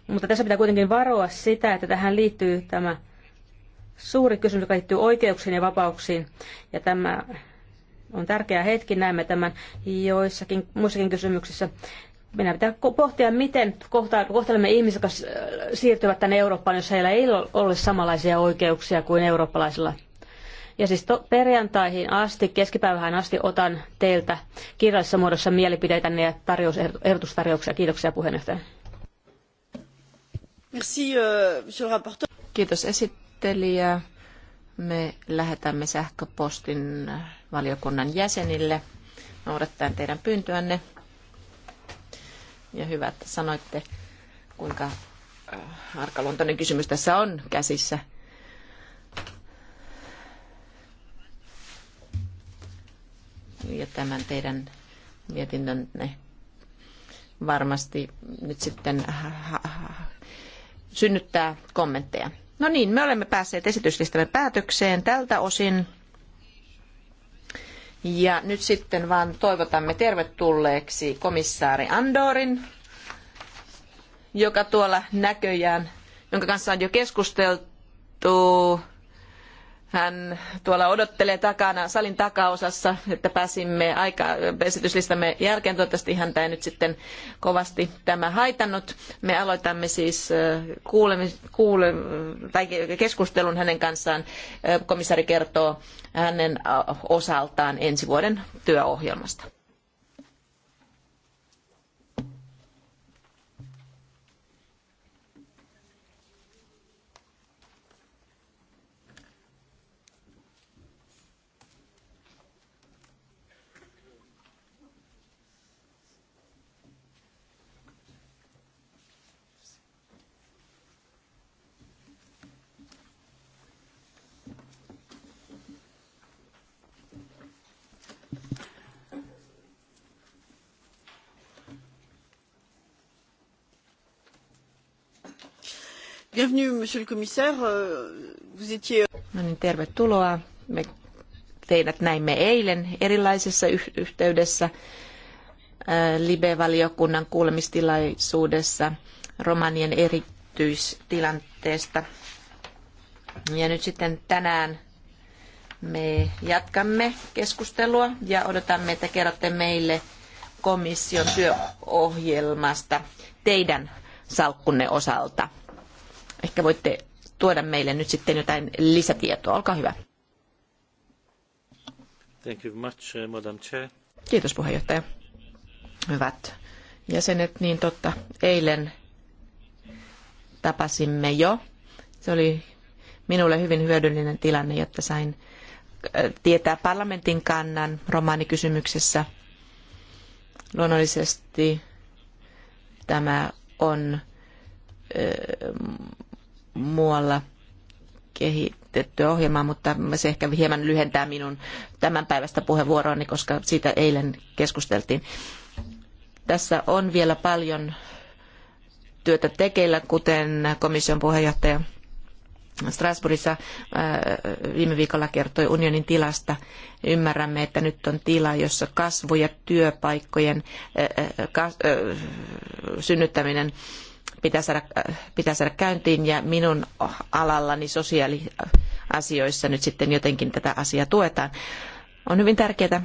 mutta tässä pitää kuitenkin varoa sitä, että tähän liittyy tämä suuri kysymys, joka liittyy oikeuksiin ja vapauksiin. Ja tämä on tärkeä hetki, näemme tämän joissakin muissakin kysymyksissä. Meidän pitää pohtia, miten kohtelemme ihmisiä, jotka siirtyvät tänne Eurooppaan, jos heillä ei ole samanlaisia oikeuksia kuin eurooppalaisilla. Ja siis to, perjantaihin asti, keskipäivähän asti otan teiltä kirjallisessa muodossa mielipiteitä ja tarjous, ehdotustarjouksia. Kiitoksia puheenjohtaja. Merci, uh, Kiitos esittelijä. Me lähetämme sähköpostin valiokunnan jäsenille noudattaen teidän pyyntöänne. Ja hyvä, että sanoitte, kuinka äh, arkaluontoinen kysymys tässä on käsissä. Ja tämän teidän mietintönne varmasti nyt sitten äh, synnyttää kommentteja. No niin, me olemme päässeet esityslistamme päätökseen tältä osin. Ja nyt sitten vaan toivotamme tervetulleeksi komissaari Andorin, joka tuolla näköjään, jonka kanssa on jo keskusteltu hän tuolla odottelee takana, salin takaosassa, että pääsimme aika esityslistamme jälkeen. Toivottavasti häntä ei nyt sitten kovasti tämä haitannut. Me aloitamme siis kuulemi, kuule, tai keskustelun hänen kanssaan. Komissaari kertoo hänen osaltaan ensi vuoden työohjelmasta. Bienvenue, monsieur le commissaire. Euh, vous étiez... No niin, tervetuloa. Me teidät näimme eilen erilaisessa yhteydessä äh, Libe-valiokunnan kuulemistilaisuudessa romanien erityistilanteesta. Ja nyt sitten tänään me jatkamme keskustelua ja odotamme, että kerrotte meille komission työohjelmasta teidän salkkunne osalta. Ehkä voitte tuoda meille nyt sitten jotain lisätietoa. Olkaa hyvä. Thank you much, eh, Madam Chair. Kiitos puheenjohtaja. Hyvät jäsenet, niin totta, eilen tapasimme jo. Se oli minulle hyvin hyödyllinen tilanne, jotta sain eh, tietää parlamentin kannan romaanikysymyksessä. Luonnollisesti tämä on eh, muualla kehitettyä ohjelmaa, mutta se ehkä hieman lyhentää minun tämän päivästä puheenvuoroani, koska siitä eilen keskusteltiin. Tässä on vielä paljon työtä tekeillä, kuten komission puheenjohtaja Strasbourgissa äh, viime viikolla kertoi unionin tilasta. Ymmärrämme, että nyt on tila, jossa kasvu ja työpaikkojen äh, äh, synnyttäminen pitää saada, äh, pitää saada käyntiin ja minun alallani sosiaaliasioissa nyt sitten jotenkin tätä asiaa tuetaan. On hyvin tärkeää,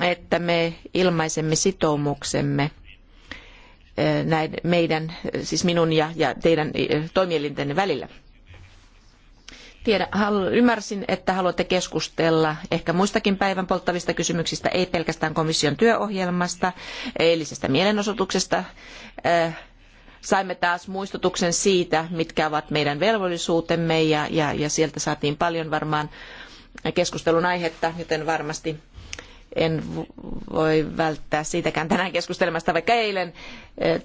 että me ilmaisemme sitoumuksemme äh, näiden meidän, siis minun ja, ja teidän äh, toimielintenne välillä Tiedä, ymmärsin, että haluatte keskustella ehkä muistakin päivän polttavista kysymyksistä, ei pelkästään komission työohjelmasta, eilisestä mielenosoituksesta. Äh, saimme taas muistutuksen siitä, mitkä ovat meidän velvollisuutemme ja, ja, ja sieltä saatiin paljon varmaan keskustelun aihetta, joten varmasti en voi välttää siitäkään tänään keskustelemasta, vaikka eilen äh, äh,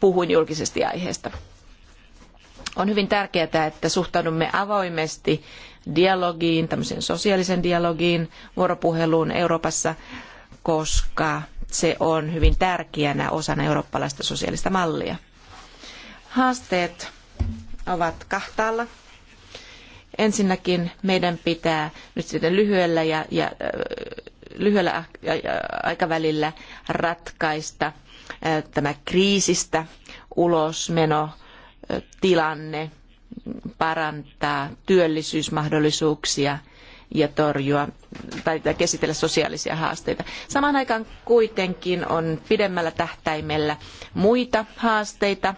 puhuin julkisesti aiheesta. On hyvin tärkeää, että suhtaudumme avoimesti dialogiin, tämmöiseen sosiaaliseen dialogiin, vuoropuheluun Euroopassa, koska se on hyvin tärkeänä osana eurooppalaista sosiaalista mallia. Haasteet ovat kahtaalla. Ensinnäkin meidän pitää nyt sitten lyhyellä ja, ja äh, lyhyellä aikavälillä ratkaista äh, tämä kriisistä ulosmeno tilanne, parantaa työllisyysmahdollisuuksia ja torjua tai käsitellä sosiaalisia haasteita. Samaan aikaan kuitenkin on pidemmällä tähtäimellä muita haasteita,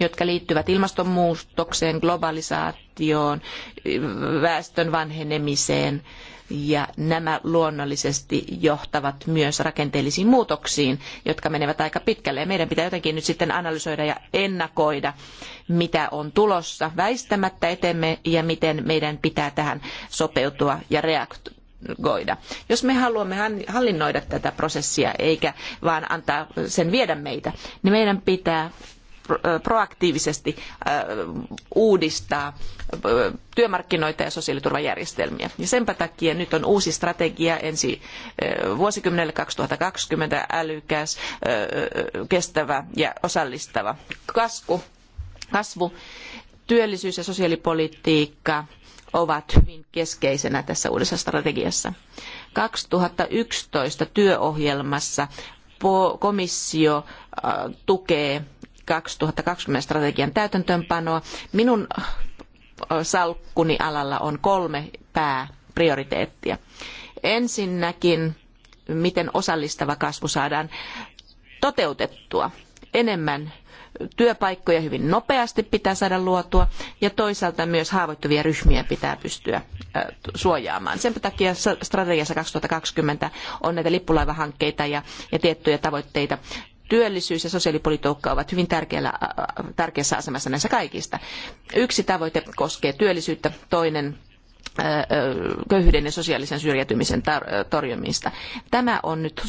jotka liittyvät ilmastonmuutokseen, globalisaatioon, väestön vanhenemiseen – ja nämä luonnollisesti johtavat myös rakenteellisiin muutoksiin, jotka menevät aika pitkälle. Ja meidän pitää jotenkin nyt sitten analysoida ja ennakoida, mitä on tulossa väistämättä etemme ja miten meidän pitää tähän sopeutua ja reagoida Jos me haluamme hallinnoida tätä prosessia eikä vaan antaa sen viedä meitä, niin meidän pitää proaktiivisesti uudistaa työmarkkinoita ja sosiaaliturvajärjestelmiä. Ja senpä takia nyt on uusi strategia ensi vuosikymmenelle 2020 älykäs, kestävä ja osallistava kasvu. kasvu työllisyys ja sosiaalipolitiikka ovat hyvin keskeisenä tässä uudessa strategiassa. 2011 työohjelmassa komissio tukee 2020 strategian täytäntöönpanoa. Minun äh, salkkuni alalla on kolme pääprioriteettia. Ensinnäkin, miten osallistava kasvu saadaan toteutettua enemmän työpaikkoja hyvin nopeasti pitää saada luotua ja toisaalta myös haavoittuvia ryhmiä pitää pystyä äh, suojaamaan. Sen takia strategiassa 2020 on näitä lippulaivahankkeita ja, ja tiettyjä tavoitteita työllisyys ja sosiaalipolitiikka ovat hyvin tärkeällä, tärkeässä asemassa näissä kaikista. Yksi tavoite koskee työllisyyttä, toinen köyhyyden ja sosiaalisen syrjäytymisen torjumista. Tämä on nyt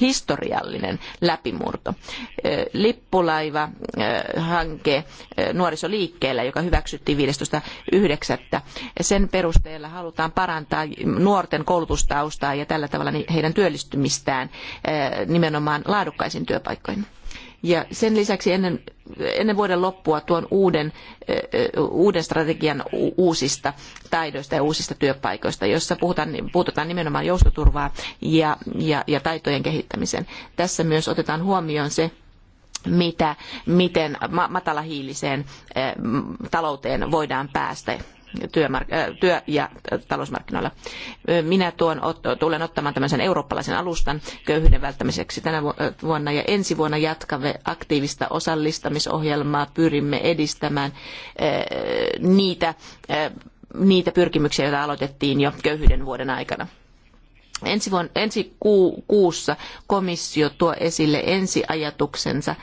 historiallinen läpimurto. Lippulaiva-hanke nuorisoliikkeellä, joka hyväksyttiin 15.9. Sen perusteella halutaan parantaa nuorten koulutustaustaa ja tällä tavalla heidän työllistymistään nimenomaan laadukkaisiin työpaikkoihin. Ja sen lisäksi ennen, ennen vuoden loppua tuon uuden, uuden strategian uusista taidoista ja uusista työpaikoista, jossa puhutaan, puututaan nimenomaan joustoturvaa ja, ja, ja taitojen kehittämiseen. Tässä myös otetaan huomioon se, mitä, miten matalahiiliseen talouteen voidaan päästä Äh, työ- ja äh, talousmarkkinoilla. Minä tuon, tulen ottamaan tämmöisen eurooppalaisen alustan köyhyyden välttämiseksi tänä äh, vuonna ja ensi vuonna jatkamme aktiivista osallistamisohjelmaa. Pyrimme edistämään niitä, niitä pyrkimyksiä, joita aloitettiin jo köyhyyden vuoden aikana Ensi, vuon, ensi kuu, kuussa komissio tuo esille ensiajatuksensa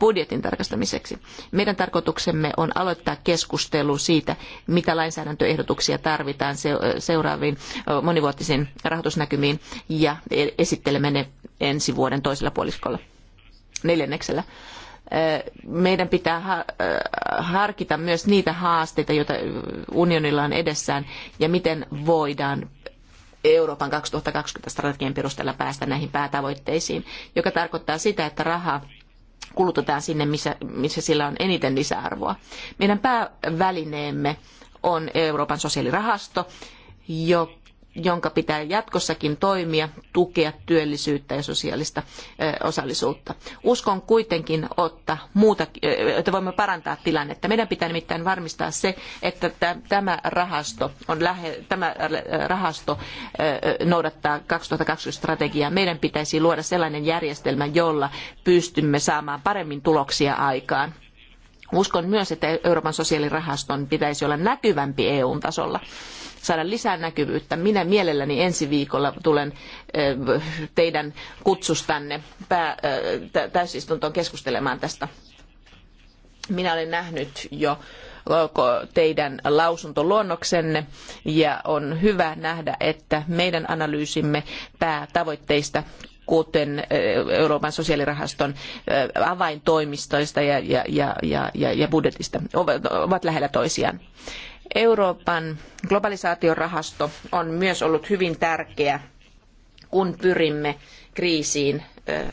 budjetin tarkastamiseksi. Meidän tarkoituksemme on aloittaa keskustelu siitä, mitä lainsäädäntöehdotuksia tarvitaan seuraaviin monivuotisiin rahoitusnäkymiin ja e, esittelemme ne ensi vuoden toisella puoliskolla neljänneksellä meidän pitää harkita myös niitä haasteita, joita unionilla on edessään ja miten voidaan Euroopan 2020 strategian perusteella päästä näihin päätavoitteisiin, joka tarkoittaa sitä, että rahaa kulutetaan sinne, missä, missä sillä on eniten lisäarvoa. Meidän päävälineemme on Euroopan sosiaalirahasto, joka jonka pitää jatkossakin toimia, tukea työllisyyttä ja sosiaalista osallisuutta. Uskon kuitenkin, että, muuta, että voimme parantaa tilannetta. Meidän pitää nimittäin varmistaa se, että tämä rahasto, on lähe, tämä rahasto noudattaa 2020-strategiaa. Meidän pitäisi luoda sellainen järjestelmä, jolla pystymme saamaan paremmin tuloksia aikaan Uskon myös, että Euroopan sosiaalirahaston pitäisi olla näkyvämpi eu tasolla saada lisää näkyvyyttä. Minä mielelläni ensi viikolla tulen eh, teidän kutsustanne eh, täysistuntoon keskustelemaan tästä. Minä olen nähnyt jo teidän lausuntoluonnoksenne ja on hyvä nähdä, että meidän analyysimme päätavoitteista kuten eh, Euroopan sosiaalirahaston eh, avaintoimistoista ja, ja, ja, ja budjetista, ovat lähellä toisiaan. Euroopan globalisaatiorahasto on myös ollut hyvin tärkeä, kun pyrimme kriisiin eh,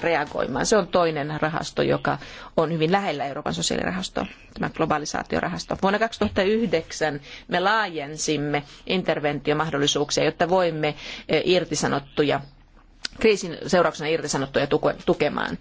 reagoimaan. Se on toinen rahasto, joka on hyvin lähellä Euroopan sosiaalirahastoa, tämä globalisaatiorahasto. Vuonna 2009 me laajensimme interventiomahdollisuuksia, jotta voimme irtisanottuja kriisin seurauksena irtisanottuja tukemaan.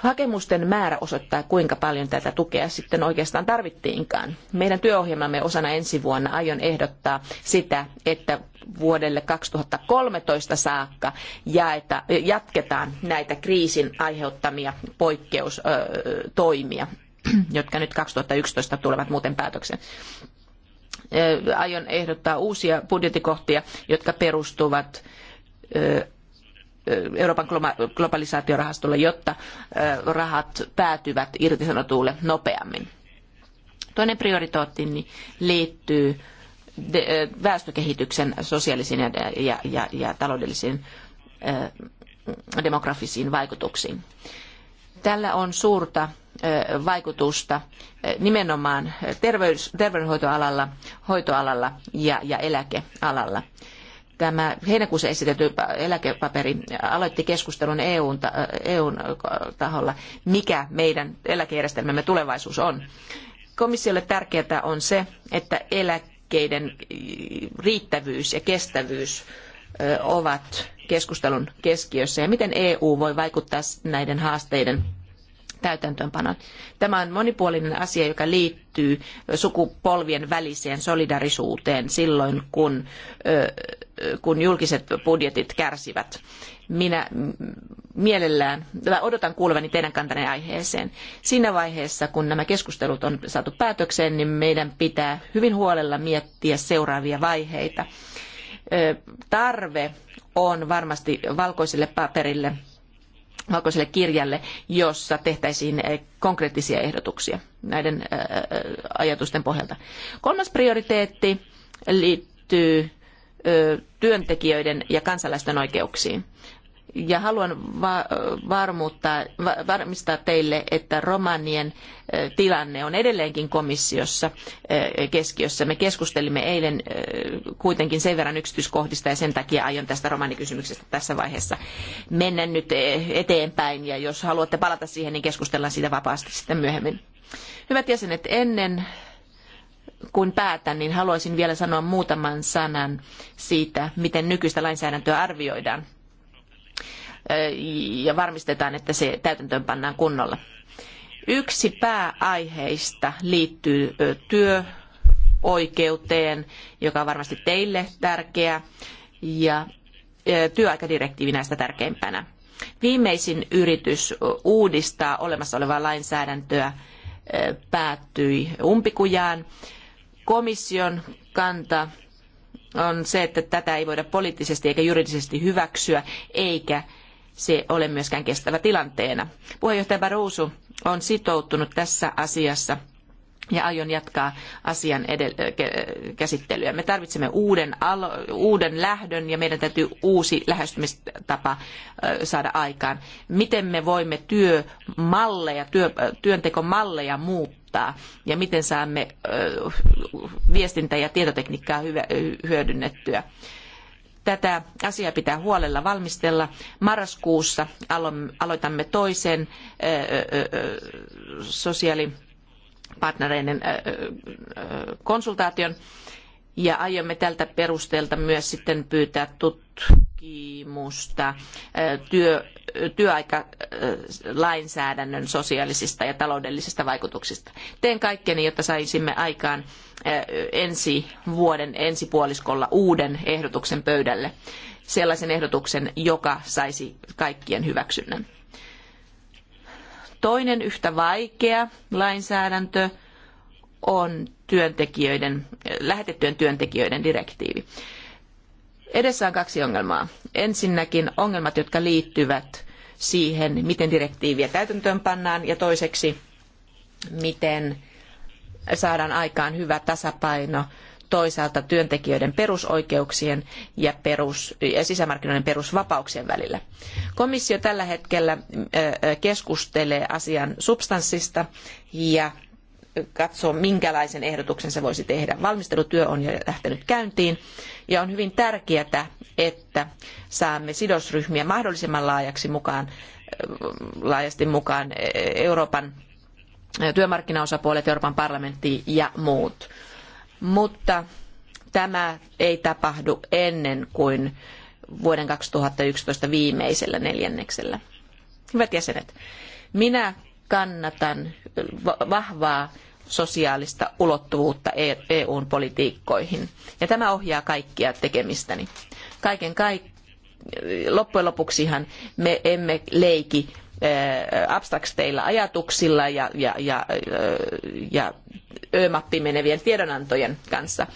Hakemusten määrä osoittaa, kuinka paljon tätä tukea sitten oikeastaan tarvittiinkaan. Meidän työohjelmamme osana ensi vuonna aion ehdottaa sitä, että vuodelle 2013 saakka jaeta, jatketaan näitä kriisin aiheuttamia poikkeustoimia, jotka nyt 2011 tulevat muuten päätöksen aion ehdottaa uusia budjettikohtia, jotka perustuvat Euroopan globalisaatiorahastolle, jotta rahat päätyvät irtisanotuille nopeammin. Toinen prioriteetti niin liittyy väestökehityksen sosiaalisiin ja, ja, ja, ja taloudellisiin demografisiin vaikutuksiin. Tällä on suurta vaikutusta nimenomaan terveys, terveydenhoitoalalla, hoitoalalla ja, ja eläkealalla tämä heinäkuussa esitetty eläkepaperi aloitti keskustelun EUn, EUn taholla, mikä meidän eläkejärjestelmämme tulevaisuus on. Komissiolle tärkeää on se, että eläkkeiden riittävyys ja kestävyys ovat keskustelun keskiössä ja miten EU voi vaikuttaa näiden haasteiden täytäntöönpanon. Tämä on monipuolinen asia, joka liittyy sukupolvien väliseen solidarisuuteen silloin, kun, kun julkiset budjetit kärsivät. Minä mielellään odotan kuulevani teidän kantanne aiheeseen. Siinä vaiheessa, kun nämä keskustelut on saatu päätökseen, niin meidän pitää hyvin huolella miettiä seuraavia vaiheita. Tarve on varmasti valkoiselle paperille valkoiselle kirjalle, jossa tehtäisiin eh, konkreettisia ehdotuksia näiden eh, eh, ajatusten pohjalta. Kolmas prioriteetti liittyy työntekijöiden ja kansalaisten oikeuksiin ja haluan va- varmuuttaa, va- varmistaa teille, että romanien tilanne on edelleenkin komissiossa keskiössä. Me keskustelimme eilen kuitenkin sen verran yksityiskohdista ja sen takia aion tästä romanikysymyksestä tässä vaiheessa mennä nyt eteenpäin. Ja jos haluatte palata siihen, niin keskustellaan siitä vapaasti sitten myöhemmin. Hyvät jäsenet, ennen kuin päätän, niin haluaisin vielä sanoa muutaman sanan siitä, miten nykyistä lainsäädäntöä arvioidaan ja varmistetaan, että se täytäntöön pannaan kunnolla. Yksi pääaiheista liittyy työoikeuteen, joka on varmasti teille tärkeä, ja työaikadirektiivi näistä tärkeimpänä. Viimeisin yritys uudistaa olemassa olevaa lainsäädäntöä päättyi umpikujaan. Komission kanta on se, että tätä ei voida poliittisesti eikä juridisesti hyväksyä, eikä se ole myöskään kestävä tilanteena. Puheenjohtaja Barroso on sitoutunut tässä asiassa ja aion jatkaa asian käsittelyä. Me tarvitsemme uuden, uuden lähdön ja meidän täytyy uusi lähestymistapa saada aikaan. Miten me voimme työmalleja, työ, työntekomalleja muuttaa ja miten saamme viestintä- ja tietotekniikkaa hyödynnettyä Tätä asiaa pitää huolella valmistella. Marraskuussa aloitamme toisen sosiaalipartnereiden konsultaation ja aiomme tältä perusteelta myös sitten pyytää tutkimusta työ, työaikalainsäädännön sosiaalisista ja taloudellisista vaikutuksista. Teen kaikkeni, jotta saisimme aikaan ensi vuoden ensipuoliskolla uuden ehdotuksen pöydälle, sellaisen ehdotuksen, joka saisi kaikkien hyväksynnän. Toinen yhtä vaikea lainsäädäntö on työntekijöiden, lähetettyjen työntekijöiden direktiivi. Edessä on kaksi ongelmaa. Ensinnäkin ongelmat, jotka liittyvät siihen, miten direktiiviä täytäntöön pannaan, ja toiseksi, miten saadaan aikaan hyvä tasapaino toisaalta työntekijöiden perusoikeuksien ja, perus, ja sisämarkkinoiden perusvapauksien välillä. Komissio tällä hetkellä keskustelee asian substanssista ja katsoo, minkälaisen ehdotuksen se voisi tehdä. Valmistelutyö on jo lähtenyt käyntiin ja on hyvin tärkeää, että saamme sidosryhmiä mahdollisimman laajaksi mukaan, laajasti mukaan Euroopan työmarkkinaosapuolet, Euroopan parlamentti ja muut. Mutta tämä ei tapahdu ennen kuin vuoden 2011 viimeisellä neljänneksellä. Hyvät jäsenet, minä kannatan vahvaa sosiaalista ulottuvuutta EUn e politiikkoihin. Ja tämä ohjaa kaikkia tekemistäni. Kaiken kaik- loppujen lopuksihan me emme leiki Äh, abstrakteilla ajatuksilla ja, ja, ja, äh, ja menevien tiedonantojen kanssa.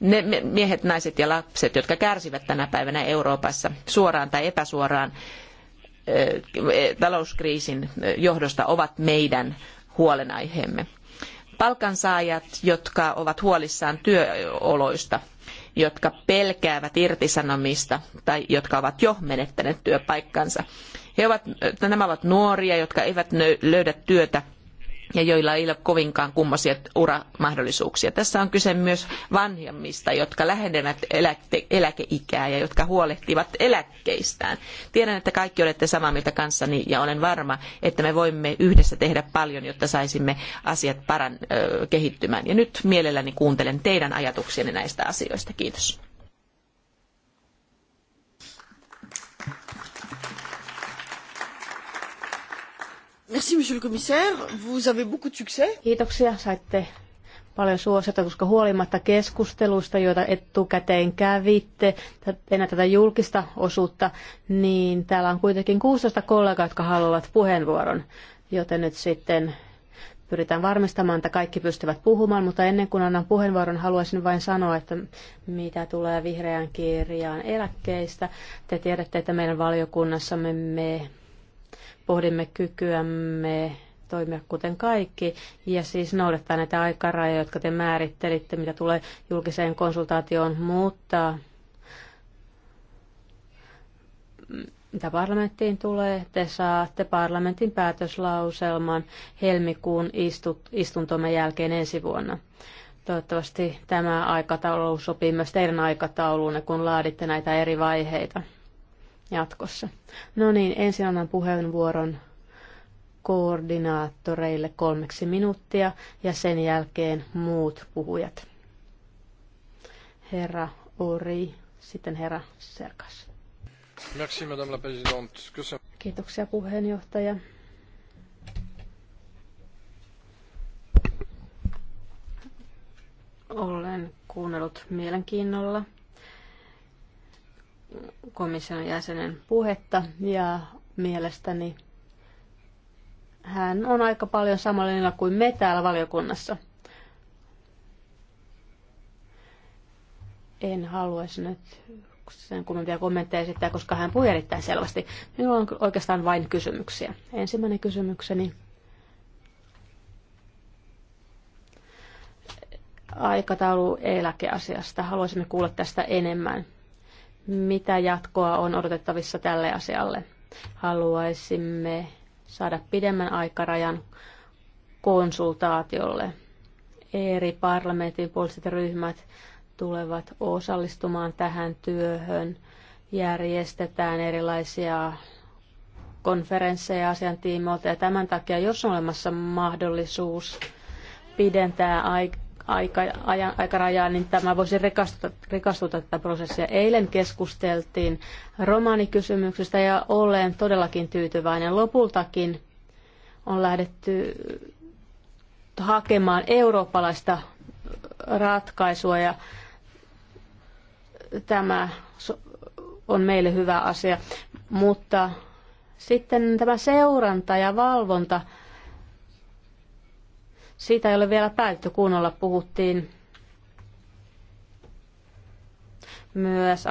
Ne miehet, naiset ja lapset, jotka kärsivät tänä päivänä Euroopassa suoraan tai epäsuoraan äh, e, talouskriisin johdosta, ovat meidän huolenaiheemme. Palkansaajat, jotka ovat huolissaan työoloista, jotka pelkäävät irtisanomista tai jotka ovat jo menettäneet työpaikkansa – he ovat, nämä ovat nuoria, jotka eivät löydä työtä ja joilla ei ole kovinkaan kummoisia uramahdollisuuksia. Tässä on kyse myös vanhemmista, jotka lähenevät eläkeikää ja jotka huolehtivat eläkkeistään. Tiedän, että kaikki olette samaa mieltä kanssani ja olen varma, että me voimme yhdessä tehdä paljon, jotta saisimme asiat paran, kehittymään. Ja nyt mielelläni kuuntelen teidän ajatuksianne näistä asioista. Kiitos. Merci, monsieur le commissaire. Vous avez beaucoup de succès. Kiitoksia, saitte paljon suosiota, koska huolimatta keskusteluista, joita etukäteen kävitte, ennen tätä julkista osuutta, niin täällä on kuitenkin 16 kollegaa, jotka haluavat puheenvuoron. Joten nyt sitten pyritään varmistamaan, että kaikki pystyvät puhumaan, mutta ennen kuin annan puheenvuoron, haluaisin vain sanoa, että mitä tulee vihreään kirjaan eläkkeistä. Te tiedätte, että meidän valiokunnassamme me pohdimme kykyämme toimia kuten kaikki ja siis noudattaa näitä aikarajoja, jotka te määrittelitte, mitä tulee julkiseen konsultaatioon, mutta mitä parlamenttiin tulee, te saatte parlamentin päätöslauselman helmikuun istut, istuntomme jälkeen ensi vuonna. Toivottavasti tämä aikataulu sopii myös teidän aikatauluunne, kun laaditte näitä eri vaiheita jatkossa. No niin, ensin annan puheenvuoron koordinaattoreille kolmeksi minuuttia ja sen jälkeen muut puhujat. Herra Ori, sitten herra Serkas. Merci, madame la présidente. Kiitoksia puheenjohtaja. Olen kuunnellut mielenkiinnolla komission jäsenen puhetta ja mielestäni hän on aika paljon samalla kuin me täällä valiokunnassa. En haluaisi nyt sen kummempia kommentteja esittää, koska hän puhui erittäin selvästi. Minulla on oikeastaan vain kysymyksiä. Ensimmäinen kysymykseni. Aikataulu eläkeasiasta. Haluaisimme kuulla tästä enemmän mitä jatkoa on odotettavissa tälle asialle. Haluaisimme saada pidemmän aikarajan konsultaatiolle. Eri parlamentin puoliset ryhmät tulevat osallistumaan tähän työhön. Järjestetään erilaisia konferensseja asiantiimoilta ja tämän takia, jos on olemassa mahdollisuus pidentää aikaa, aika, ajan, aikarajaa, niin tämä voisi rikastuttaa, rikastuttaa tätä prosessia. Eilen keskusteltiin romaanikysymyksestä ja olen todellakin tyytyväinen. Lopultakin on lähdetty hakemaan eurooppalaista ratkaisua ja tämä on meille hyvä asia. Mutta sitten tämä seuranta ja valvonta – siitä ei ole vielä päätetty kunnolla. Puhuttiin myös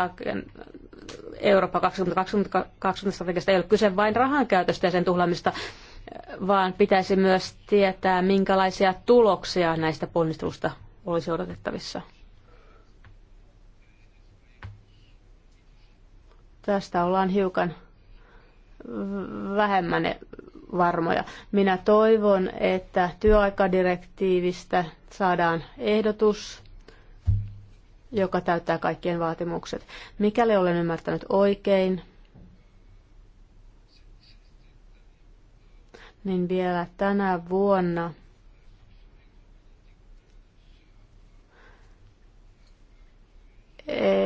Eurooppa 2020, strategiasta ei ole kyse vain rahan käytöstä ja sen tuhlaamista, vaan pitäisi myös tietää, minkälaisia tuloksia näistä ponnistelusta olisi odotettavissa. Tästä ollaan hiukan vähemmän varmoja. Minä toivon, että työaikadirektiivistä saadaan ehdotus, joka täyttää kaikkien vaatimukset. Mikäli olen ymmärtänyt oikein, niin vielä tänä vuonna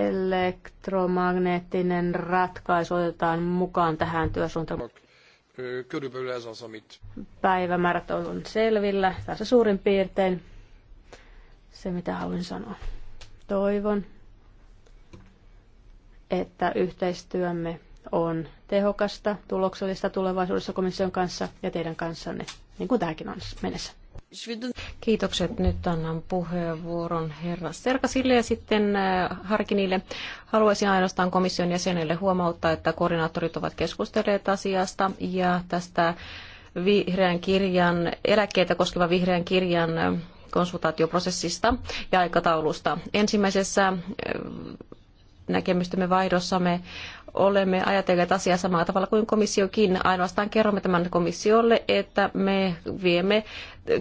elektromagneettinen ratkaisu otetaan mukaan tähän työsuunnitelmaan körülbelül ez az, amit... Päivämäärät on selvillä. Tässä suurin piirtein se, mitä haluan sanoa. Toivon, että yhteistyömme on tehokasta, tuloksellista tulevaisuudessa komission kanssa ja teidän kanssanne, niin kuin tämäkin on mennessä. Kiitokset. Nyt annan puheenvuoron herra Serkasille ja sitten äh, Harkinille. Haluaisin ainoastaan komission jäsenelle huomauttaa, että koordinaattorit ovat keskustelleet asiasta ja tästä vihreän kirjan, eläkkeitä koskevan vihreän kirjan äh, konsultaatioprosessista ja aikataulusta. Ensimmäisessä äh, näkemystämme vaihdossa me olemme ajatelleet asiaa samalla tavalla kuin komissiokin. Ainoastaan kerromme tämän komissiolle, että me viemme,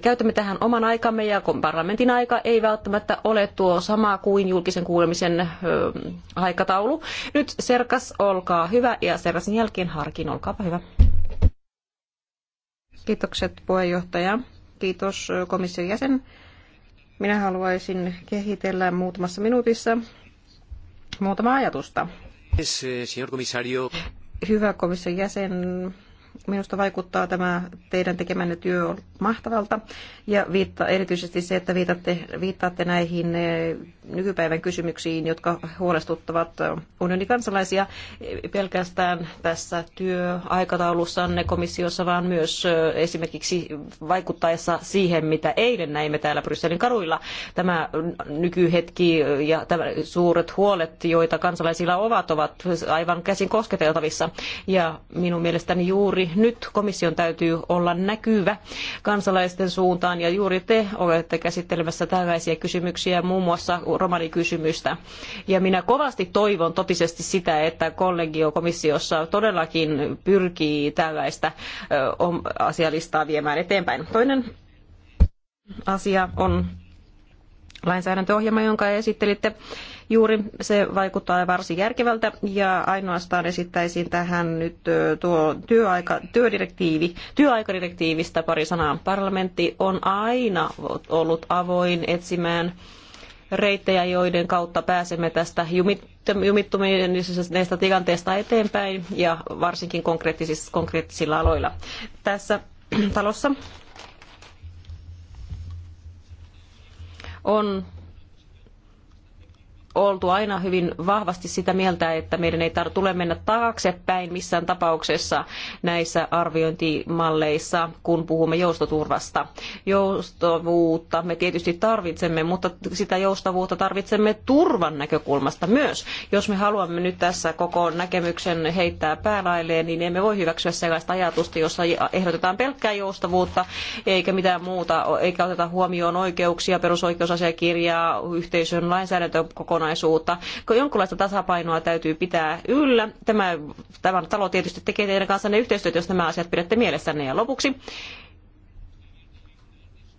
käytämme tähän oman aikamme ja parlamentin aika ei välttämättä ole tuo sama kuin julkisen kuulemisen ö, aikataulu. Nyt Serkas, olkaa hyvä ja Serkasin jälkeen Harkin, olkaapa hyvä. Kiitokset puheenjohtaja. Kiitos komission jäsen. Minä haluaisin kehitellä muutamassa minuutissa Muutama ajatusta. Eh, Hyvä komission jäsen, Minusta vaikuttaa tämä teidän tekemänne työ on mahtavalta ja viitta, erityisesti se, että viitatte, viittaatte näihin eh, nykypäivän kysymyksiin, jotka huolestuttavat eh, unionin kansalaisia pelkästään tässä työaikataulussanne komissiossa, vaan myös eh, esimerkiksi vaikuttaessa siihen, mitä eilen näimme täällä Brysselin kaduilla. Tämä nykyhetki ja tämä suuret huolet, joita kansalaisilla ovat, ovat aivan käsin kosketeltavissa ja minun mielestäni juuri juuri nyt komission täytyy olla näkyvä kansalaisten suuntaan ja juuri te olette käsittelemässä tällaisia kysymyksiä, muun muassa romanikysymystä. Ja minä kovasti toivon totisesti sitä, että kollegio komissiossa todellakin pyrkii tällaista asialistaa viemään eteenpäin. Toinen asia on lainsäädäntöohjelma, jonka esittelitte Juuri se vaikuttaa varsin järkevältä ja ainoastaan esittäisin tähän nyt tuo työaika, työdirektiivi, työaikadirektiivistä pari sanaa. Parlamentti on aina ollut avoin etsimään reittejä, joiden kautta pääsemme tästä jumittumisesta tilanteesta eteenpäin ja varsinkin konkreettisilla, konkreettisilla aloilla. Tässä talossa on oltu aina hyvin vahvasti sitä mieltä, että meidän ei tule mennä taaksepäin missään tapauksessa näissä arviointimalleissa, kun puhumme joustoturvasta. Joustavuutta me tietysti tarvitsemme, mutta sitä joustavuutta tarvitsemme turvan näkökulmasta myös. Jos me haluamme nyt tässä koko näkemyksen heittää päälailleen, niin emme voi hyväksyä sellaista ajatusta, jossa ehdotetaan pelkkää joustavuutta eikä mitään muuta, eikä oteta huomioon oikeuksia, perusoikeusasiakirjaa, yhteisön lainsäädäntöä kokonaan kokonaisuutta. Jonkinlaista tasapainoa täytyy pitää yllä. Tämä, tämä talo tietysti tekee teidän kanssanne yhteistyötä, jos nämä asiat pidätte mielessänne. Ja lopuksi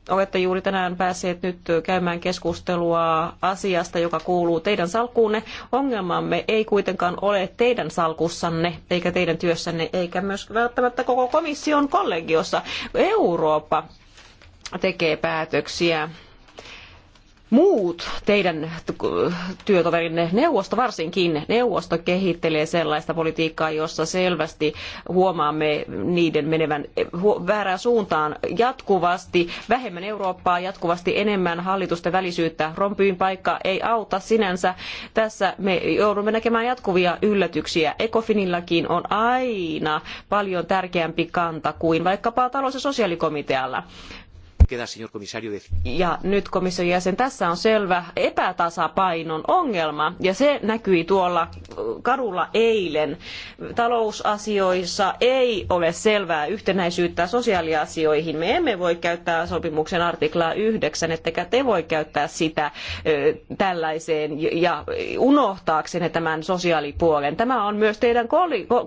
olette juuri tänään päässeet nyt käymään keskustelua asiasta, joka kuuluu teidän salkkuunne. Ongelmamme ei kuitenkaan ole teidän salkussanne, eikä teidän työssänne, eikä myöskään välttämättä koko komission kollegiossa. Eurooppa tekee päätöksiä muut teidän äh, työtoverinne neuvosto varsinkin, neuvosto kehittelee sellaista politiikkaa, jossa selvästi huomaamme niiden menevän eh, väärään suuntaan jatkuvasti, vähemmän Eurooppaa, jatkuvasti enemmän hallitusten välisyyttä. Rompuyn paikka ei auta sinänsä. Tässä me joudumme näkemään jatkuvia yllätyksiä. Ekofinillakin on aina paljon tärkeämpi kanta kuin vaikkapa talous- ja sosiaalikomitealla. Ja nyt komission jäsen, tässä on selvä epätasapainon ongelma, ja se näkyi tuolla kadulla eilen. Talousasioissa ei ole selvää yhtenäisyyttä sosiaaliasioihin. Me emme voi käyttää sopimuksen artiklaa yhdeksän, ettekä te voi käyttää sitä tällaiseen ja unohtaaksenne tämän sosiaalipuolen. Tämä on myös teidän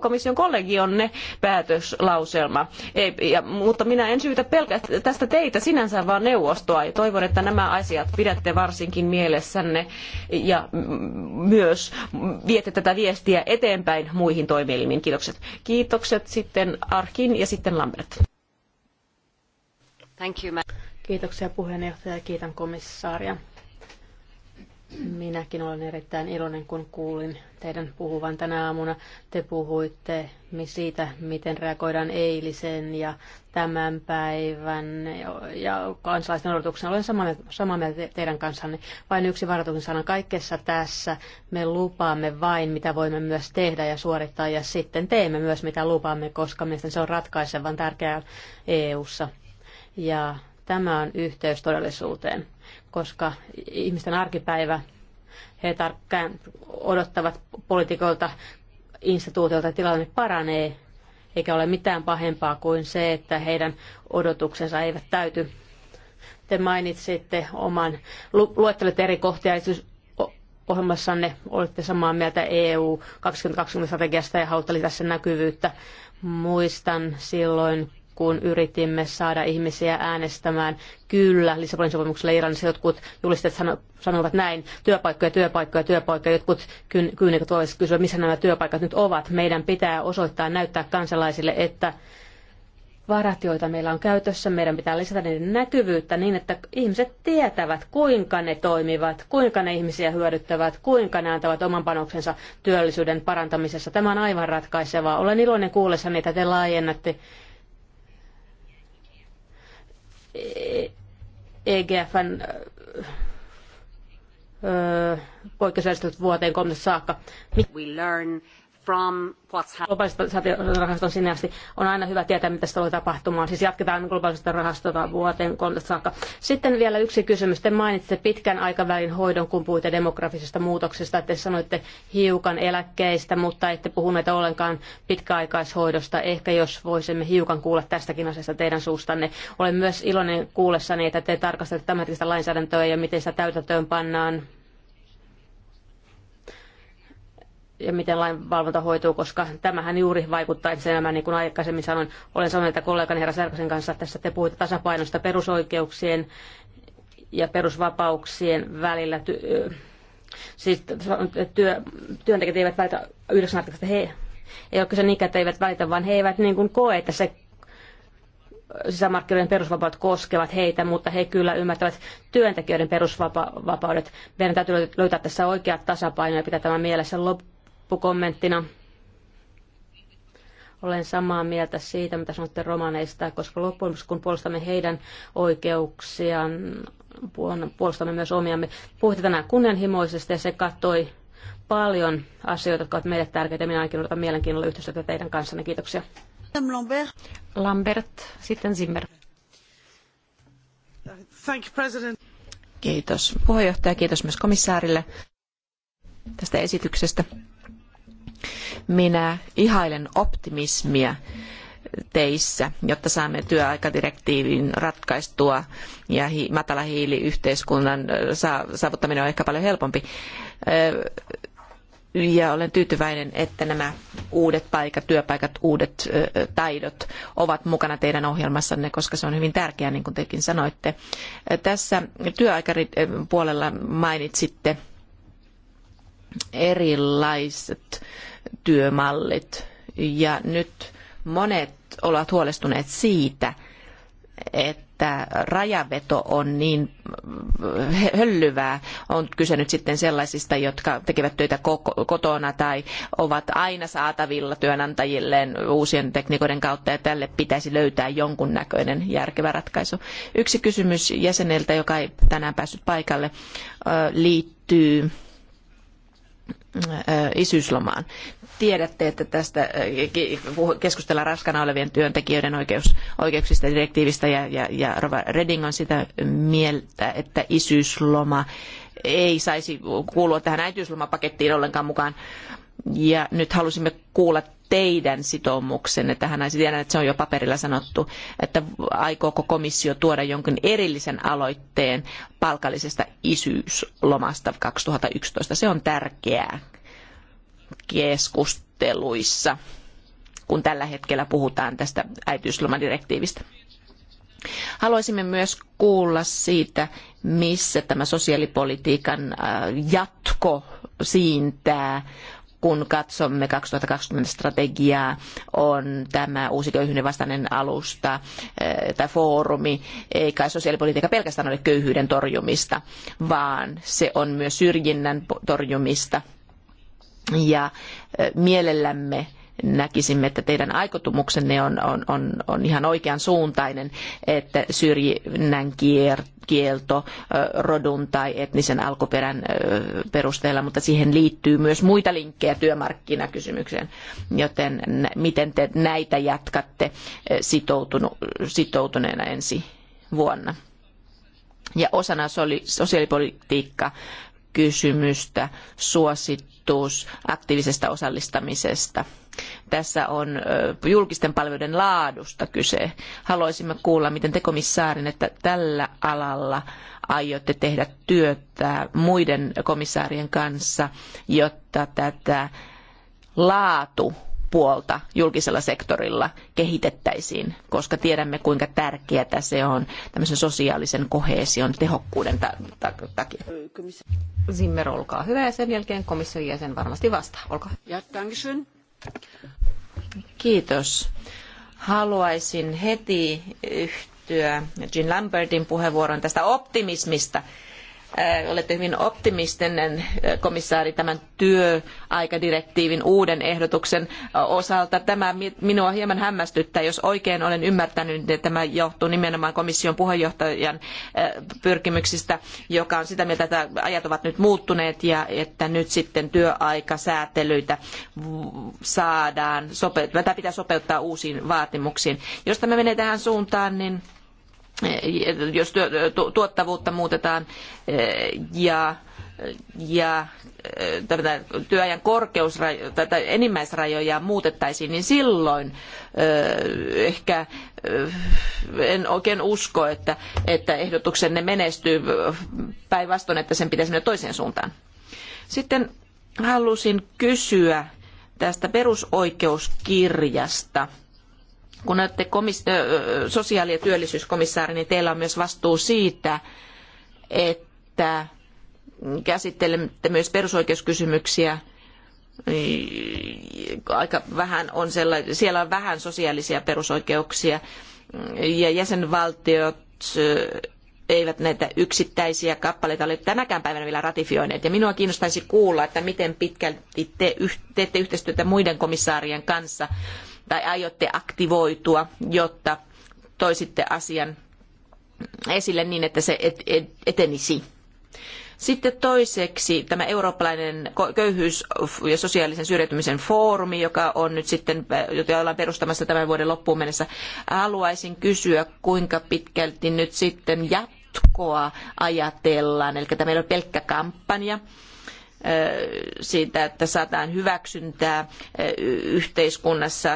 komission kollegionne päätöslauselma, e, mutta minä en syytä pelkästään tästä teitä sinänsä, vaan neuvostoa. Ja toivon, että nämä asiat pidätte varsinkin mielessänne ja myös viette tätä viestiä eteenpäin muihin toimielimiin. Kiitokset. Kiitokset sitten Arkin ja sitten Lambert. Thank you, Kiitoksia puheenjohtaja ja kiitän komissaaria Minäkin olen erittäin iloinen, kun kuulin teidän puhuvan tänä aamuna. Te puhuitte siitä, miten reagoidaan eilisen ja tämän päivän ja kansalaisten odotuksena. Olen samaa mieltä, samaa mieltä teidän kanssanne. Vain yksi varoituksen sana. Kaikessa tässä me lupaamme vain, mitä voimme myös tehdä ja suorittaa ja sitten teemme myös, mitä lupaamme, koska mielestäni se on ratkaisevan tärkeää EU-ssa. Ja tämä on yhteys todellisuuteen koska ihmisten arkipäivä, he tarkkaan odottavat poliitikoilta, instituutiolta, että tilanne paranee, eikä ole mitään pahempaa kuin se, että heidän odotuksensa eivät täyty. Te mainitsitte oman, luettelette eri kohtia ohjelmassanne, olette samaa mieltä EU 2020 strategiasta ja haluatte lisätä sen näkyvyyttä. Muistan silloin kun yritimme saada ihmisiä äänestämään kyllä Lissabonin sopimuksella Iranissa. Jotkut julistajat sano, sanoivat näin, työpaikkoja, työpaikkoja, työpaikkoja. Jotkut kyynikot voivat kysyä, missä nämä työpaikat nyt ovat. Meidän pitää osoittaa, näyttää kansalaisille, että varat, joita meillä on käytössä, meidän pitää lisätä niiden näkyvyyttä niin, että ihmiset tietävät, kuinka ne toimivat, kuinka ne ihmisiä hyödyttävät, kuinka ne antavat oman panoksensa työllisyyden parantamisessa. Tämä on aivan ratkaisevaa. Olen iloinen kuullessani, että te laajennatte EGFn öö, poikkeusjärjestelyt vuoteen 3 saakka. We learn from what's globalisaatiorahaston sinne asti. On aina hyvä tietää, mitä tulee tapahtumaan. Siis jatketaan globaalista rahastota vuoteen 30 saakka. Sitten vielä yksi kysymys. Te mainitsitte pitkän aikavälin hoidon, kun puhuitte demografisesta muutoksesta. Te sanoitte hiukan eläkkeistä, mutta ette puhuneet ollenkaan pitkäaikaishoidosta. Ehkä jos voisimme hiukan kuulla tästäkin asiasta teidän suustanne. Olen myös iloinen kuullessani, että te tarkastatte tämän lainsäädäntöä ja miten sitä täytäntöön pannaan ja miten lainvalvonta hoituu, koska tämähän juuri vaikuttaa itse enemmän, niin kuin aikaisemmin sanoin. Olen samaa mieltä kollegani herra Särkösen kanssa tässä, te puhuitte tasapainosta perusoikeuksien ja perusvapauksien välillä. Ty- siis työ, työntekijät eivät välitä yhdeksän artikasta, he ei ole kyse niinkään, että eivät välitä, vaan he eivät niin kuin koe, että se sisämarkkinoiden perusvapaudet koskevat heitä, mutta he kyllä ymmärtävät työntekijöiden perusvapaudet. Meidän täytyy löytää tässä oikeat tasapainoja, ja pitää tämä mielessä loppuun loppukommenttina. Olen samaa mieltä siitä, mitä sanotte romaneista, koska loppujen kun puolustamme heidän oikeuksiaan, puolustamme myös omiamme. Puhuitte tänään kunnianhimoisesti ja se katsoi paljon asioita, jotka ovat meille tärkeitä. Minä ainakin odotan mielenkiinnolla yhteistyötä teidän kanssanne. Kiitoksia. Lambert. Lambert, sitten Zimmer. Thank you, President. Kiitos puheenjohtaja, kiitos myös komissaarille tästä esityksestä. Minä ihailen optimismia teissä, jotta saamme työaikadirektiivin ratkaistua ja hi- matala hiiliyhteiskunnan saavuttaminen on ehkä paljon helpompi. Ja olen tyytyväinen, että nämä uudet paikat, työpaikat, uudet taidot ovat mukana teidän ohjelmassanne, koska se on hyvin tärkeää, niin kuin tekin sanoitte. Tässä työaikapuolella mainitsitte erilaiset työmallit. Ja nyt monet ovat huolestuneet siitä, että rajaveto on niin höllyvää. On kyse nyt sitten sellaisista, jotka tekevät töitä kotona tai ovat aina saatavilla työnantajilleen uusien tekniikoiden kautta ja tälle pitäisi löytää jonkun näköinen järkevä ratkaisu. Yksi kysymys jäseneltä, joka ei tänään päässyt paikalle, liittyy isyyslomaan. Tiedätte, että tästä keskustellaan raskana olevien työntekijöiden oikeus, oikeuksista direktiivistä ja, ja, ja Rova Reding on sitä mieltä, että isyysloma ei saisi kuulua tähän äitiyslomapakettiin ollenkaan mukaan. Ja nyt halusimme kuulla teidän sitoumuksenne tähän asiaan? Tiedän, että se on jo paperilla sanottu, että aikooko komissio tuoda jonkin erillisen aloitteen palkallisesta isyyslomasta 2011. Se on tärkeää keskusteluissa, kun tällä hetkellä puhutaan tästä äitiyslomadirektiivistä. Haluaisimme myös kuulla siitä, missä tämä sosiaalipolitiikan äh, jatko siintää kun katsomme 2020 strategiaa, on tämä uusi köyhyyden vastainen alusta eh, tai foorumi. Ei kai sosiaalipolitiikka pelkästään ole köyhyyden torjumista, vaan se on myös syrjinnän torjumista. Ja eh, mielellämme näkisimme, että teidän aikotumuksenne on, on, on, on ihan oikean suuntainen, että syrjinnän kielto rodun tai etnisen alkuperän perusteella, mutta siihen liittyy myös muita linkkejä työmarkkinakysymykseen. Joten miten te näitä jatkatte sitoutuneena ensi vuonna? Ja osana sosiaalipolitiikka kysymystä, suositus aktiivisesta osallistamisesta – tässä on julkisten palveluiden laadusta kyse. Haluaisimme kuulla, miten te komissaarin, että tällä alalla aiotte tehdä työtä muiden komissaarien kanssa, jotta tätä laatu puolta julkisella sektorilla kehitettäisiin, koska tiedämme kuinka tärkeää se on tämmöisen sosiaalisen koheesion tehokkuuden ta- ta- takia. Zimmer, olkaa hyvä ja sen jälkeen komission jäsen varmasti vastaa. Olkaa hyvä. Ja, Kiitos. Haluaisin heti yhtyä Jean Lambertin puheenvuoron tästä optimismista Äh, olette hyvin optimistinen äh, komissaari tämän työaikadirektiivin uuden ehdotuksen äh, osalta. Tämä minua hieman hämmästyttää, jos oikein olen ymmärtänyt, että tämä johtuu nimenomaan komission puheenjohtajan pyrkimyksistä, joka on sitä mieltä, että ajat ovat nyt muuttuneet ja että nyt sitten työaikasäätelyitä saadaan, sope- pitää sopeuttaa uusiin vaatimuksiin. Jos tämä menee tähän suuntaan, niin jos tuottavuutta muutetaan eh, ja ja eh, työajan korkeus tai enimmäisrajoja muutettaisiin, niin silloin eh, ehkä en oikein usko, että, että ehdotuksenne menestyy päinvastoin, että sen pitäisi mennä toiseen suuntaan. Sitten halusin kysyä tästä perusoikeuskirjasta – kun olette sosiaali- ja työllisyyskomissaari, niin teillä on myös vastuu siitä, että käsittelette myös perusoikeuskysymyksiä. Aika vähän on sellaisia, siellä on vähän sosiaalisia perusoikeuksia ja jäsenvaltiot eivät näitä yksittäisiä kappaleita ole tänäkään päivänä vielä ratifioineet. Ja minua kiinnostaisi kuulla, että miten pitkälti te teette yhteistyötä muiden komissaarien kanssa tai aiotte aktivoitua, jotta toisitte asian esille niin, että se etenisi. Sitten toiseksi tämä eurooppalainen köyhyys- ja sosiaalisen syrjäytymisen foorumi, joka on nyt sitten, jota ollaan perustamassa tämän vuoden loppuun mennessä. Haluaisin kysyä, kuinka pitkälti nyt sitten jatkoa ajatellaan. Eli tämä ei ole pelkkä kampanja, siitä, että saadaan hyväksyntää yhteiskunnassa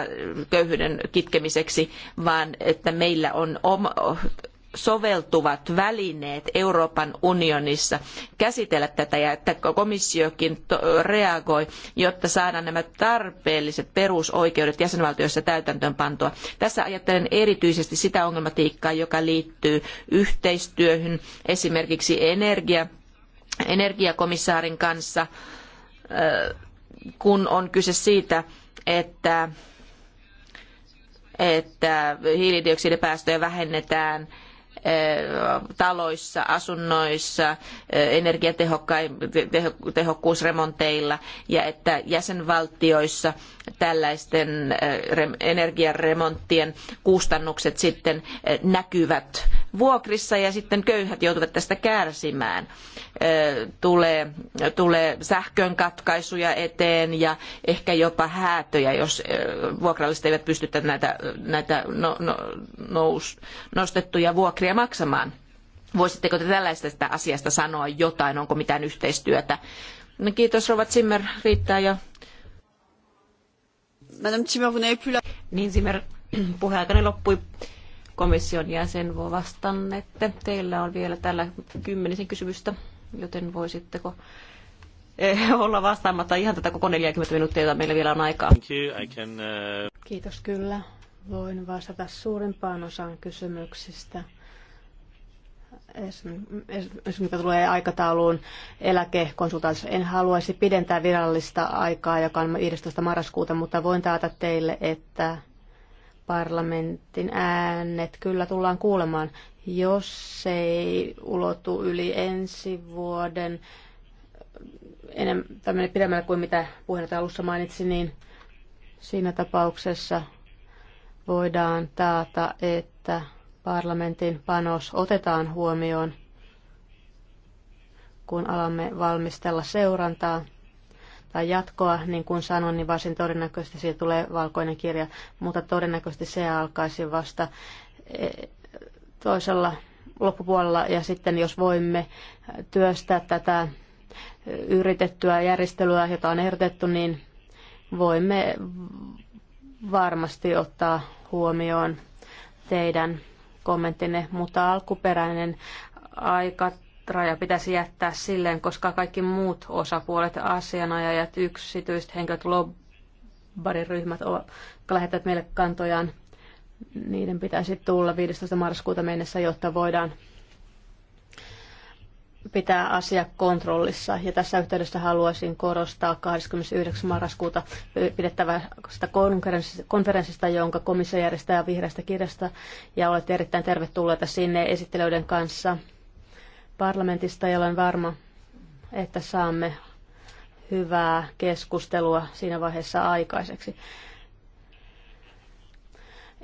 köyhyyden kitkemiseksi, vaan että meillä on soveltuvat välineet Euroopan unionissa käsitellä tätä ja että komissiokin reagoi, jotta saadaan nämä tarpeelliset perusoikeudet jäsenvaltioissa täytäntöön pantua. Tässä ajattelen erityisesti sitä ongelmatiikkaa, joka liittyy yhteistyöhön, esimerkiksi energia- energiakomissaarin kanssa, kun on kyse siitä, että, että hiilidioksidipäästöjä vähennetään – taloissa, asunnoissa, energiatehokkuusremonteilla ja että jäsenvaltioissa tällaisten energiaremonttien kustannukset sitten näkyvät vuokrissa ja sitten köyhät joutuvat tästä kärsimään. Tulee, tulee sähkön katkaisuja eteen ja ehkä jopa häätöjä, jos vuokralliset eivät pysty näitä, näitä no, no, nous, nostettuja vuokria veroja maksamaan. Voisitteko te tällaisesta asiasta sanoa jotain? Onko mitään yhteistyötä? No, kiitos Rova Zimmer, riittää jo. Madame Zimmer, vous n'avez plus la... Niin Zimmer, puheaikani loppui komission jäsen vastannette. Teillä on vielä tällä kymmenisen kysymystä, joten voisitteko eh, olla vastaamatta ihan tätä koko 40 minuuttia, jota meillä vielä on aikaa. Uh, kiitos kyllä. Voin vastata suurimpaan osaan kysymyksistä esimerkiksi mikä tulee aikatauluun eläkekonsultaatiossa, en haluaisi pidentää virallista aikaa, joka on 15. marraskuuta, mutta voin taata teille, että parlamentin äänet kyllä tullaan kuulemaan, jos se ei ulotu yli ensi vuoden enemmän, pidemmälle kuin mitä puheenjohtaja alussa mainitsi, niin siinä tapauksessa voidaan taata, että parlamentin panos otetaan huomioon, kun alamme valmistella seurantaa tai jatkoa, niin kuin sanon, niin varsin todennäköisesti siitä tulee valkoinen kirja, mutta todennäköisesti se alkaisi vasta e, toisella loppupuolella ja sitten jos voimme työstää tätä yritettyä järjestelyä, jota on ehdotettu, niin voimme varmasti ottaa huomioon teidän kommenttinne, mutta alkuperäinen aika raja pitäisi jättää silleen, koska kaikki muut osapuolet, asianajajat, yksityiset henkilöt, lobbariryhmät, jotka lähettävät meille kantojaan, niiden pitäisi tulla 15. marraskuuta mennessä, jotta voidaan pitää asia kontrollissa. Ja tässä yhteydessä haluaisin korostaa 29. marraskuuta pidettävästä konferenssista, jonka komissio järjestää vihreästä kirjasta. Ja olette erittäin tervetulleita sinne esittelyiden kanssa parlamentista ja olen varma, että saamme hyvää keskustelua siinä vaiheessa aikaiseksi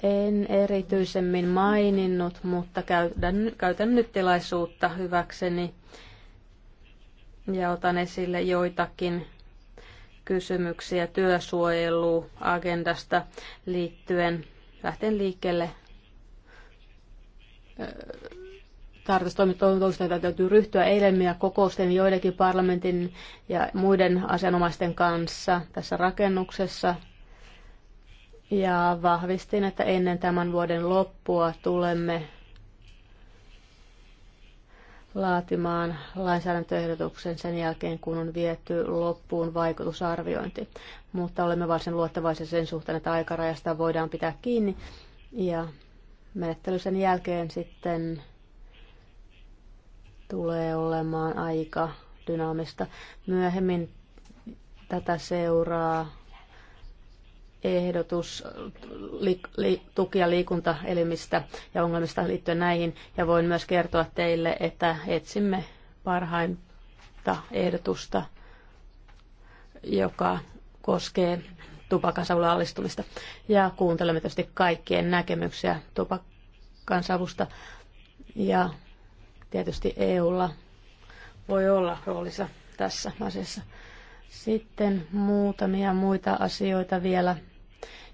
en erityisemmin maininnut, mutta käytän, käytän nyt tilaisuutta hyväkseni ja otan esille joitakin kysymyksiä työsuojeluagendasta liittyen. Lähten liikkeelle tarkastustoimintoimiston täytyy ryhtyä eilemmin kokousten joidenkin parlamentin ja muiden asianomaisten kanssa tässä rakennuksessa – ja vahvistin, että ennen tämän vuoden loppua tulemme laatimaan lainsäädäntöehdotuksen sen jälkeen, kun on viety loppuun vaikutusarviointi. Mutta olemme varsin luottavaisia sen suhteen, että aikarajasta voidaan pitää kiinni. Ja menettely sen jälkeen sitten tulee olemaan aika dynaamista. Myöhemmin tätä seuraa ehdotus li, li, tukia liikuntaelimistä ja ongelmista liittyen näihin. Ja voin myös kertoa teille, että etsimme parhainta ehdotusta, joka koskee tupakansavulla allistumista. Ja kuuntelemme tietysti kaikkien näkemyksiä tupakansavusta. Ja tietysti EUlla voi olla roolissa tässä asiassa. Sitten muutamia muita asioita vielä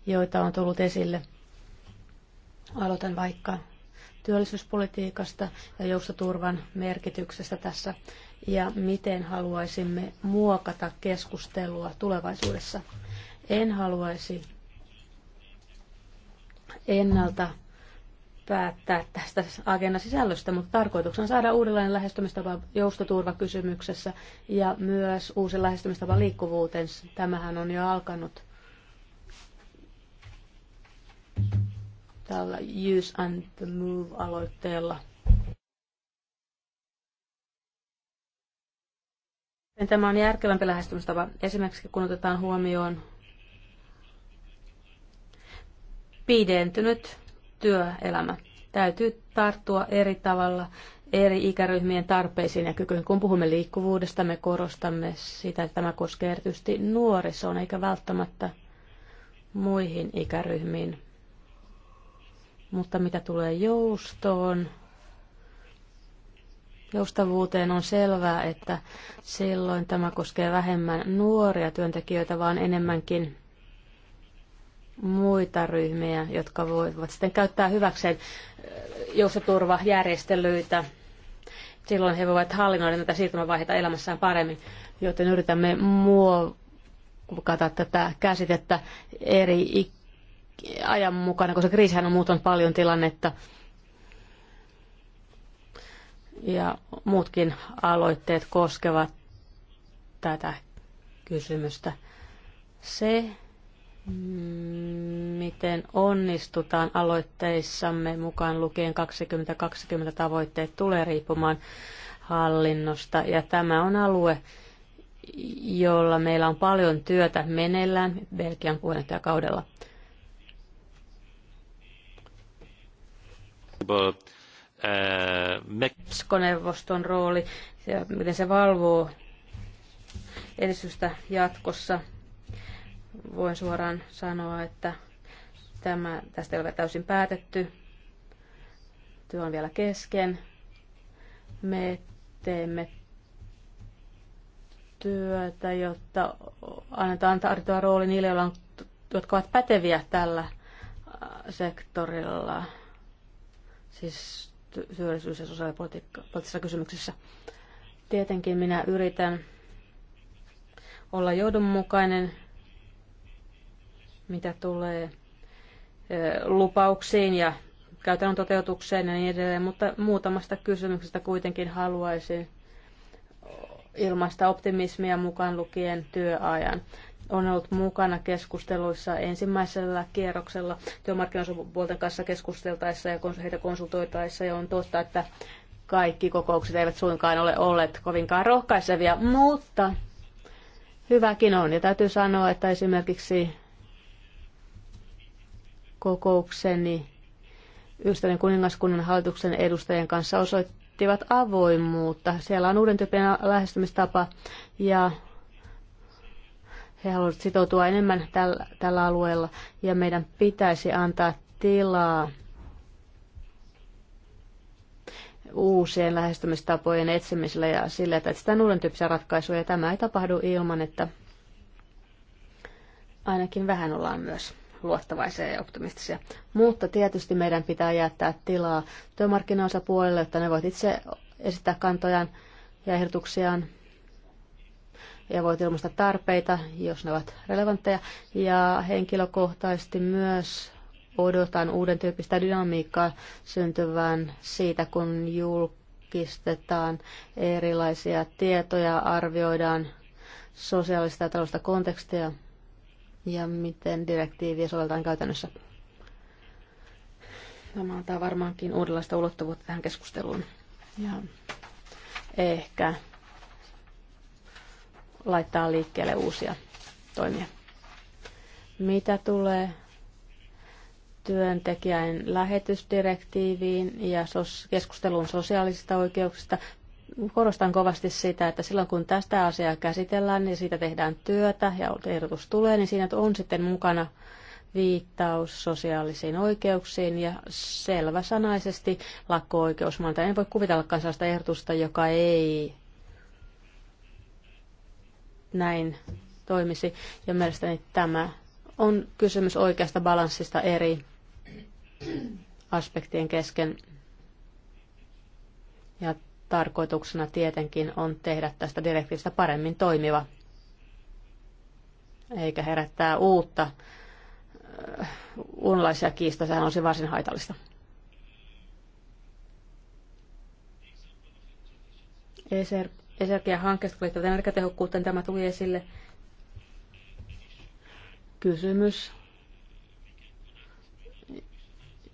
joita on tullut esille. Aloitan vaikka työllisyyspolitiikasta ja joustoturvan merkityksestä tässä ja miten haluaisimme muokata keskustelua tulevaisuudessa. En haluaisi ennalta päättää tästä agendan sisällöstä, mutta tarkoituksena saada uudenlainen lähestymistapa joustoturvakysymyksessä ja myös uusi lähestymistapa liikkuvuuteen. Tämähän on jo alkanut tällä Use and the Move-aloitteella. Tämä on järkevämpi lähestymistapa. Esimerkiksi kun otetaan huomioon pidentynyt työelämä. Täytyy tarttua eri tavalla eri ikäryhmien tarpeisiin ja kykyyn. Kun puhumme liikkuvuudesta, me korostamme sitä, että tämä koskee erityisesti nuorisoon eikä välttämättä muihin ikäryhmiin. Mutta mitä tulee joustoon, joustavuuteen on selvää, että silloin tämä koskee vähemmän nuoria työntekijöitä, vaan enemmänkin muita ryhmiä, jotka voivat sitten käyttää hyväkseen eh, joustoturvajärjestelyitä. Silloin he voivat hallinnoida näitä siirtymävaiheita elämässään paremmin, joten yritämme muokata tätä käsitettä eri ajan mukana, koska kriisihän on muuttanut paljon tilannetta. Ja muutkin aloitteet koskevat tätä kysymystä. Se, mm, miten onnistutaan aloitteissamme mukaan lukien 2020 tavoitteet, tulee riippumaan hallinnosta. Ja tämä on alue, jolla meillä on paljon työtä meneillään Belgian puheenjohtajakaudella. kaudella responsible uh, Skoneuvoston rooli ja miten se valvoo edistystä jatkossa. Voin suoraan sanoa, että tämä, tästä ei ole täysin päätetty. Työ on vielä kesken. Me teemme työtä, jotta annetaan tarjota rooli niille, jotka ovat päteviä tällä sektorilla siis työllisyys- ja sosiaalipoliittisissa kysymyksissä. Tietenkin minä yritän olla johdonmukainen, mitä tulee lupauksiin ja käytännön toteutukseen ja niin edelleen, mutta muutamasta kysymyksestä kuitenkin haluaisin ilmaista optimismia mukaan lukien työajan on ollut mukana keskusteluissa ensimmäisellä kierroksella työmarkkinasopuolten kanssa keskusteltaessa ja heitä konsultoitaessa. Ja on totta, että kaikki kokoukset eivät suinkaan ole olleet kovinkaan rohkaisevia, mutta hyväkin on. Ja täytyy sanoa, että esimerkiksi kokoukseni ystävän kuningaskunnan hallituksen edustajien kanssa osoittivat avoimuutta. Siellä on uuden tyyppinen lähestymistapa ja he haluavat sitoutua enemmän tällä, tällä alueella ja meidän pitäisi antaa tilaa uusien lähestymistapojen etsimisellä ja sillä, että etsitään uuden tyyppisiä ratkaisuja. Tämä ei tapahdu ilman, että ainakin vähän ollaan myös luottavaisia ja optimistisia. Mutta tietysti meidän pitää jättää tilaa työmarkkinaosapuolelle, että ne voivat itse esittää kantojaan ja ehdotuksiaan ja voit ilmaista tarpeita, jos ne ovat relevantteja. Ja henkilökohtaisesti myös odotan uuden tyyppistä dynamiikkaa syntyvään siitä, kun julkistetaan erilaisia tietoja, arvioidaan sosiaalista ja taloudellista kontekstia ja miten direktiiviä sovelletaan käytännössä. Tämä antaa varmaankin uudenlaista ulottuvuutta tähän keskusteluun. Ja ehkä laittaa liikkeelle uusia toimia. Mitä tulee työntekijän lähetysdirektiiviin ja keskusteluun sosiaalisista oikeuksista, korostan kovasti sitä, että silloin kun tästä asiaa käsitellään niin siitä tehdään työtä ja ehdotus tulee, niin siinä on sitten mukana viittaus sosiaalisiin oikeuksiin ja selväsanaisesti lakko-oikeus. en voi kuvitella sellaista ehdotusta, joka ei näin toimisi. Ja mielestäni tämä on kysymys oikeasta balanssista eri aspektien kesken. Ja tarkoituksena tietenkin on tehdä tästä direktiivistä paremmin toimiva, eikä herättää uutta äh, unlaisia kiista, Sehän olisi varsin haitallista. ESER energiahankkeista, kun energiatehokkuutta, niin tämä tuli esille. Kysymys,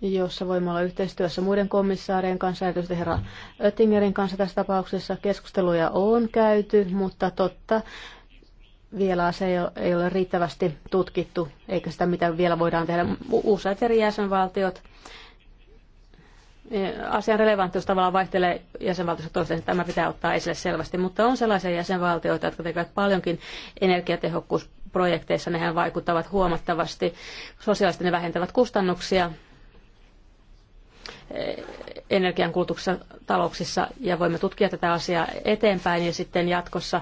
jossa voimme olla yhteistyössä muiden komissaarien kanssa, erityisesti herra Oettingerin kanssa tässä tapauksessa. Keskusteluja on käyty, mutta totta, vielä se ei ole riittävästi tutkittu, eikä sitä mitä vielä voidaan tehdä. Useat eri jäsenvaltiot asian relevanttius tavallaan vaihtelee jäsenvaltiosta toiseen. Tämä pitää ottaa esille selvästi, mutta on sellaisia jäsenvaltioita, jotka tekevät paljonkin energiatehokkuusprojekteissa. Nehän vaikuttavat huomattavasti. Sosiaalisesti ne vähentävät kustannuksia eh, energiankulutuksessa talouksissa ja voimme tutkia tätä asiaa eteenpäin ja sitten jatkossa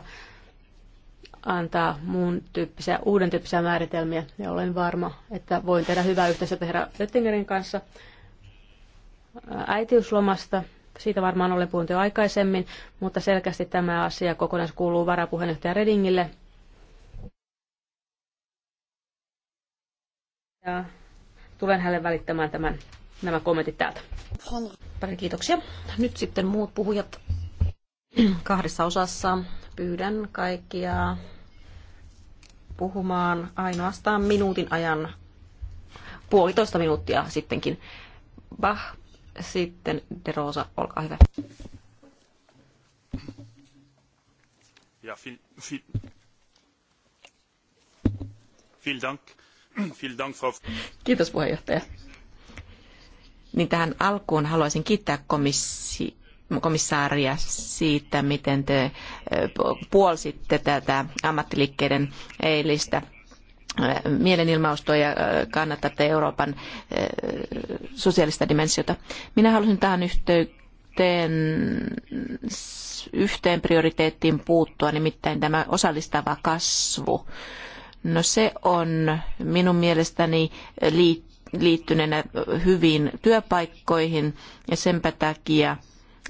antaa muun tyyppisiä, uuden tyyppisiä määritelmiä ja olen varma, että voin tehdä hyvää yhteistyötä herra Oettingerin kanssa äitiyslomasta. Siitä varmaan olen puhunut jo aikaisemmin, mutta selkeästi tämä asia kokonaisuus kuuluu varapuheenjohtaja Redingille. Ja tulen hänelle välittämään tämän, nämä kommentit täältä. Paljon kiitoksia. Nyt sitten muut puhujat kahdessa osassa. Pyydän kaikkia puhumaan ainoastaan minuutin ajan, puolitoista minuuttia sittenkin. Bah sitten De Rosa, olkaa hyvä. Ja, viel, viel, viel dank, dank, Frau. Kiitos puheenjohtaja. Niin tähän alkuun haluaisin kiittää komissi, komissaaria siitä, miten te eh, puolsitte tätä ammattiliikkeiden eilistä mielenilmaustoa ja kannatatte Euroopan sosiaalista dimensiota. Minä halusin tähän yhteyteen, yhteen prioriteettiin puuttua, nimittäin tämä osallistava kasvu. No se on minun mielestäni liittyneenä hyvin työpaikkoihin ja senpä takia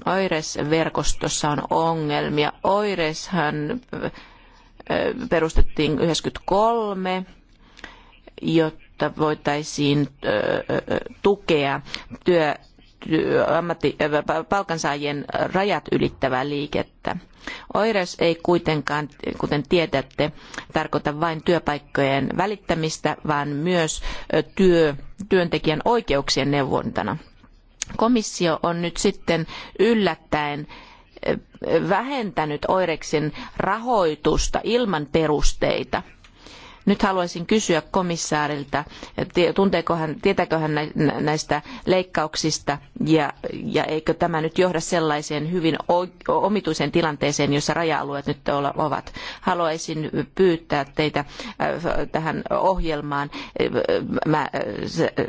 OIRES-verkostossa on ongelmia. OIREShan perustettiin kolme, jotta voitaisiin tukea työ, työ, ammatti, palkansaajien rajat ylittävää liikettä. Oires ei kuitenkaan, kuten tiedätte, tarkoita vain työpaikkojen välittämistä, vaan myös työ, työntekijän oikeuksien neuvontana. Komissio on nyt sitten yllättäen vähentänyt Oireksin rahoitusta ilman perusteita. Nyt haluaisin kysyä komissaarilta, tunteeko hän, tietääkö hän näistä leikkauksista ja, ja eikö tämä nyt johda sellaiseen hyvin omituiseen tilanteeseen, jossa raja-alueet nyt ovat. Haluaisin pyytää teitä äh, tähän ohjelmaan äh, äh,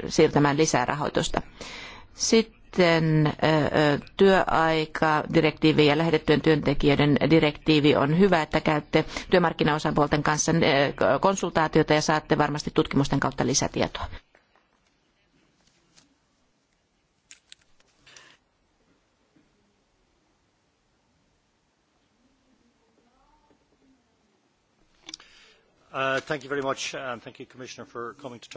siirtämään lisää rahoitusta. Sitten sitten direktiivi ja lähetettyjen työntekijöiden direktiivi on hyvä, että käytte työmarkkinaosapuolten kanssa konsultaatiota ja saatte varmasti tutkimusten kautta lisätietoa.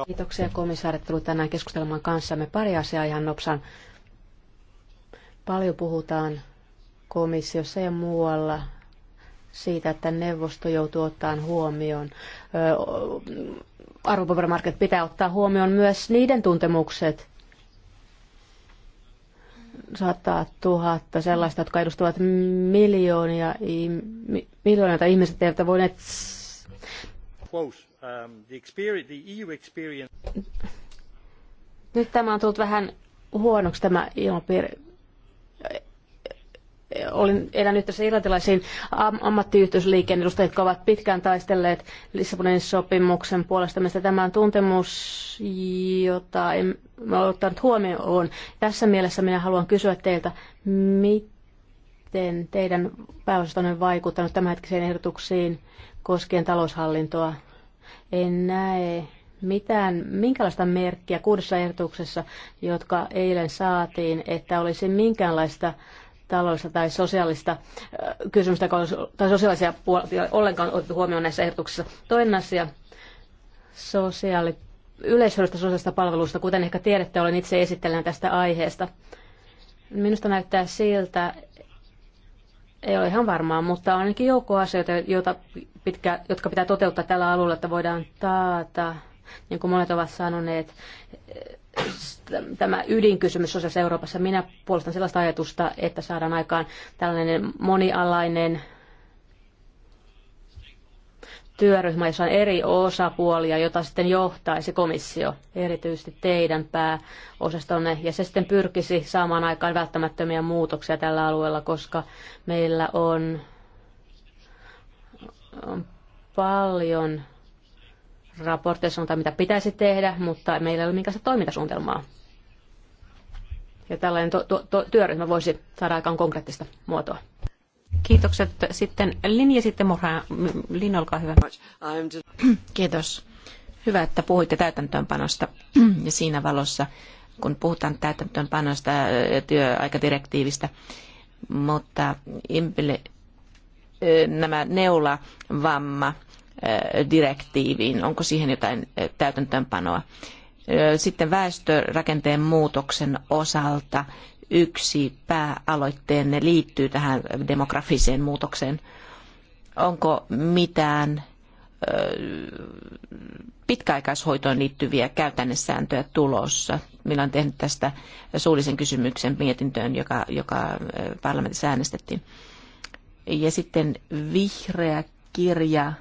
Kiitoksia komissaari, tuli tänään keskustelemaan kanssamme pari asiaa ihan nopsan. Paljon puhutaan komissiossa ja muualla siitä, että neuvosto joutuu ottamaan huomioon. Arvopaperimarkkinat pitää ottaa huomioon myös niiden tuntemukset. Sata tuhatta sellaista, jotka edustavat miljoonia, miljoonia ihmiset eivät voineet um, e nyt tämä on tullut vähän huonoksi tämä ilmapiiri olin elänyt yhteydessä irlantilaisiin am- ammattiyhdistysliikkeen edustajia, jotka ovat pitkään taistelleet Lissabonin sopimuksen puolesta. Mistä tämä on tuntemus, jota en ole ottanut huomioon. Tässä mielessä minä haluan kysyä teiltä, miten teidän pääosastonne on vaikuttanut tämänhetkisiin ehdotuksiin koskien taloushallintoa? En näe mitään, minkälaista merkkiä kuudessa ehdotuksessa, jotka eilen saatiin, että olisi minkäänlaista taloudellista tai sosiaalista kysymystä tai sosiaalisia puolia ollenkaan otettu huomioon näissä ehdotuksissa. Toinen asia, sosiaali, yleishyödyllistä sosiaalista palveluista, kuten ehkä tiedätte, olen itse esittelen tästä aiheesta. Minusta näyttää siltä, ei ole ihan varmaa, mutta on ainakin joukko asioita, joita pitkä, jotka pitää toteuttaa tällä alueella, että voidaan taata, niin kuin monet ovat sanoneet, tämä ydinkysymys sosiaalisessa Euroopassa. Minä puolustan sellaista ajatusta, että saadaan aikaan tällainen monialainen työryhmä, jossa on eri osapuolia, jota sitten johtaisi komissio, erityisesti teidän pääosastonne, ja se sitten pyrkisi saamaan aikaan välttämättömiä muutoksia tällä alueella, koska meillä on paljon raporteissa sanotaan, mitä pitäisi tehdä, mutta meillä ei ole minkäänlaista toimintasuunnitelmaa. Ja tällainen to- to- to- työryhmä voisi saada aikaan konkreettista muotoa. Kiitokset. Sitten Linja, sitten Morhan. Linja, olkaa hyvä. Kiitos. Hyvä, että puhuitte täytäntöönpanosta ja siinä valossa, kun puhutaan täytäntöönpanosta ja työaikadirektiivistä, mutta impille, nämä neulavamma direktiiviin? Onko siihen jotain täytäntöönpanoa? Sitten väestörakenteen muutoksen osalta yksi pääaloitteenne liittyy tähän demografiseen muutokseen. Onko mitään pitkäaikaishoitoon liittyviä käytännössääntöjä tulossa. Minä olen tehnyt tästä suullisen kysymyksen mietintöön, joka, joka parlamentissa äänestettiin. Ja sitten vihreä kirja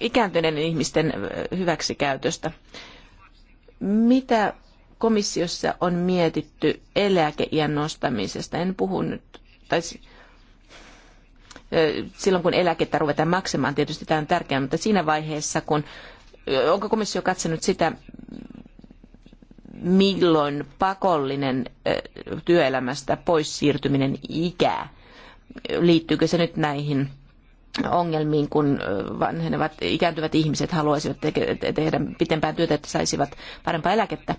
ikääntyneiden ihmisten hyväksikäytöstä. Mitä komissiossa on mietitty eläkeiän nostamisesta? En puhu nyt, tai silloin kun eläkettä ruvetaan maksamaan, tietysti tämä on tärkeää, mutta siinä vaiheessa, kun onko komissio katsonut sitä, milloin pakollinen työelämästä pois siirtyminen ikää, liittyykö se nyt näihin ongelmiin, kun vanhenevat, ikääntyvät ihmiset haluaisivat tehdä pitempään työtä, että saisivat parempaa eläkettä.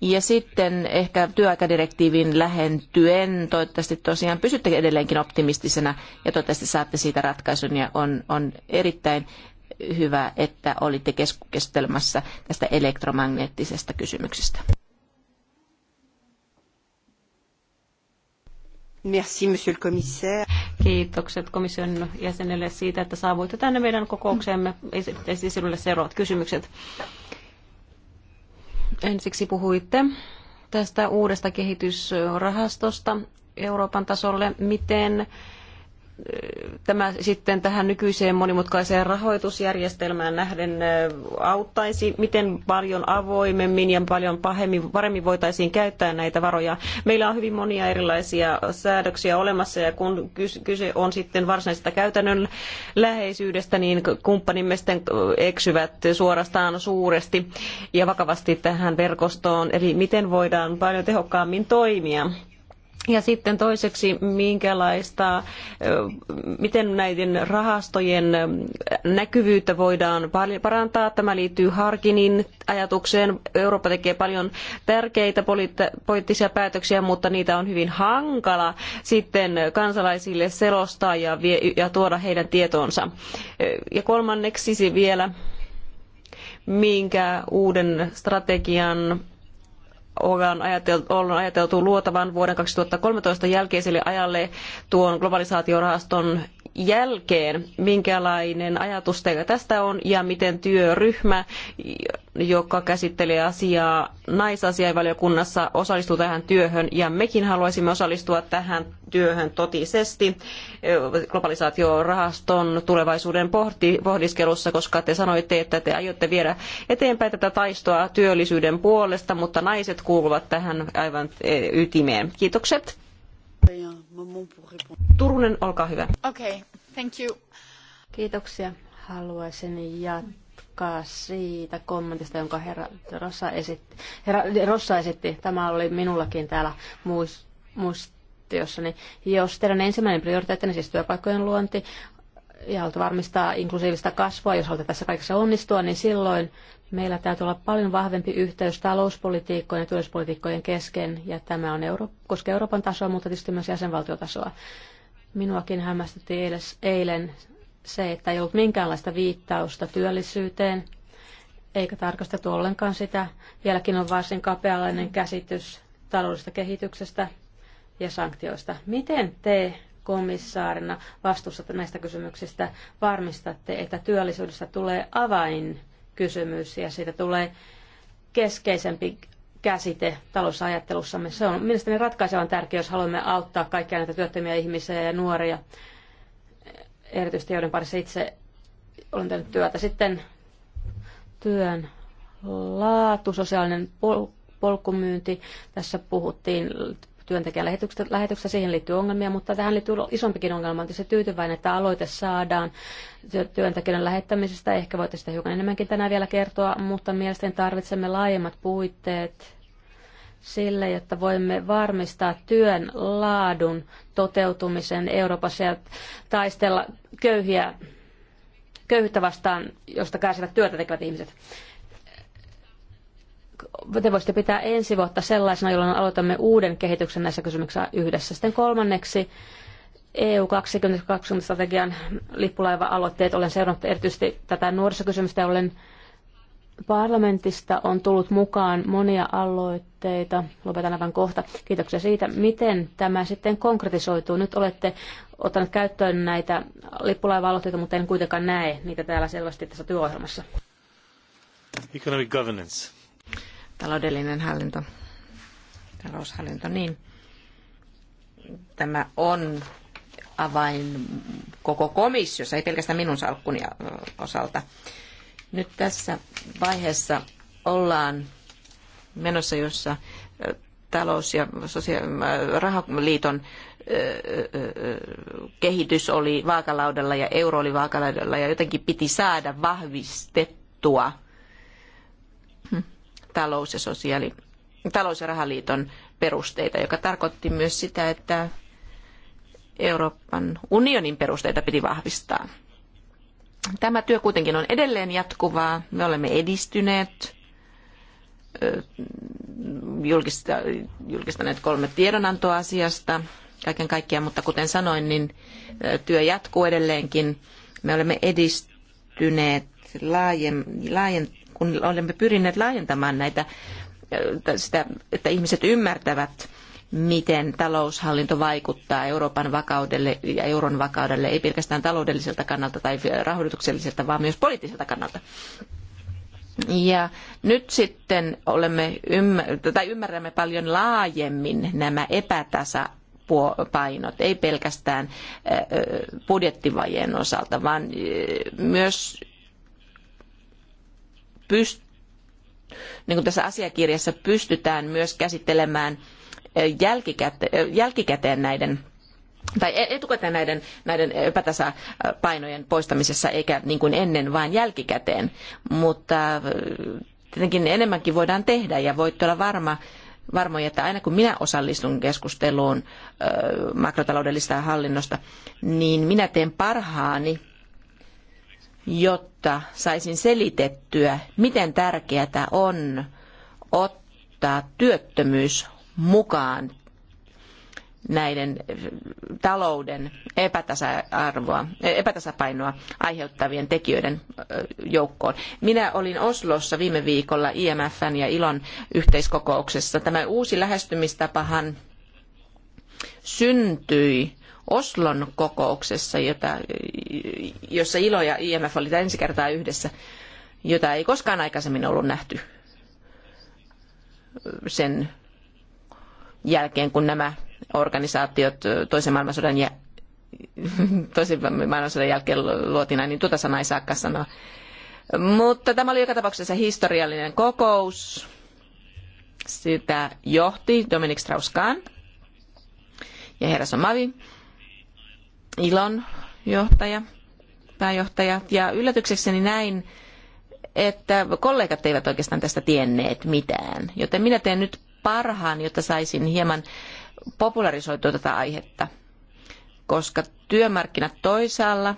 Ja sitten ehkä työaikadirektiivin lähentyen, toivottavasti tosiaan pysytte edelleenkin optimistisena ja toivottavasti saatte siitä ratkaisun ja on, on erittäin hyvä, että olitte keskustelemassa tästä elektromagneettisesta kysymyksestä. Merci, monsieur le commissaire. Kiitokset komission jäsenelle siitä, että saavuitte tänne meidän kokoukseemme. Esitin sinulle seuraavat kysymykset. Ensiksi puhuitte tästä uudesta kehitysrahastosta Euroopan tasolle. Miten tämä sitten tähän nykyiseen monimutkaiseen rahoitusjärjestelmään nähden auttaisi? Miten paljon avoimemmin ja paljon pahemmin, paremmin voitaisiin käyttää näitä varoja? Meillä on hyvin monia erilaisia säädöksiä olemassa ja kun kyse on sitten varsinaisesta käytännön läheisyydestä, niin kumppanimme sitten eksyvät suorastaan suuresti ja vakavasti tähän verkostoon. Eli miten voidaan paljon tehokkaammin toimia? Ja sitten toiseksi, minkälaista, miten näiden rahastojen näkyvyyttä voidaan parantaa. Tämä liittyy Harkinin ajatukseen. Eurooppa tekee paljon tärkeitä poliittisia päätöksiä, mutta niitä on hyvin hankala sitten kansalaisille selostaa ja, vie, ja tuoda heidän tietoonsa. Ja kolmanneksi vielä, minkä uuden strategian ollaan ajateltu, ollaan ajateltu luotavan vuoden 2013 jälkeiselle ajalle tuon globalisaatiorahaston jälkeen. Minkälainen ajatus teillä tästä on ja miten työryhmä, joka käsittelee asiaa naisasiainvaliokunnassa, osallistuu tähän työhön ja mekin haluaisimme osallistua tähän työhön totisesti eh, globalisaatiorahaston tulevaisuuden pohdiskelussa, koska te sanoitte, että te aiotte viedä eteenpäin tätä taistoa työllisyyden puolesta, mutta naiset kuuluvat tähän aivan eh, ytimeen. Kiitokset. Ja. Turunen, olkaa hyvä. Okay, thank you. Kiitoksia. Haluaisin jatkaa siitä kommentista, jonka herra Rossa esitti. Herra Rossa esitti. Tämä oli minullakin täällä muist, muist jos teidän ensimmäinen prioriteettinne, siis työpaikkojen luonti, ja haluta varmistaa inklusiivista kasvua, jos haluta tässä kaikessa onnistua, niin silloin meillä täytyy olla paljon vahvempi yhteys talouspolitiikkojen ja työllisyyspolitiikkojen kesken, ja tämä on Euro- koskee Euroopan tasoa, mutta tietysti myös jäsenvaltiotasoa. Minuakin hämmästytti eilen se, että ei ollut minkäänlaista viittausta työllisyyteen, eikä tarkastettu ollenkaan sitä. Vieläkin on varsin kapealainen käsitys taloudellisesta kehityksestä ja sanktioista. Miten te komissaarina vastuussa näistä kysymyksistä varmistatte, että työllisyydestä tulee avainkysymys ja siitä tulee keskeisempi käsite talousajattelussamme. Se on mielestäni ratkaisevan tärkeä, jos haluamme auttaa kaikkia näitä työttömiä ihmisiä ja nuoria, erityisesti joiden parissa itse olen tehnyt työtä. Sitten työn laatu, sosiaalinen polkumyynti. Tässä puhuttiin työntekijän lähetyksestä, lähetyksestä. Siihen liittyy ongelmia, mutta tähän liittyy isompikin ongelma. On se tyytyväinen, että aloite saadaan työntekijöiden lähettämisestä. Ehkä voitte sitä hiukan enemmänkin tänään vielä kertoa, mutta mielestäni tarvitsemme laajemmat puitteet sille, jotta voimme varmistaa työn laadun toteutumisen Euroopassa ja taistella köyhiä, köyhyyttä vastaan, josta kärsivät työtä tekevät ihmiset te voisitte pitää ensi vuotta sellaisena, jolloin aloitamme uuden kehityksen näissä kysymyksissä yhdessä. Sitten kolmanneksi EU 2020 strategian lippulaiva-aloitteet. Olen seurannut erityisesti tätä nuorisokysymystä ja olen parlamentista on tullut mukaan monia aloitteita. Lopetan aivan kohta. Kiitoksia siitä, miten tämä sitten konkretisoituu. Nyt olette ottaneet käyttöön näitä lippulaiva-aloitteita, mutta en kuitenkaan näe niitä täällä selvästi tässä työohjelmassa. Economic governance taloudellinen hallinto, taloushallinto, niin tämä on avain koko komissiossa, ei pelkästään minun salkkuni osalta. Nyt tässä vaiheessa ollaan menossa, jossa talous- ja sosia- rahaliiton kehitys oli vaakalaudalla ja euro oli vaakalaudalla ja jotenkin piti saada vahvistettua hm talous- ja, sosiaali- talous- ja rahaliiton perusteita, joka tarkoitti myös sitä, että Euroopan unionin perusteita piti vahvistaa. Tämä työ kuitenkin on edelleen jatkuvaa. Me olemme edistyneet, julkistaneet kolme tiedonantoa asiasta kaiken kaikkiaan, mutta kuten sanoin, niin työ jatkuu edelleenkin. Me olemme edistyneet laajen, laajen, kun olemme pyrineet laajentamaan näitä, sitä, että ihmiset ymmärtävät, miten taloushallinto vaikuttaa Euroopan vakaudelle ja euron vakaudelle, ei pelkästään taloudelliselta kannalta tai rahoitukselliselta, vaan myös poliittiselta kannalta. Ja nyt sitten olemme ymmär- tai ymmärrämme paljon laajemmin nämä epätasa painot, ei pelkästään budjettivajeen osalta, vaan myös pyst- niin kuin tässä asiakirjassa pystytään myös käsittelemään jälkikäteen, jälkikäteen näiden tai e-, etukäteen näiden, näiden epätasapainojen poistamisessa, eikä niin kuin ennen, vaan jälkikäteen. Mutta tietenkin enemmänkin voidaan tehdä ja voitte olla varma, varmoja, että aina kun minä osallistun keskusteluun makrotaloudellisesta hallinnosta, niin minä teen parhaani jotta saisin selitettyä, miten tärkeää on ottaa työttömyys mukaan näiden talouden epätasa-arvoa, epätasapainoa aiheuttavien tekijöiden joukkoon. Minä olin Oslossa viime viikolla IMFn ja ILON yhteiskokouksessa. Tämä uusi lähestymistapahan syntyi Oslon kokouksessa, jota, jossa ILO ja IMF oli ensi kertaa yhdessä, jota ei koskaan aikaisemmin ollut nähty sen jälkeen, kun nämä organisaatiot toisen maailmansodan, jä, toisen maailmansodan jälkeen luotiin, niin tuota sanaa ei saakaan sanoa. Mutta tämä oli joka tapauksessa historiallinen kokous. Sitä johti Dominik Strauss-Kahn ja herra Somavi. Ilon johtaja, pääjohtaja, ja yllätyksekseni näin, että kollegat eivät oikeastaan tästä tienneet mitään. Joten minä teen nyt parhaan, jotta saisin hieman popularisoitua tätä aihetta, koska työmarkkinat toisaalla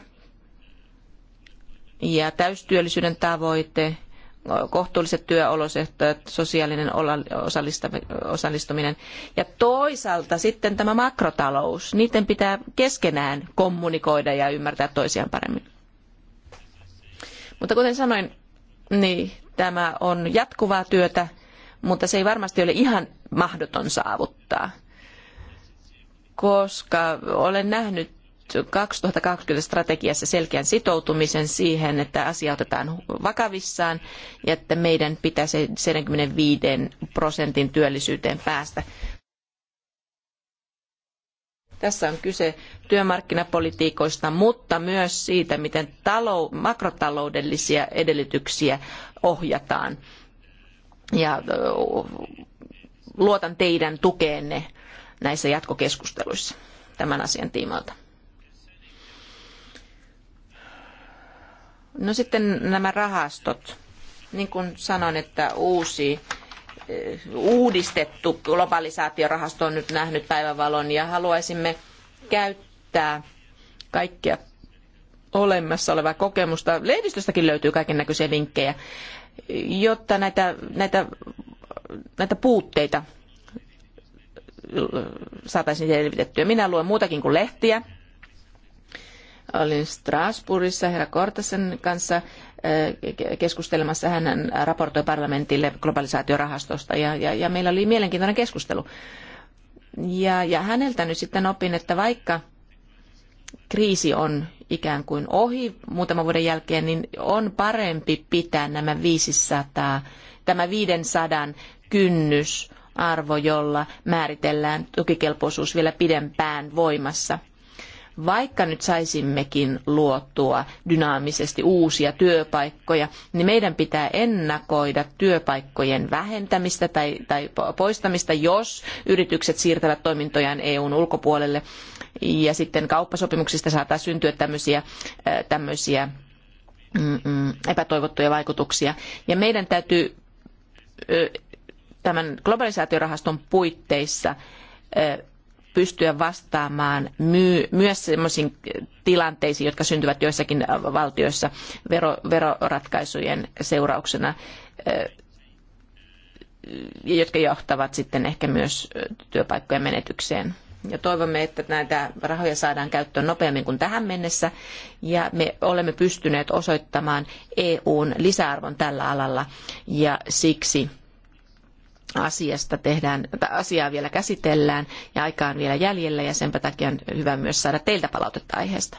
ja täystyöllisyyden tavoite kohtuulliset työolosuhteet, sosiaalinen osallistuminen ja toisaalta sitten tämä makrotalous. Niiden pitää keskenään kommunikoida ja ymmärtää toisiaan paremmin. Mutta kuten sanoin, niin tämä on jatkuvaa työtä, mutta se ei varmasti ole ihan mahdoton saavuttaa koska olen nähnyt 2020 strategiassa selkeän sitoutumisen siihen, että asia otetaan vakavissaan ja että meidän pitää 75 prosentin työllisyyteen päästä. Tässä on kyse työmarkkinapolitiikoista, mutta myös siitä, miten talou- makrotaloudellisia edellytyksiä ohjataan. Ja luotan teidän tukeenne näissä jatkokeskusteluissa tämän asian tiimoilta. No sitten nämä rahastot. Niin kuin sanoin, että uusi eh, uudistettu globalisaatiorahasto on nyt nähnyt päivävalon ja haluaisimme käyttää kaikkia olemassa olevaa kokemusta. Lehdistöstäkin löytyy kaiken näköisiä vinkkejä, jotta näitä, näitä, näitä puutteita eh, saataisiin selvitettyä. Minä luen muutakin kuin lehtiä Olin Strasbourgissa herra Kortesen kanssa äh, keskustelemassa. Hän raportoi parlamentille globalisaatiorahastosta ja, ja, ja meillä oli mielenkiintoinen keskustelu. Ja, ja häneltä nyt sitten opin, että vaikka kriisi on ikään kuin ohi muutaman vuoden jälkeen, niin on parempi pitää nämä 500, tämä 500 kynnysarvo, jolla määritellään tukikelpoisuus vielä pidempään voimassa – vaikka nyt saisimmekin luotua dynaamisesti uusia työpaikkoja, niin meidän pitää ennakoida työpaikkojen vähentämistä tai, tai poistamista, jos yritykset siirtävät toimintojaan EUn ulkopuolelle. Ja sitten kauppasopimuksista saattaa syntyä tämmöisiä, äh, tämmöisiä mm, mm, epätoivottuja vaikutuksia. Ja meidän täytyy tämän globalisaatiorahaston puitteissa pystyä vastaamaan myös sellaisiin tilanteisiin, jotka syntyvät joissakin valtioissa vero, veroratkaisujen seurauksena, jotka johtavat sitten ehkä myös työpaikkojen menetykseen. Ja toivomme, että näitä rahoja saadaan käyttöön nopeammin kuin tähän mennessä. Ja me olemme pystyneet osoittamaan EUn lisäarvon tällä alalla. Ja siksi asiasta tehdään, asiaa vielä käsitellään ja aikaa on vielä jäljellä ja senpä takia on hyvä myös saada teiltä palautetta aiheesta.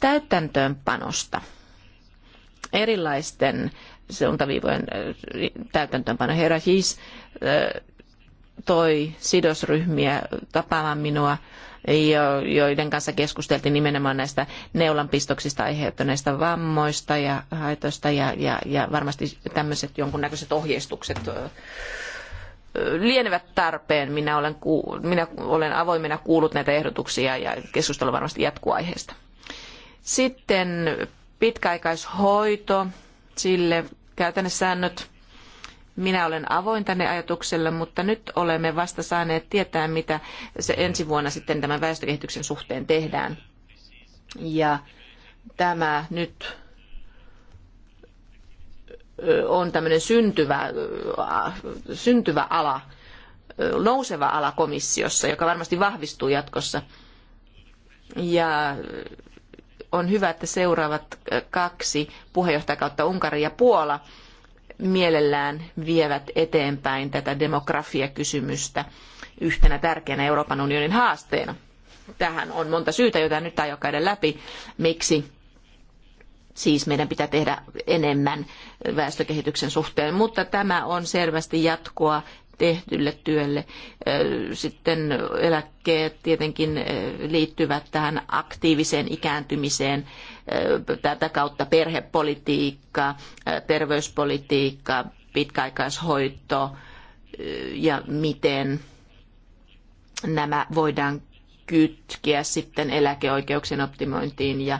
Täytäntöönpanosta. Erilaisten suuntaviivojen täytäntöönpano. Herra Hiis toi sidosryhmiä tapaamaan minua, joiden kanssa keskusteltiin nimenomaan näistä neulanpistoksista aiheutuneista vammoista ja haitoista ja, ja, ja varmasti tämmöiset jonkunnäköiset ohjeistukset lienevät tarpeen. Minä olen, minä olen avoimena kuullut näitä ehdotuksia ja keskustelu varmasti jatkuu aiheesta. Sitten pitkäaikaishoito, sille käytännössä säännöt. Minä olen avoin tänne ajatukselle, mutta nyt olemme vasta saaneet tietää, mitä se ensi vuonna sitten tämän väestökehityksen suhteen tehdään. Ja tämä nyt on tämmöinen syntyvä, syntyvä ala, nouseva ala komissiossa, joka varmasti vahvistuu jatkossa. Ja on hyvä, että seuraavat kaksi puheenjohtajakautta Unkari ja Puola mielellään vievät eteenpäin tätä demografiakysymystä yhtenä tärkeänä Euroopan unionin haasteena. Tähän on monta syytä, joita nyt aio käydä läpi, miksi siis meidän pitää tehdä enemmän väestökehityksen suhteen, mutta tämä on selvästi jatkoa tehdylle työlle. Sitten eläkkeet tietenkin liittyvät tähän aktiiviseen ikääntymiseen, tätä kautta perhepolitiikka, terveyspolitiikka, pitkäaikaishoito ja miten nämä voidaan kytkeä sitten eläkeoikeuksien optimointiin ja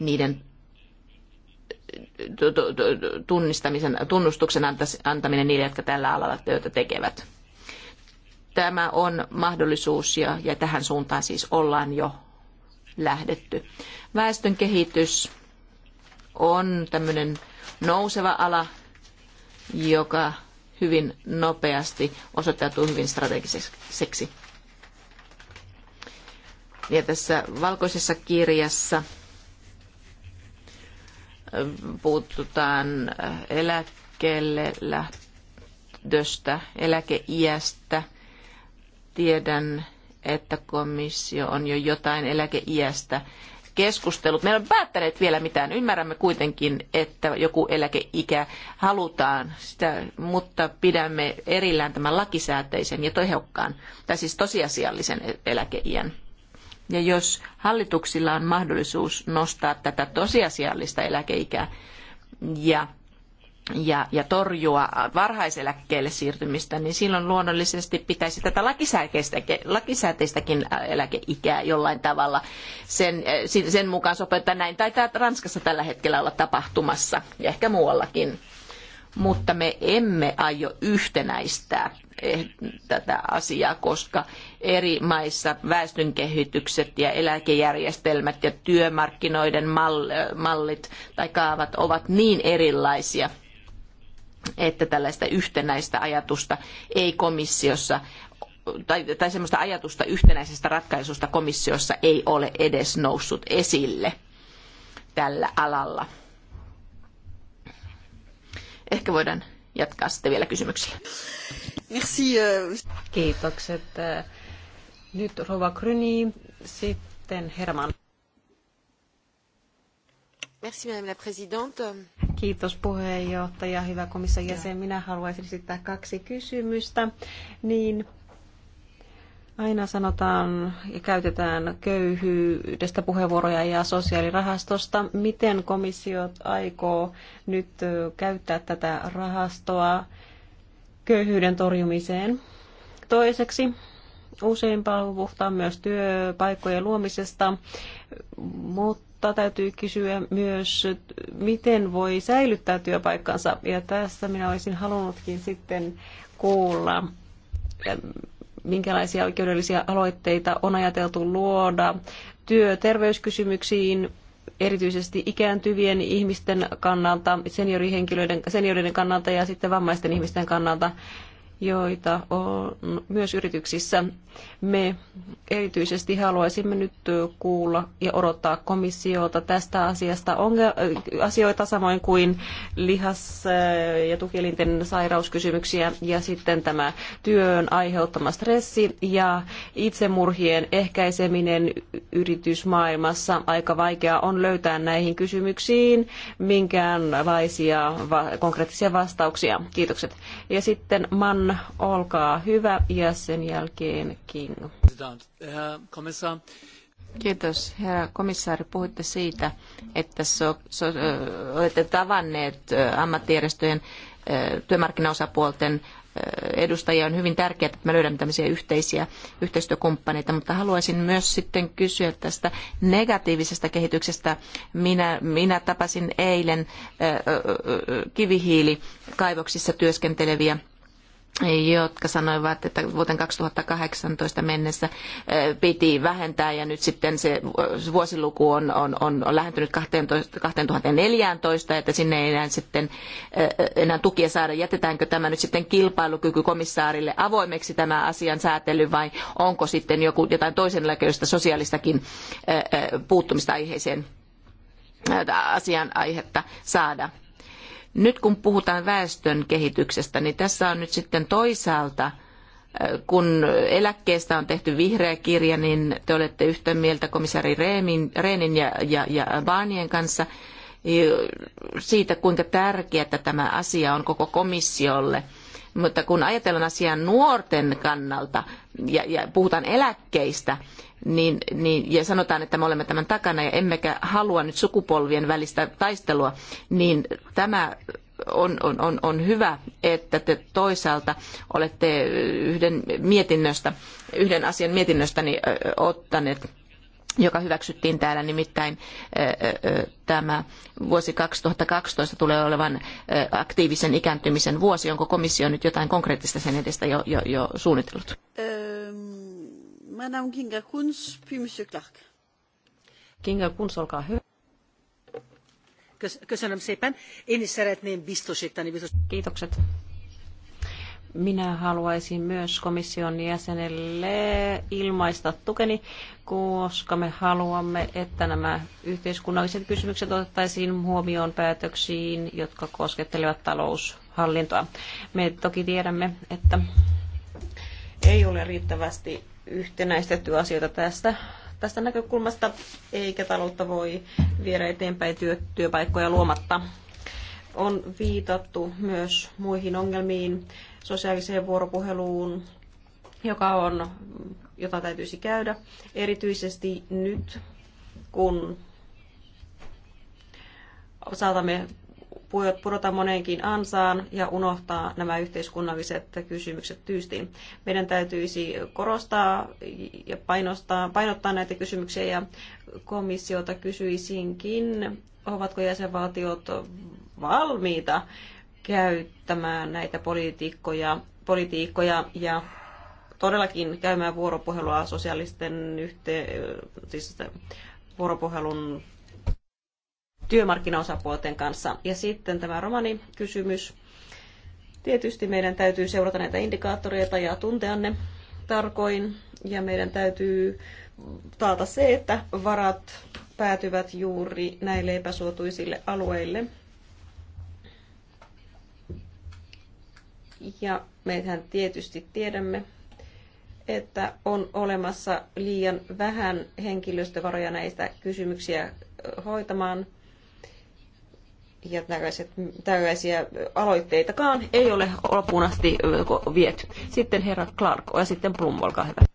niiden tunnistamisen, tunnustuksen antaminen niille, jotka tällä alalla työtä tekevät. Tämä on mahdollisuus ja, ja tähän suuntaan siis ollaan jo lähdetty. Väestön kehitys on tämmöinen nouseva ala, joka hyvin nopeasti osoittautuu hyvin strategiseksi. Ja tässä valkoisessa kirjassa puututaan äh, eläkkeelle lähtöstä, eläkeiästä. Tiedän, että komissio on jo jotain eläkeiästä keskustellut. meillä on päättäneet vielä mitään. Ymmärrämme kuitenkin, että joku eläkeikä halutaan, sitä, mutta pidämme erillään tämän lakisääteisen ja tehokkaan, tai siis tosiasiallisen eläkeiän. Ja jos hallituksilla on mahdollisuus nostaa tätä tosiasiallista eläkeikää ja, ja, ja torjua varhaiseläkkeelle siirtymistä, niin silloin luonnollisesti pitäisi tätä lakisääteistäkin äh, eläkeikää jollain tavalla sen, äh, sen mukaan sopeuttaa. Näin taitaa Ranskassa tällä hetkellä olla tapahtumassa ja ehkä muuallakin mutta me emme aio yhtenäistää Eh, tätä asiaa, koska eri maissa väestönkehitykset ja eläkejärjestelmät ja työmarkkinoiden mallit tai kaavat ovat niin erilaisia, että tällaista yhtenäistä ajatusta ei komissiossa tai, tai sellaista ajatusta yhtenäisestä ratkaisusta komissiossa ei ole edes noussut esille tällä alalla. Ehkä voidaan jatkaa sitten vielä kysymyksiä. Merci. Äh, Kiitokset. Nyt Rova Kryni, sitten Herman. Merci, Madame la Présidente. Kiitos puheenjohtaja, hyvä komission jäsen. Minä haluaisin esittää kaksi kysymystä. Niin Aina sanotaan ja käytetään köyhyydestä puheenvuoroja ja sosiaalirahastosta. Miten komissio aikoo nyt käyttää tätä rahastoa köyhyyden torjumiseen? Toiseksi usein puhutaan myös työpaikkojen luomisesta, mutta täytyy kysyä myös, miten voi säilyttää työpaikkansa. Ja tässä minä olisin halunnutkin sitten kuulla minkälaisia oikeudellisia aloitteita on ajateltu luoda työterveyskysymyksiin, erityisesti ikääntyvien ihmisten kannalta, seniorihenkilöiden, seniorien kannalta ja sitten vammaisten ihmisten kannalta joita on myös yrityksissä. Me erityisesti haluaisimme nyt kuulla ja odottaa komissiota tästä asiasta äh, asioita samoin kuin lihas- ja tukielinten sairauskysymyksiä ja sitten tämä työn aiheuttama stressi ja itsemurhien ehkäiseminen yritysmaailmassa. Aika vaikea on löytää näihin kysymyksiin minkäänlaisia konkreettisia vastauksia. Kiitokset. Ja sitten Man on. Olkaa hyvä ja sen jälkeen King. Kiitos, herra komissaari. Puhuitte siitä, että so, so, olette tavanneet ammattijärjestöjen työmarkkinaosapuolten edustajia. On hyvin tärkeää, että me löydämme tämmöisiä yhteisiä yhteistyökumppaneita, mutta haluaisin myös sitten kysyä tästä negatiivisesta kehityksestä. Minä, minä tapasin eilen kivihiilikaivoksissa työskenteleviä jotka sanoivat, että vuoteen 2018 mennessä eh, piti vähentää ja nyt sitten se vuosiluku on, on, on lähentynyt 2014, että sinne ei enää sitten eh, enää tukia saada. Jätetäänkö tämä nyt sitten kilpailukykykomissaarille avoimeksi tämä asian säätely vai onko sitten joku, jotain toisenlaista sosiaalistakin eh, puuttumista aiheeseen asian aihetta saada? Nyt kun puhutaan väestön kehityksestä, niin tässä on nyt sitten toisaalta, äh, kun eläkkeestä on tehty vihreä kirja, niin te olette yhtä mieltä komissaari Reenin ja, ja, ja Baanien kanssa äh, siitä, kuinka tärkeää tämä asia on koko komissiolle – mutta kun ajatellaan asiaa nuorten kannalta ja, ja puhutaan eläkkeistä, niin, niin, ja sanotaan, että me olemme tämän takana ja emmekä halua nyt sukupolvien välistä taistelua, niin tämä on, on, on, hyvä, että te toisaalta olette yhden mietinnöstä, yhden asian mietinnöstäni ottaneet joka hyväksyttiin täällä, nimittäin tämä vuosi 2012 tulee olevan aktiivisen ikääntymisen vuosi. Onko komissio nyt jotain konkreettista sen edestä jo, jo, jo suunnitellut? Ähm, Madame Kinga Kunz, puis Monsieur Clark. Kinga Kunz, olkaa hyvä. Köszönöm szépen. Én is szeretném biztosítani. Biztos... Kiitokset. Minä haluaisin myös komission jäsenelle ilmaista tukeni, koska me haluamme, että nämä yhteiskunnalliset kysymykset otettaisiin huomioon päätöksiin, jotka koskettelevat taloushallintoa. Me toki tiedämme, että ei ole riittävästi yhtenäistetty asioita tästä tästä näkökulmasta, eikä taloutta voi viedä eteenpäin työ, työpaikkoja luomatta. On viitattu myös muihin ongelmiin, sosiaaliseen vuoropuheluun, joka on, jota täytyisi käydä erityisesti nyt, kun saatamme pudota moneenkin ansaan ja unohtaa nämä yhteiskunnalliset kysymykset tyystiin. Meidän täytyisi korostaa ja painostaa, painottaa näitä kysymyksiä ja komissiota kysyisinkin, ovatko jäsenvaltiot valmiita käyttämään näitä politiikkoja, politiikkoja ja todellakin käymään vuoropuhelua sosiaalisten yhteen, siis vuoropuhelun työmarkkinaosapuolten kanssa. Ja sitten tämä romani kysymys. Tietysti meidän täytyy seurata näitä indikaattoreita ja tuntea ne tarkoin. Ja meidän täytyy taata se, että varat päätyvät juuri näille epäsuotuisille alueille. Ja mehän tietysti tiedämme, että on olemassa liian vähän henkilöstövaroja näistä kysymyksiä hoitamaan. Ja tällaiset, tällaisia aloitteitakaan ei ole loppuun asti viety. Sitten herra Clark ja sitten Plum, olkaa hyvä.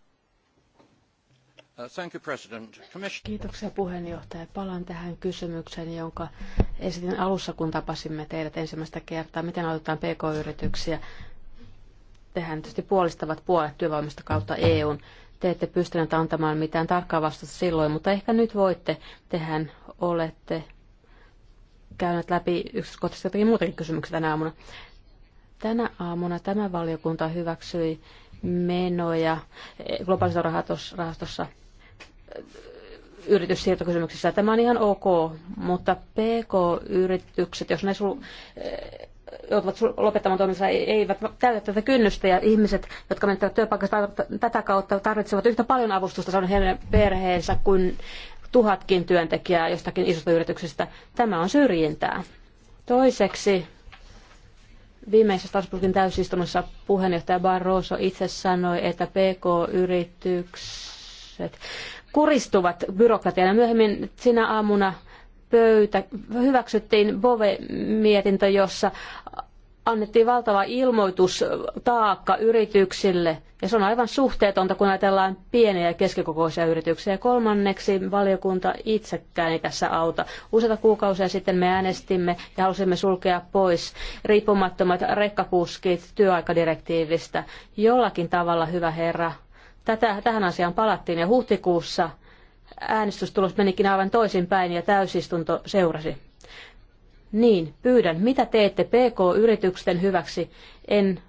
Uh, Kiitoksia puheenjohtaja. Palaan tähän kysymykseen, jonka esitin alussa, kun tapasimme teidät ensimmäistä kertaa. Miten autetaan PK-yrityksiä? Tehän tietysti puolistavat puolet työvoimasta kautta EUn. Te ette pystyneet antamaan mitään tarkkaa vastausta silloin, mutta ehkä nyt voitte. Tehän olette käyneet läpi yksityiskohtaisesti jotakin muutakin kysymyksiä tänä aamuna. Tänä aamuna tämä valiokunta hyväksyi menoja globaalisen rahastossa yrityssiirtokysymyksissä. Tämä on ihan ok, mutta PK-yritykset, jos ne sul, eh, joutuvat lopettamaan toimintansa, eivät täytä tätä kynnystä ja ihmiset, jotka menettävät työpaikasta tätä kautta, tarvitsevat yhtä paljon avustusta saada heidän perheensä kuin tuhatkin työntekijää jostakin isosta yrityksestä. Tämä on syrjintää. Toiseksi viimeisessä Strasbourgin täysistunnossa puheenjohtaja Barroso itse sanoi, että PK-yritykset kuristuvat byrokratiana. Myöhemmin sinä aamuna pöytä hyväksyttiin Bove-mietintö, jossa annettiin valtava ilmoitustaakka yrityksille, ja se on aivan suhteetonta, kun ajatellaan pieniä ja keskikokoisia yrityksiä. Kolmanneksi valiokunta itsekään ei tässä auta. Useita kuukausia sitten me äänestimme ja halusimme sulkea pois riippumattomat rekkakuskit työaikadirektiivistä. Jollakin tavalla, hyvä herra, Tätä, tähän asiaan palattiin ja huhtikuussa äänestystulos menikin aivan toisinpäin ja täysistunto seurasi. Niin, pyydän, mitä teette PK-yritysten hyväksi? En,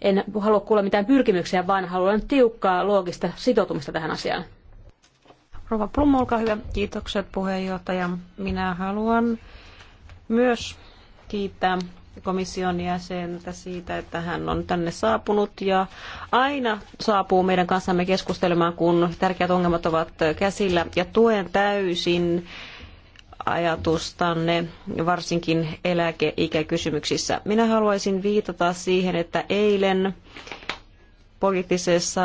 en halua kuulla mitään pyrkimyksiä, vaan haluan tiukkaa loogista sitoutumista tähän asiaan. Rova Plum, olkaa hyvä. Kiitokset puheenjohtaja. Minä haluan myös kiittää komission jäsentä siitä, että hän on tänne saapunut ja aina saapuu meidän kanssamme keskustelemaan, kun tärkeät ongelmat ovat käsillä ja tuen täysin ajatustanne, varsinkin eläkeikäkysymyksissä. Minä haluaisin viitata siihen, että eilen poliittisessa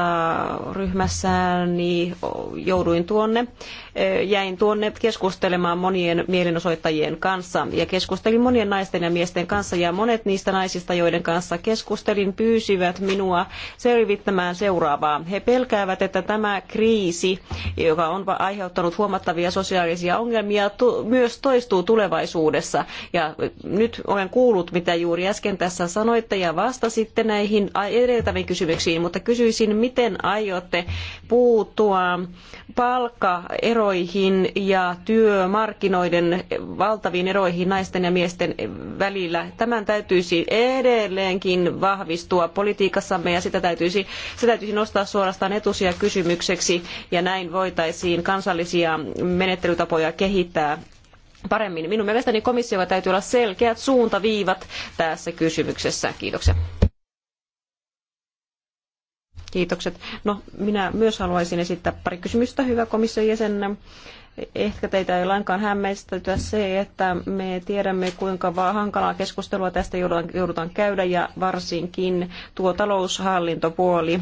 ryhmässään, niin jouduin tuonne, eh, jäin tuonne keskustelemaan monien mielenosoittajien kanssa ja keskustelin monien naisten ja miesten kanssa ja monet niistä naisista, joiden kanssa keskustelin, pyysivät minua selvittämään seuraavaa. He pelkäävät, että tämä kriisi, joka on aiheuttanut huomattavia sosiaalisia ongelmia, myös toistuu tulevaisuudessa. Ja nyt olen kuullut, mitä juuri äsken tässä sanoitte ja vastasitte näihin edeltäviin kysymyksiin, mutta kysyisin, miten aiotte puuttua palkkaeroihin ja työmarkkinoiden valtaviin eroihin naisten ja miesten välillä. Tämän täytyisi edelleenkin vahvistua politiikassamme ja sitä täytyisi, se täytyisi nostaa suorastaan etusia kysymykseksi ja näin voitaisiin kansallisia menettelytapoja kehittää paremmin. Minun mielestäni komissiolla täytyy olla selkeät suuntaviivat tässä kysymyksessä. Kiitoksia. Kiitokset. No, minä myös haluaisin esittää pari kysymystä, hyvä komission jäsen. Ehkä teitä ei lainkaan hämmästytä se, että me tiedämme, kuinka vaan hankalaa keskustelua tästä joudutaan käydä ja varsinkin tuo taloushallintopuoli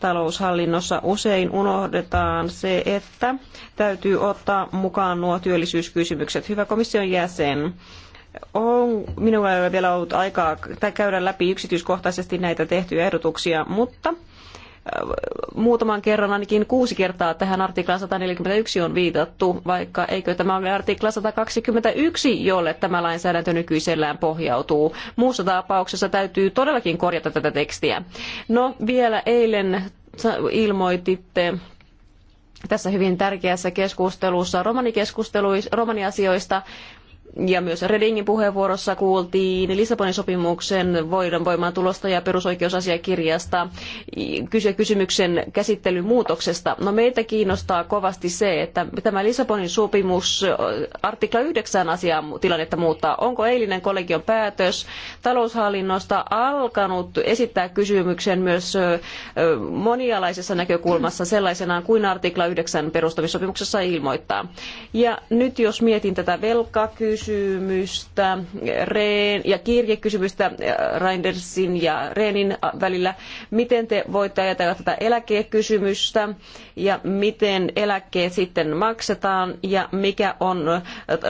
taloushallinnossa usein unohdetaan se, että täytyy ottaa mukaan nuo työllisyyskysymykset. Hyvä komission jäsen, on, minulla ei ole vielä ollut aikaa käydä läpi yksityiskohtaisesti näitä tehtyjä ehdotuksia, mutta muutaman kerran, ainakin kuusi kertaa tähän artiklaan 141 on viitattu, vaikka eikö tämä ole artikla 121, jolle tämä lainsäädäntö nykyisellään pohjautuu. Muussa tapauksessa täytyy todellakin korjata tätä tekstiä. No vielä eilen ilmoititte tässä hyvin tärkeässä keskustelussa romanikeskusteluista, romaniasioista ja myös Redingin puheenvuorossa kuultiin Lissabonin sopimuksen voidon voimaantulosta ja perusoikeusasiakirjasta kysyä kysymyksen käsittelyn muutoksesta. No meitä kiinnostaa kovasti se, että tämä Lissabonin sopimus artikla 9 asiaa tilannetta muuttaa. Onko eilinen kollegion päätös taloushallinnosta alkanut esittää kysymyksen myös monialaisessa näkökulmassa sellaisenaan kuin artikla 9 perustamissopimuksessa ilmoittaa? Ja nyt jos mietin tätä velkakysymystä, kysymystä ja kirjekysymystä äh, Reindersin ja Reenin äh, välillä. Miten te voitte ajatella tätä eläkekysymystä ja miten eläkkeet sitten maksetaan ja mikä on äh,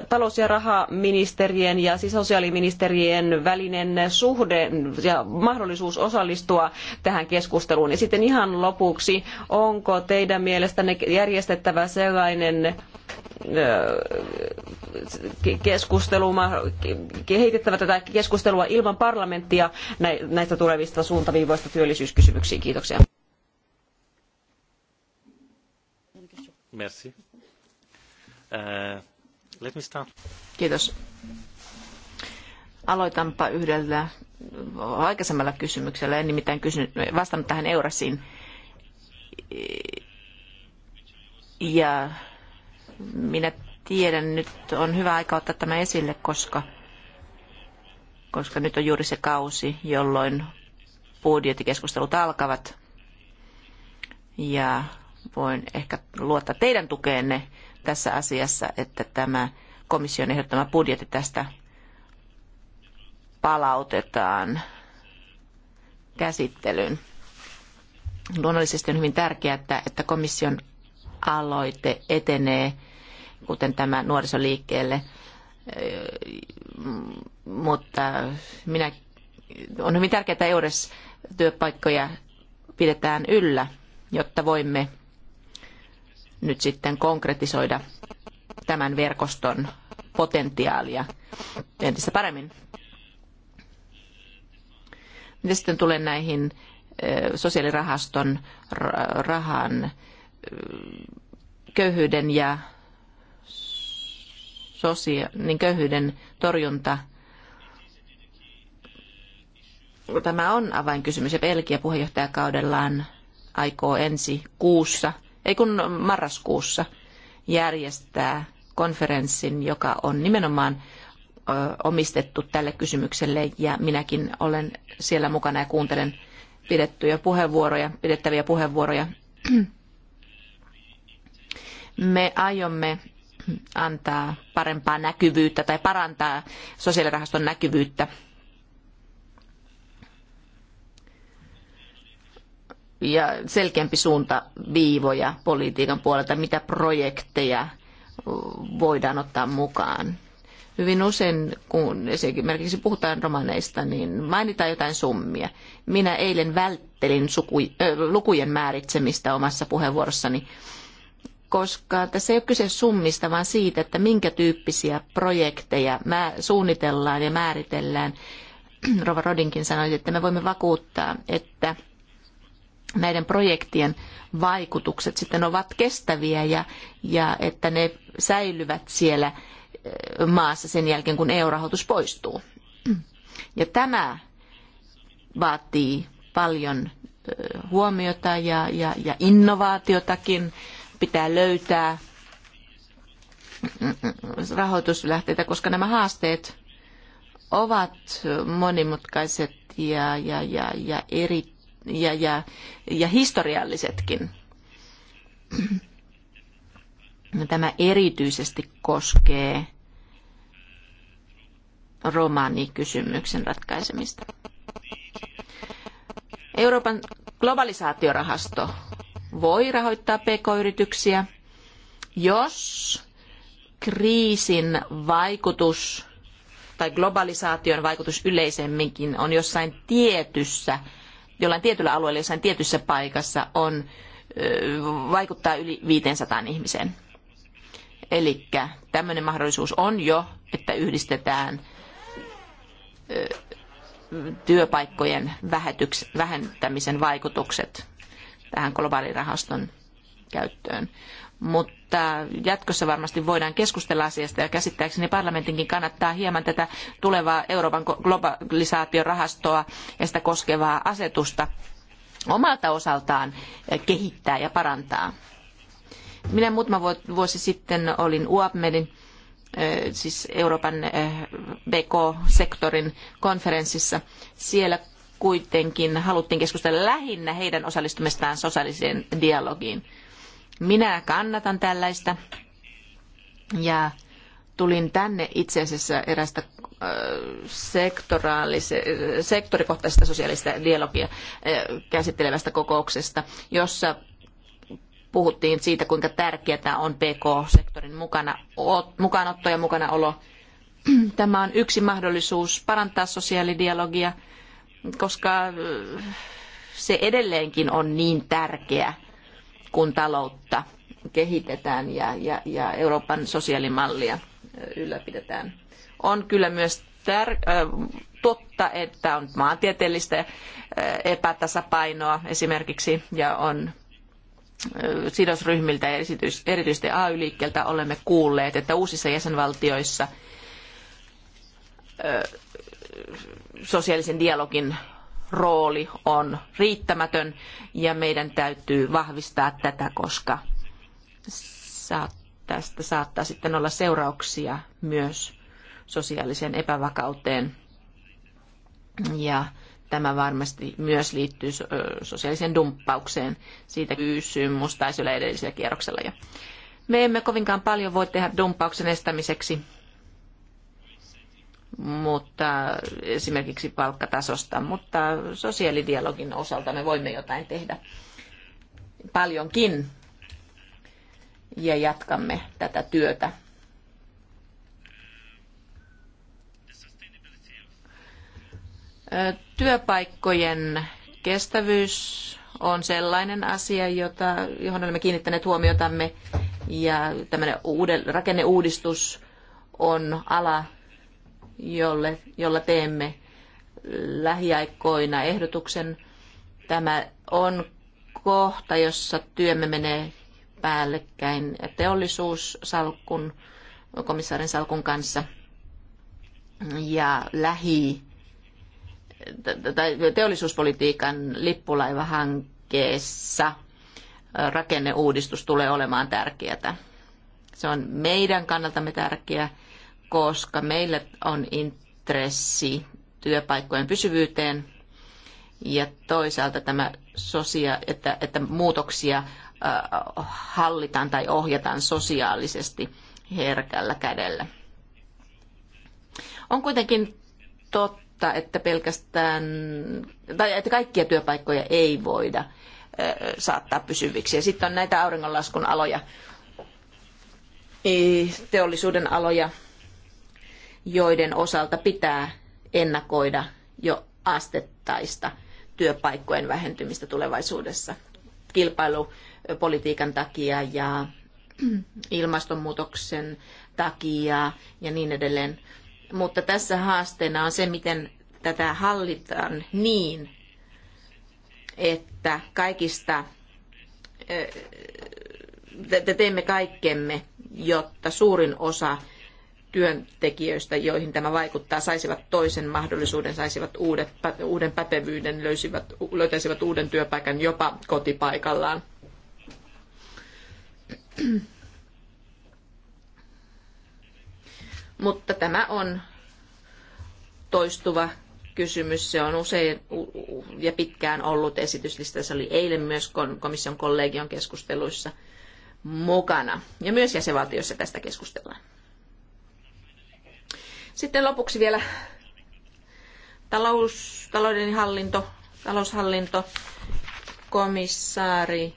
talous- ja rahaministerien ja siis sosiaaliministerien välinen suhde ja mahdollisuus osallistua tähän keskusteluun. Ja sitten ihan lopuksi, onko teidän mielestänne järjestettävä sellainen keskustelua, kehitettävä tätä keskustelua ilman parlamenttia näistä tulevista suuntaviivoista työllisyyskysymyksiin. Kiitoksia. Merci. Euh, let me start. Kiitos. Aloitanpa yhdellä aikaisemmalla kysymyksellä. En nimittäin kysynyt, vastannut tähän Eurasiin. Ja minä tiedän, nyt on hyvä aika ottaa tämä esille, koska, koska nyt on juuri se kausi, jolloin budjettikeskustelut alkavat. Ja voin ehkä luottaa teidän tukeenne tässä asiassa, että tämä komission ehdottama budjetti tästä palautetaan käsittelyyn. Luonnollisesti on hyvin tärkeää, että, että komission aloite etenee kuten tämä nuorisoliikkeelle. Mutta minä, on hyvin tärkeää, että EURES-työpaikkoja pidetään yllä, jotta voimme nyt sitten konkretisoida tämän verkoston potentiaalia entistä paremmin. Mitä sitten tulee näihin sosiaalirahaston rahan köyhyyden ja sosia- niin köyhyyden torjunta tämä on avainkysymys ja Belgia puheenjohtajakaudellaan aikoo ensi kuussa, ei kun marraskuussa järjestää konferenssin, joka on nimenomaan omistettu tälle kysymykselle ja minäkin olen siellä mukana ja kuuntelen pidettyjä puheenvuoroja, pidettäviä puheenvuoroja. Me aiomme antaa parempaa näkyvyyttä tai parantaa sosiaalirahaston näkyvyyttä. Ja selkeämpi suunta viivoja politiikan puolelta, mitä projekteja voidaan ottaa mukaan. Hyvin usein, kun esimerkiksi puhutaan romaneista, niin mainitaan jotain summia. Minä eilen välttelin suku, äh, lukujen määritsemistä omassa puheenvuorossani. Äh, koska tässä ei ole kyse summista, vaan siitä, että minkä tyyppisiä projekteja suunnitellaan ja määritellään. Rova Rodinkin sanoi, että me voimme vakuuttaa, että näiden projektien vaikutukset sitten ovat kestäviä ja, ja että ne säilyvät siellä eh, maassa sen jälkeen, kun EU-rahoitus poistuu. Ja tämä vaatii paljon eh, huomiota ja, ja, ja innovaatiotakin pitää löytää rahoituslähteitä, koska nämä haasteet ovat monimutkaiset ja, ja, ja, ja, eri, ja, ja, ja historiallisetkin. Tämä erityisesti koskee romanikysymyksen ratkaisemista. Euroopan globalisaatiorahasto voi rahoittaa pk-yrityksiä, jos kriisin vaikutus tai globalisaation vaikutus yleisemminkin on jossain tietyssä, jollain tietyllä alueella, jossain tietyssä paikassa on, vaikuttaa yli 500 ihmiseen. Eli tämmöinen mahdollisuus on jo, että yhdistetään työpaikkojen vähentämisen vaikutukset tähän globaalirahaston käyttöön. Mutta jatkossa varmasti voidaan keskustella asiasta ja käsittääkseni parlamentinkin kannattaa hieman tätä tulevaa Euroopan globalisaatiorahastoa ja sitä koskevaa asetusta omalta osaltaan kehittää ja parantaa. Minä muutama vuosi sitten olin UAPMEDin, eh, siis Euroopan eh, BK-sektorin konferenssissa. Siellä kuitenkin haluttiin keskustella lähinnä heidän osallistumistaan sosiaaliseen dialogiin. Minä kannatan tällaista ja tulin tänne itse asiassa erästä äh, sektorikohtaisesta sosiaalista dialogia äh, käsittelevästä kokouksesta, jossa puhuttiin siitä, kuinka tärkeää on PK-sektorin mukana, mukaanotto ja mukanaolo. Tämä on yksi mahdollisuus parantaa sosiaalidialogia koska äh, se edelleenkin on niin tärkeä, kun taloutta kehitetään ja, ja, ja Euroopan sosiaalimallia äh, ylläpidetään. On kyllä myös tär- äh, totta, että on maantieteellistä epätasapainoa esimerkiksi ja on sidosryhmiltä ja erityisesti AY-liikkeeltä olemme kuulleet, että uusissa jäsenvaltioissa sosiaalisen dialogin rooli on riittämätön ja meidän täytyy vahvistaa tätä, koska tästä saattaa sitten olla seurauksia myös sosiaaliseen epävakauteen. Ja tämä varmasti myös liittyy sosiaaliseen dumppaukseen. Siitä kysymys taisi olla edellisellä kierroksella jo. Me emme kovinkaan paljon voi tehdä dumppauksen estämiseksi, mutta esimerkiksi palkkatasosta, mutta sosiaalidialogin osalta me voimme jotain tehdä paljonkin ja jatkamme tätä työtä. Työpaikkojen kestävyys on sellainen asia, jota, johon olemme kiinnittäneet huomiotamme. Ja tämmöinen uuden, rakenneuudistus on ala, jolle, jolla teemme lähiaikoina ehdotuksen. Tämä on kohta, jossa työmme menee päällekkäin teollisuussalkun, komissaarin salkun kanssa ja lähi teollisuuspolitiikan lippulaivahankkeessa rakenneuudistus tulee olemaan tärkeää. Se on meidän kannaltamme tärkeää koska meillä on intressi työpaikkojen pysyvyyteen ja toisaalta tämä sosia, että, että muutoksia äh, hallitaan tai ohjataan sosiaalisesti herkällä kädellä. On kuitenkin totta, että pelkästään, tai että kaikkia työpaikkoja ei voida äh, saattaa pysyviksi. Ja sitten on näitä auringonlaskun aloja, teollisuuden aloja, joiden osalta pitää ennakoida jo astettaista työpaikkojen vähentymistä tulevaisuudessa kilpailupolitiikan takia ja ilmastonmuutoksen takia ja niin edelleen. Mutta tässä haasteena on se, miten tätä hallitaan niin, että kaikista teemme kaikkemme, jotta suurin osa työntekijöistä, joihin tämä vaikuttaa, saisivat toisen mahdollisuuden, saisivat uudet, uuden pätevyyden, löysivät, löytäisivät uuden työpaikan jopa kotipaikallaan. Mutta tämä on toistuva kysymys. Se on usein ja pitkään ollut Se oli eilen myös komission kollegion keskusteluissa mukana. Ja myös jäsenvaltiossa tästä keskustellaan. Sitten lopuksi vielä talous, talouden hallinto, taloushallinto, komissaari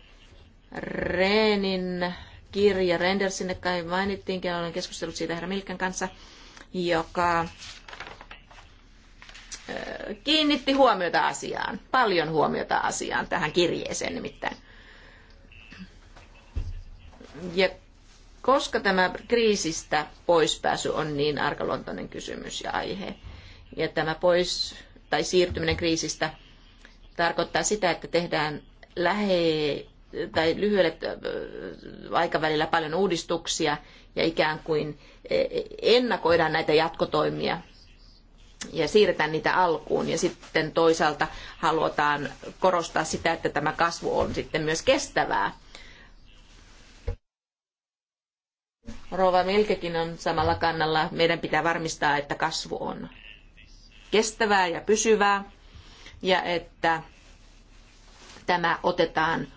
Reenin kirja Rendersinne kai mainittiinkin, olen keskustellut siitä herra Milkan kanssa, joka kiinnitti huomiota asiaan, paljon huomiota asiaan tähän kirjeeseen nimittäin. Ja koska tämä kriisistä poispääsy on niin arkaluontoinen kysymys ja aihe. Ja tämä pois tai siirtyminen kriisistä tarkoittaa sitä, että tehdään lähe, tai lyhyellä äh, aikavälillä paljon uudistuksia ja ikään kuin eh, ennakoidaan näitä jatkotoimia ja siirretään niitä alkuun. Ja sitten toisaalta halutaan korostaa sitä, että tämä kasvu on sitten myös kestävää Rova Melkekin on samalla kannalla. Meidän pitää varmistaa, että kasvu on kestävää ja pysyvää ja että tämä otetaan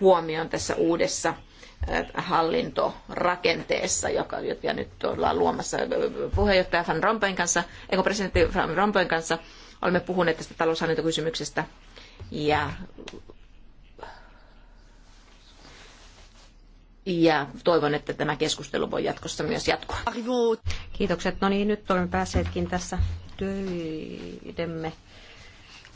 huomioon tässä uudessa äh, hallintorakenteessa, joka ja nyt ollaan luomassa äh, puheenjohtaja Van Rompuyn kanssa, eikö presidentti Van Rompuyn kanssa, olemme puhuneet tästä taloushallintokysymyksestä ja Ja toivon, että tämä keskustelu voi jatkossa myös jatkua. Kiitokset. No niin, nyt olemme päässeetkin tässä töidemme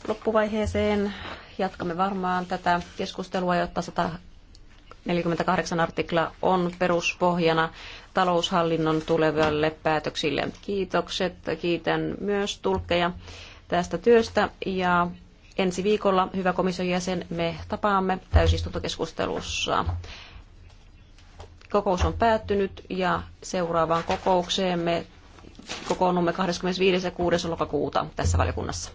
loppuvaiheeseen. Jatkamme varmaan tätä keskustelua, jotta 148 artikla on peruspohjana taloushallinnon tulevalle päätöksille. Kiitokset. Kiitän myös tulkkeja tästä työstä ja ensi viikolla, hyvä komission jäsen, me tapaamme täysistuntokeskustelussa. Kokous on päättynyt ja seuraavaan me kokoonnumme 25. ja 6. lokakuuta tässä valiokunnassa.